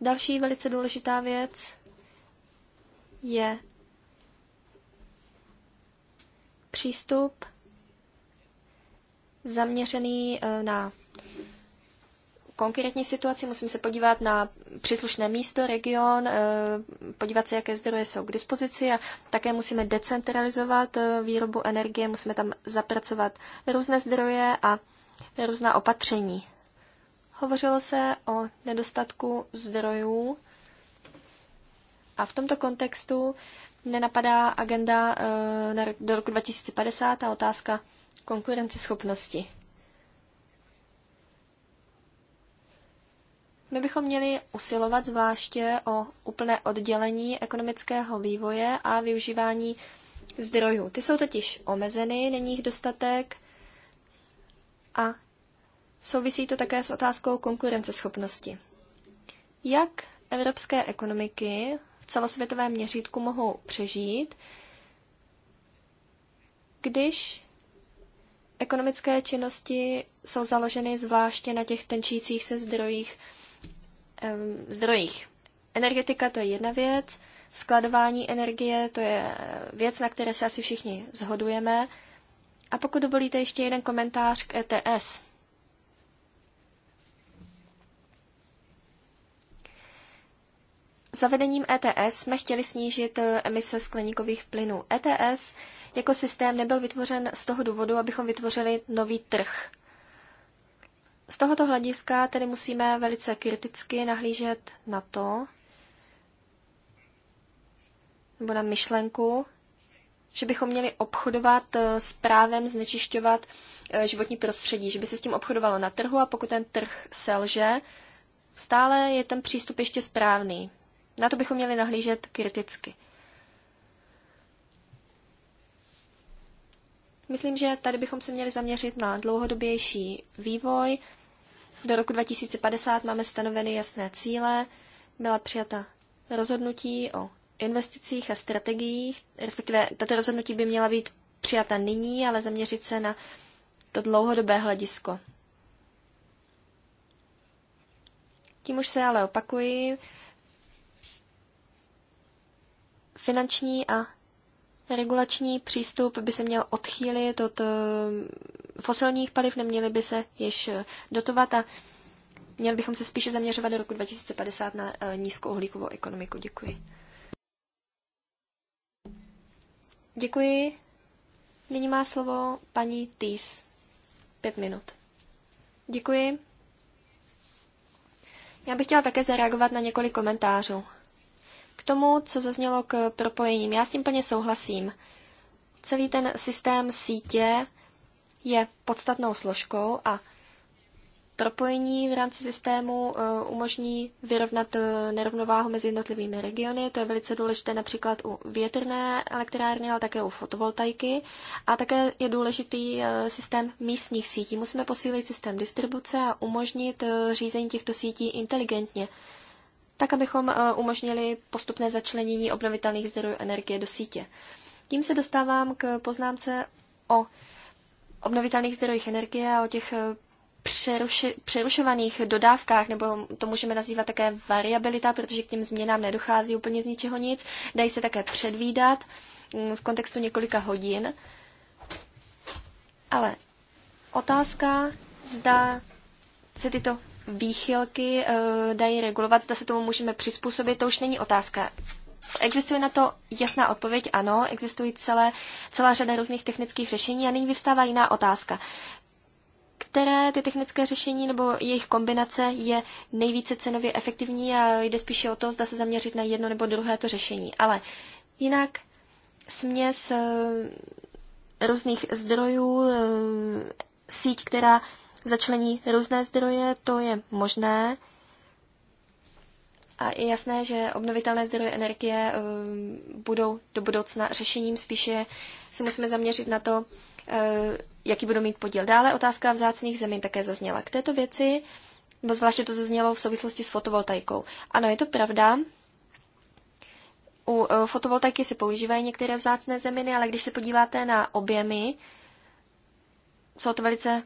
Další velice důležitá věc je přístup zaměřený eh, na konkrétní situaci, musím se podívat na příslušné místo, region, eh, podívat se, jaké zdroje jsou k dispozici a také musíme decentralizovat eh, výrobu energie, musíme tam zapracovat různé zdroje a různá opatření. Hovořilo se o nedostatku zdrojů a v tomto kontextu nenapadá agenda eh, do roku 2050 a otázka konkurenceschopnosti. My bychom měli usilovat zvláště o úplné oddělení ekonomického vývoje a využívání zdrojů. Ty jsou totiž omezeny, není jich dostatek a souvisí to také s otázkou konkurenceschopnosti. Jak evropské ekonomiky v celosvětovém měřítku mohou přežít, když ekonomické činnosti jsou založeny zvláště na těch tenčících se zdrojích. Um, zdrojích. Energetika to je jedna věc, skladování energie to je věc, na které se asi všichni zhodujeme. A pokud dovolíte ještě jeden komentář k ETS. Zavedením ETS jsme chtěli snížit eh, emise skleníkových plynů. ETS jako systém nebyl vytvořen z toho důvodu, abychom vytvořili nový trh. Z tohoto hlediska tedy musíme velice kriticky nahlížet na to, nebo na myšlenku, že bychom měli obchodovat eh, s právem znečišťovat eh, životní prostředí, že by se s tím obchodovalo na trhu a pokud ten trh selže, stále je ten přístup ještě správný. Na to bychom měli nahlížet kriticky. Myslím, že tady bychom se měli zaměřit na dlouhodobější vývoj. Do roku 2050 máme stanoveny jasné cíle, byla přijata rozhodnutí o investicích a strategiích, respektive tato rozhodnutí by měla být přijata nyní, ale zaměřit se na to dlouhodobé hledisko. Tím už se ale opakuji, Finanční a regulační přístup by se měl odchýlit od eh, fosilních paliv, neměly by se již eh, dotovat a měli bychom se spíše zaměřovat do roku 2050 na eh, nízkouhlíkovou ekonomiku. Děkuji. Děkuji. Nyní má slovo paní Týs. Pět minut. Děkuji. Já bych chtěla také zareagovat na několik komentářů. K tomu, co zaznělo k propojením, já s tím plně souhlasím. Celý ten systém sítě je podstatnou složkou a propojení v rámci systému eh, umožní vyrovnat eh, nerovnováhu mezi jednotlivými regiony. To je velice důležité například u větrné elektrárny, ale také u fotovoltaiky. A také je důležitý eh, systém místních sítí. Musíme posílit systém distribuce a umožnit řízení těchto sítí inteligentně tak abychom eh, umožnili postupné začlenění obnovitelných zdrojů energie do sítě. Tím se dostávám k poznámce o obnovitelných zdrojích energie a o těch eh, přeruši, přerušovaných dodávkách, nebo to můžeme nazývat také variabilita, protože k těm změnám nedochází úplně z ničeho nic. Dají se také předvídat mm, v kontextu několika hodin. Ale otázka, zda se tyto výchylky eh, dají regulovat, zda se tomu můžeme přizpůsobit, to už není otázka. Existuje na to jasná odpověď, ano, existují celé, celá řada různých technických řešení a nyní vyvstává jiná otázka. Které ty technické řešení nebo jejich kombinace je nejvíce cenově efektivní a jde spíše o to, zda se zaměřit na jedno nebo druhé to řešení. Ale jinak směs eh, různých zdrojů, eh, síť, která začlení různé zdroje, to je možné. A je jasné, že obnovitelné zdroje energie eh, budou do budoucna řešením, spíše se musíme zaměřit na to, eh, jaký budou mít podíl. Dále otázka vzácných zemin také zazněla. K této věci, nebo zvláště to zaznělo v souvislosti s fotovoltaikou. Ano, je to pravda, u eh, fotovoltaiky se používají některé vzácné zeminy, ale když se podíváte na objemy, jsou to velice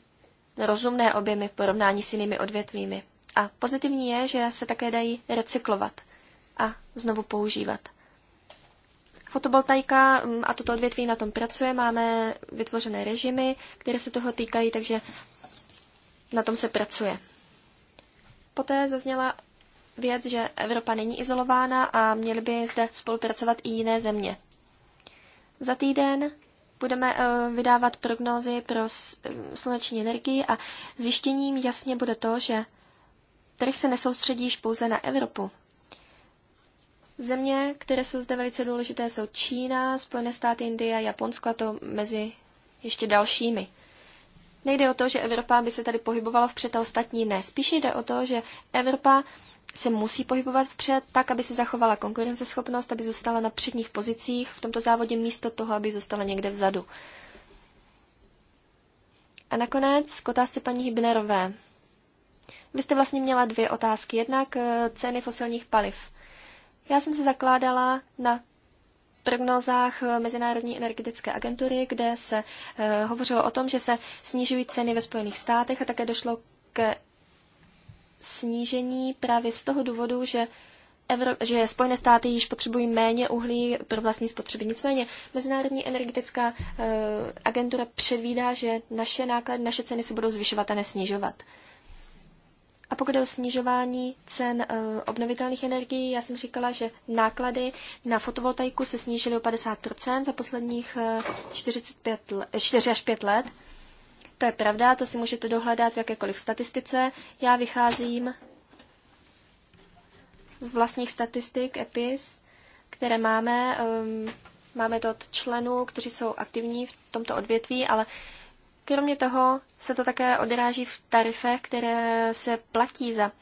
rozumné objemy v porovnání s jinými odvětvími. A pozitivní je, že se také dají recyklovat a znovu používat. Fotovoltaika mm, a toto odvětví na tom pracuje, máme vytvořené režimy, které se toho týkají, takže na tom se pracuje. Poté zazněla věc, že Evropa není izolována a měly by zde spolupracovat i jiné země. Za týden budeme eh, vydávat prognózy pro eh, sluneční energii a zjištěním jasně bude to, že trh se nesoustředíš pouze na Evropu. Země, které jsou zde velice důležité, jsou Čína, Spojené státy, Indie, Japonsko a to mezi ještě dalšími. Nejde o to, že Evropa by se tady pohybovala vpřed a ostatní ne. Spíš jde o to, že Evropa se musí pohybovat vpřed, tak, aby se zachovala konkurenceschopnost, aby zůstala na předních pozicích v tomto závodě místo toho, aby zůstala někde vzadu. A nakonec k otázce paní Hybnerové. Vy jste vlastně měla dvě otázky. Jednak eh, ceny fosilních paliv. Já jsem se zakládala na prognozách eh, Mezinárodní energetické agentury, kde se eh, hovořilo o tom, že se snižují ceny ve Spojených státech a také došlo k snížení právě z toho důvodu, že, Evro- že Spojené státy již potřebují méně uhlí pro vlastní spotřeby. Nicméně Mezinárodní energetická e, agentura předvídá, že naše náklady, naše ceny se budou zvyšovat a nesnižovat. A pokud je o snižování cen e, obnovitelných energií, já jsem říkala, že náklady na fotovoltaiku se snížily o 50% za posledních e, 45 4 až 5 let. To je pravda, to si můžete dohledat v jakékoliv statistice. Já vycházím z vlastních statistik EPIS, které máme. Ehm, máme to od členů, kteří jsou aktivní v tomto odvětví, ale kromě toho se to také odráží v tarifech, které se platí za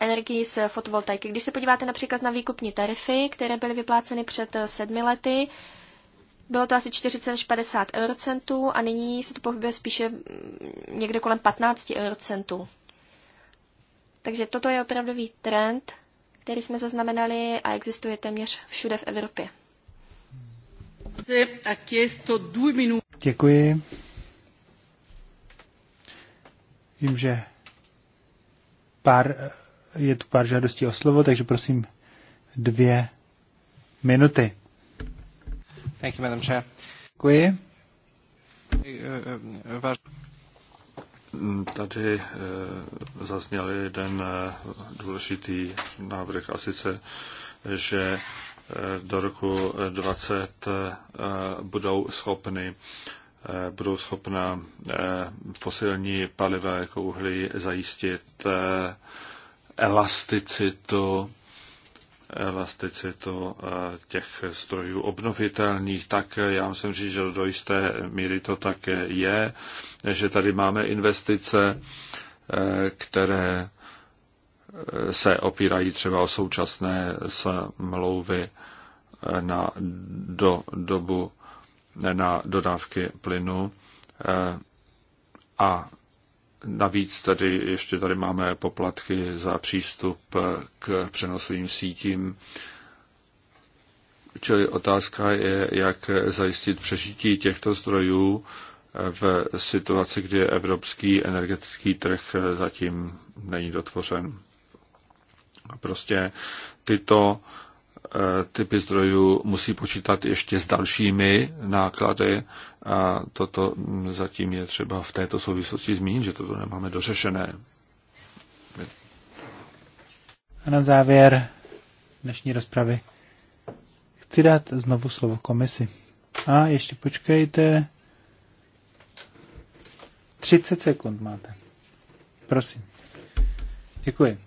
energii z fotovoltaiky. Když se podíváte například na výkupní tarify, které byly vypláceny před sedmi lety, bylo to asi 40 až 50 eurocentů a nyní se to pohybuje spíše mm, někde kolem 15 eurocentů. Takže toto je opravdový trend, který jsme zaznamenali a existuje téměř všude v Evropě. Děkuji. Vím, že pár, je tu pár žádostí o slovo, takže prosím dvě minuty. Thank you, Madam Chair. Děkuji. Tady eh, zazněl jeden eh, důležitý návrh, a sice, že eh, do roku 20 budou schopny budou schopna fosilní paliva jako uhlí zajistit elasticitu elasticitu eh, těch strojů obnovitelných, tak eh, já musím říct, že do jisté míry to tak eh, je, že tady máme investice, které se opírají třeba o současné smlouvy na do, dobu na dodávky plynu a Navíc tady ještě tady máme poplatky za přístup k přenosovým sítím. Čili otázka je, jak zajistit přežití těchto zdrojů v situaci, kdy evropský energetický trh zatím není dotvořen. Prostě tyto E, typy zdrojů musí počítat ještě s dalšími náklady a toto zatím je třeba v této souvislosti zmínit, že toto nemáme dořešené. A na závěr dnešní rozpravy chci dát znovu slovo komisi. A ještě počkejte. 30 sekund máte. Prosím. Děkuji.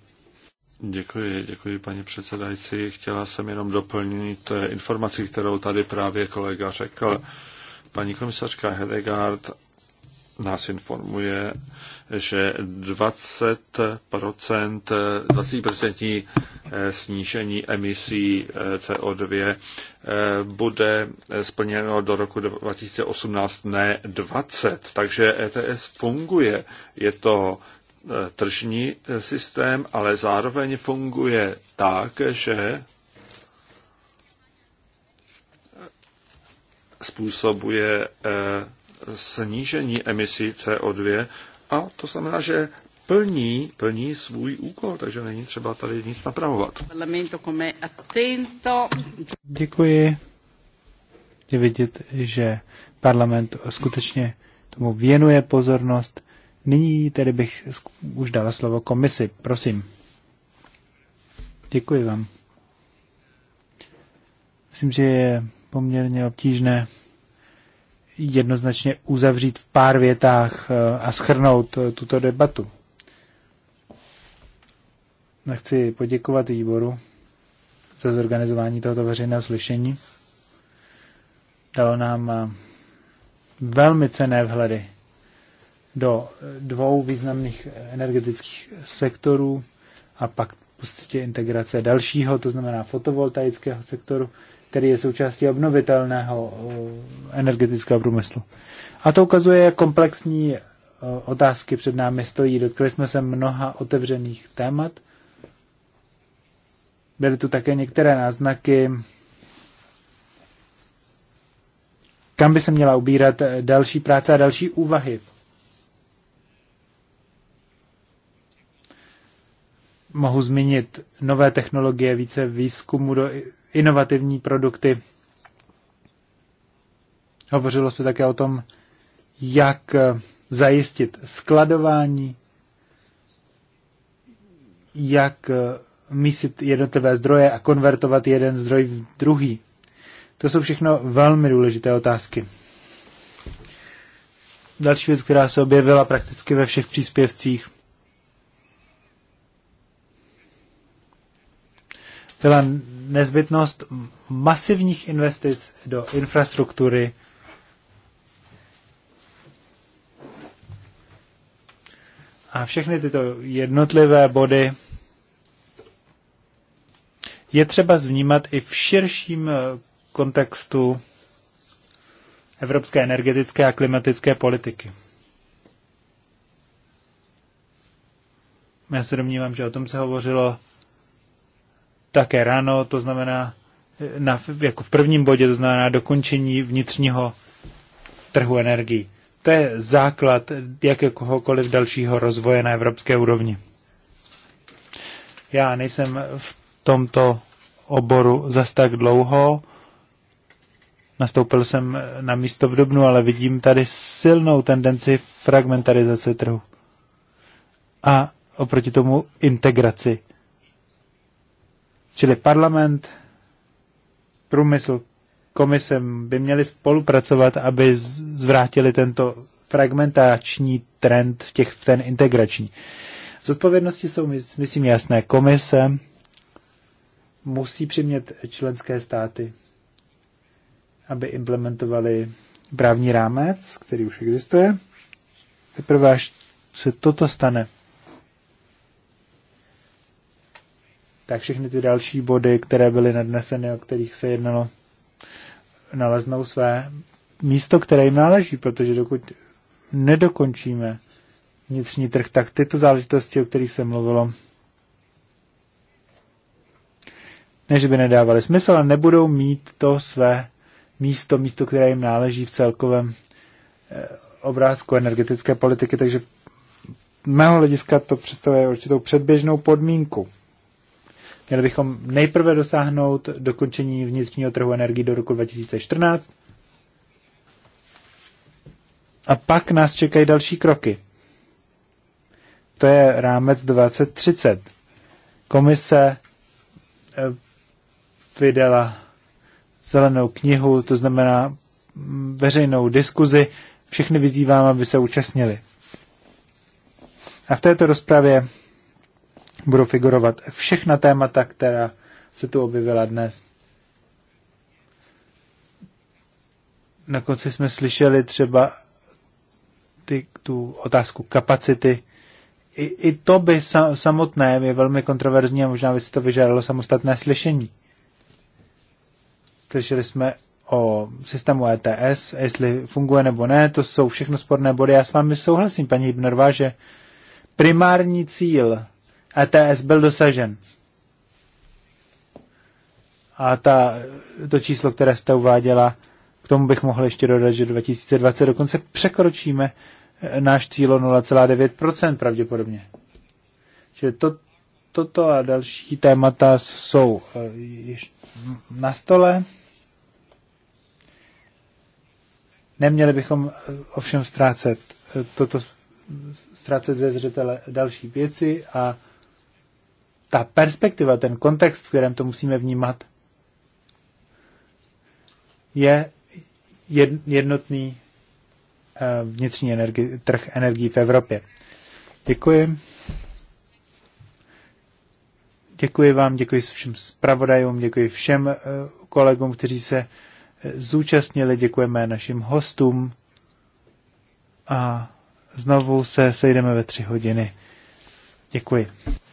Děkuji, děkuji paní předsedající. Chtěla jsem jenom doplnit eh, informaci, kterou tady právě kolega řekl. Paní komisařka Hedegaard nás informuje, že 20%, 20% snížení emisí eh, CO2 eh, bude splněno do roku 2018, ne 20. Takže ETS funguje. Je to E, tržní e, systém, ale zároveň funguje tak, že způsobuje e, snížení emisí CO2 a to znamená, že plní, plní svůj úkol, takže není třeba tady nic napravovat. Děkuji. Je vidět, že parlament skutečně tomu věnuje pozornost Nyní tedy bych už dala slovo komisi. Prosím. Děkuji vám. Myslím, že je poměrně obtížné jednoznačně uzavřít v pár větách eh, a schrnout eh, tuto debatu. Chci poděkovat výboru za zorganizování tohoto veřejného slyšení. Dalo nám eh, velmi cené vhledy do dvou významných energetických sektorů a pak v podstatě integrace dalšího, to znamená fotovoltaického sektoru, který je součástí obnovitelného eh, energetického průmyslu. A to ukazuje, jak komplexní eh, otázky před námi stojí. Dotkli jsme se mnoha otevřených témat. Byly tu také některé náznaky, kam by se měla ubírat další práce a další úvahy mohu zmínit nové technologie, více výzkumu do inovativní produkty. Hovořilo se také o tom, jak eh, zajistit skladování, jak eh, mísit jednotlivé zdroje a konvertovat jeden zdroj v druhý. To jsou všechno velmi důležité otázky. Další věc, která se objevila prakticky ve všech příspěvcích, byla nezbytnost masivních investic do infrastruktury. A všechny tyto jednotlivé body je třeba zvnímat i v širším eh, kontextu evropské energetické a klimatické politiky. Já se domnívám, že o tom se hovořilo také ráno, to znamená eh, na, jako v prvním bodě, to znamená dokončení vnitřního trhu energií. To je základ jakéhokoliv dalšího rozvoje na evropské úrovni. Já nejsem v tomto oboru zas tak dlouho. Nastoupil jsem na místo v Dubnu, ale vidím tady silnou tendenci fragmentarizace trhu. A oproti tomu integraci Čili parlament, průmysl, komise by měli spolupracovat, aby zvrátili tento fragmentační trend v, těch, v ten integrační. Zodpovědnosti jsou, myslím, jasné. Komise musí přimět členské státy, aby implementovali právní rámec, který už existuje. Teprve až se toto stane, tak všechny ty další body, které byly nadneseny, o kterých se jednalo, naleznou své místo, které jim náleží, protože dokud nedokončíme vnitřní trh, tak tyto záležitosti, o kterých se mluvilo, než by nedávaly smysl, ale nebudou mít to své místo, místo, které jim náleží v celkovém eh, obrázku energetické politiky, takže mého hlediska to představuje určitou předběžnou podmínku. Měli bychom nejprve dosáhnout dokončení vnitřního trhu energii do roku 2014 a pak nás čekají další kroky. To je rámec 2030. Komise eh, vydala zelenou knihu, to znamená mm, veřejnou diskuzi. Všechny vyzývám, aby se účastnili. A v této rozpravě budou figurovat všechna témata, která se tu objevila dnes. Na konci jsme slyšeli třeba ty, tu otázku kapacity. I, i to by sa, samotné je velmi kontroverzní a možná by si to vyžádalo samostatné slyšení. Slyšeli jsme o systému ETS, jestli funguje nebo ne, to jsou všechno sporné body. Já s vámi souhlasím, paní Hibnerová, že primární cíl ETS byl dosažen. A ta, to číslo, které jste uváděla, k tomu bych mohl ještě dodat, že 2020 dokonce překročíme eh, náš cíl o 0,9% pravděpodobně. Čili to, toto a další témata jsou eh, na stole. Neměli bychom eh, ovšem ztrácet toto ztrácet ze zřetele další věci a ta perspektiva, ten kontext, v kterém to musíme vnímat, je jednotný eh, vnitřní energi- trh energií v Evropě. Děkuji. Děkuji vám, děkuji všem zpravodajům, děkuji všem eh, kolegům, kteří se eh, zúčastnili, děkujeme našim hostům a znovu se sejdeme ve tři hodiny. Děkuji.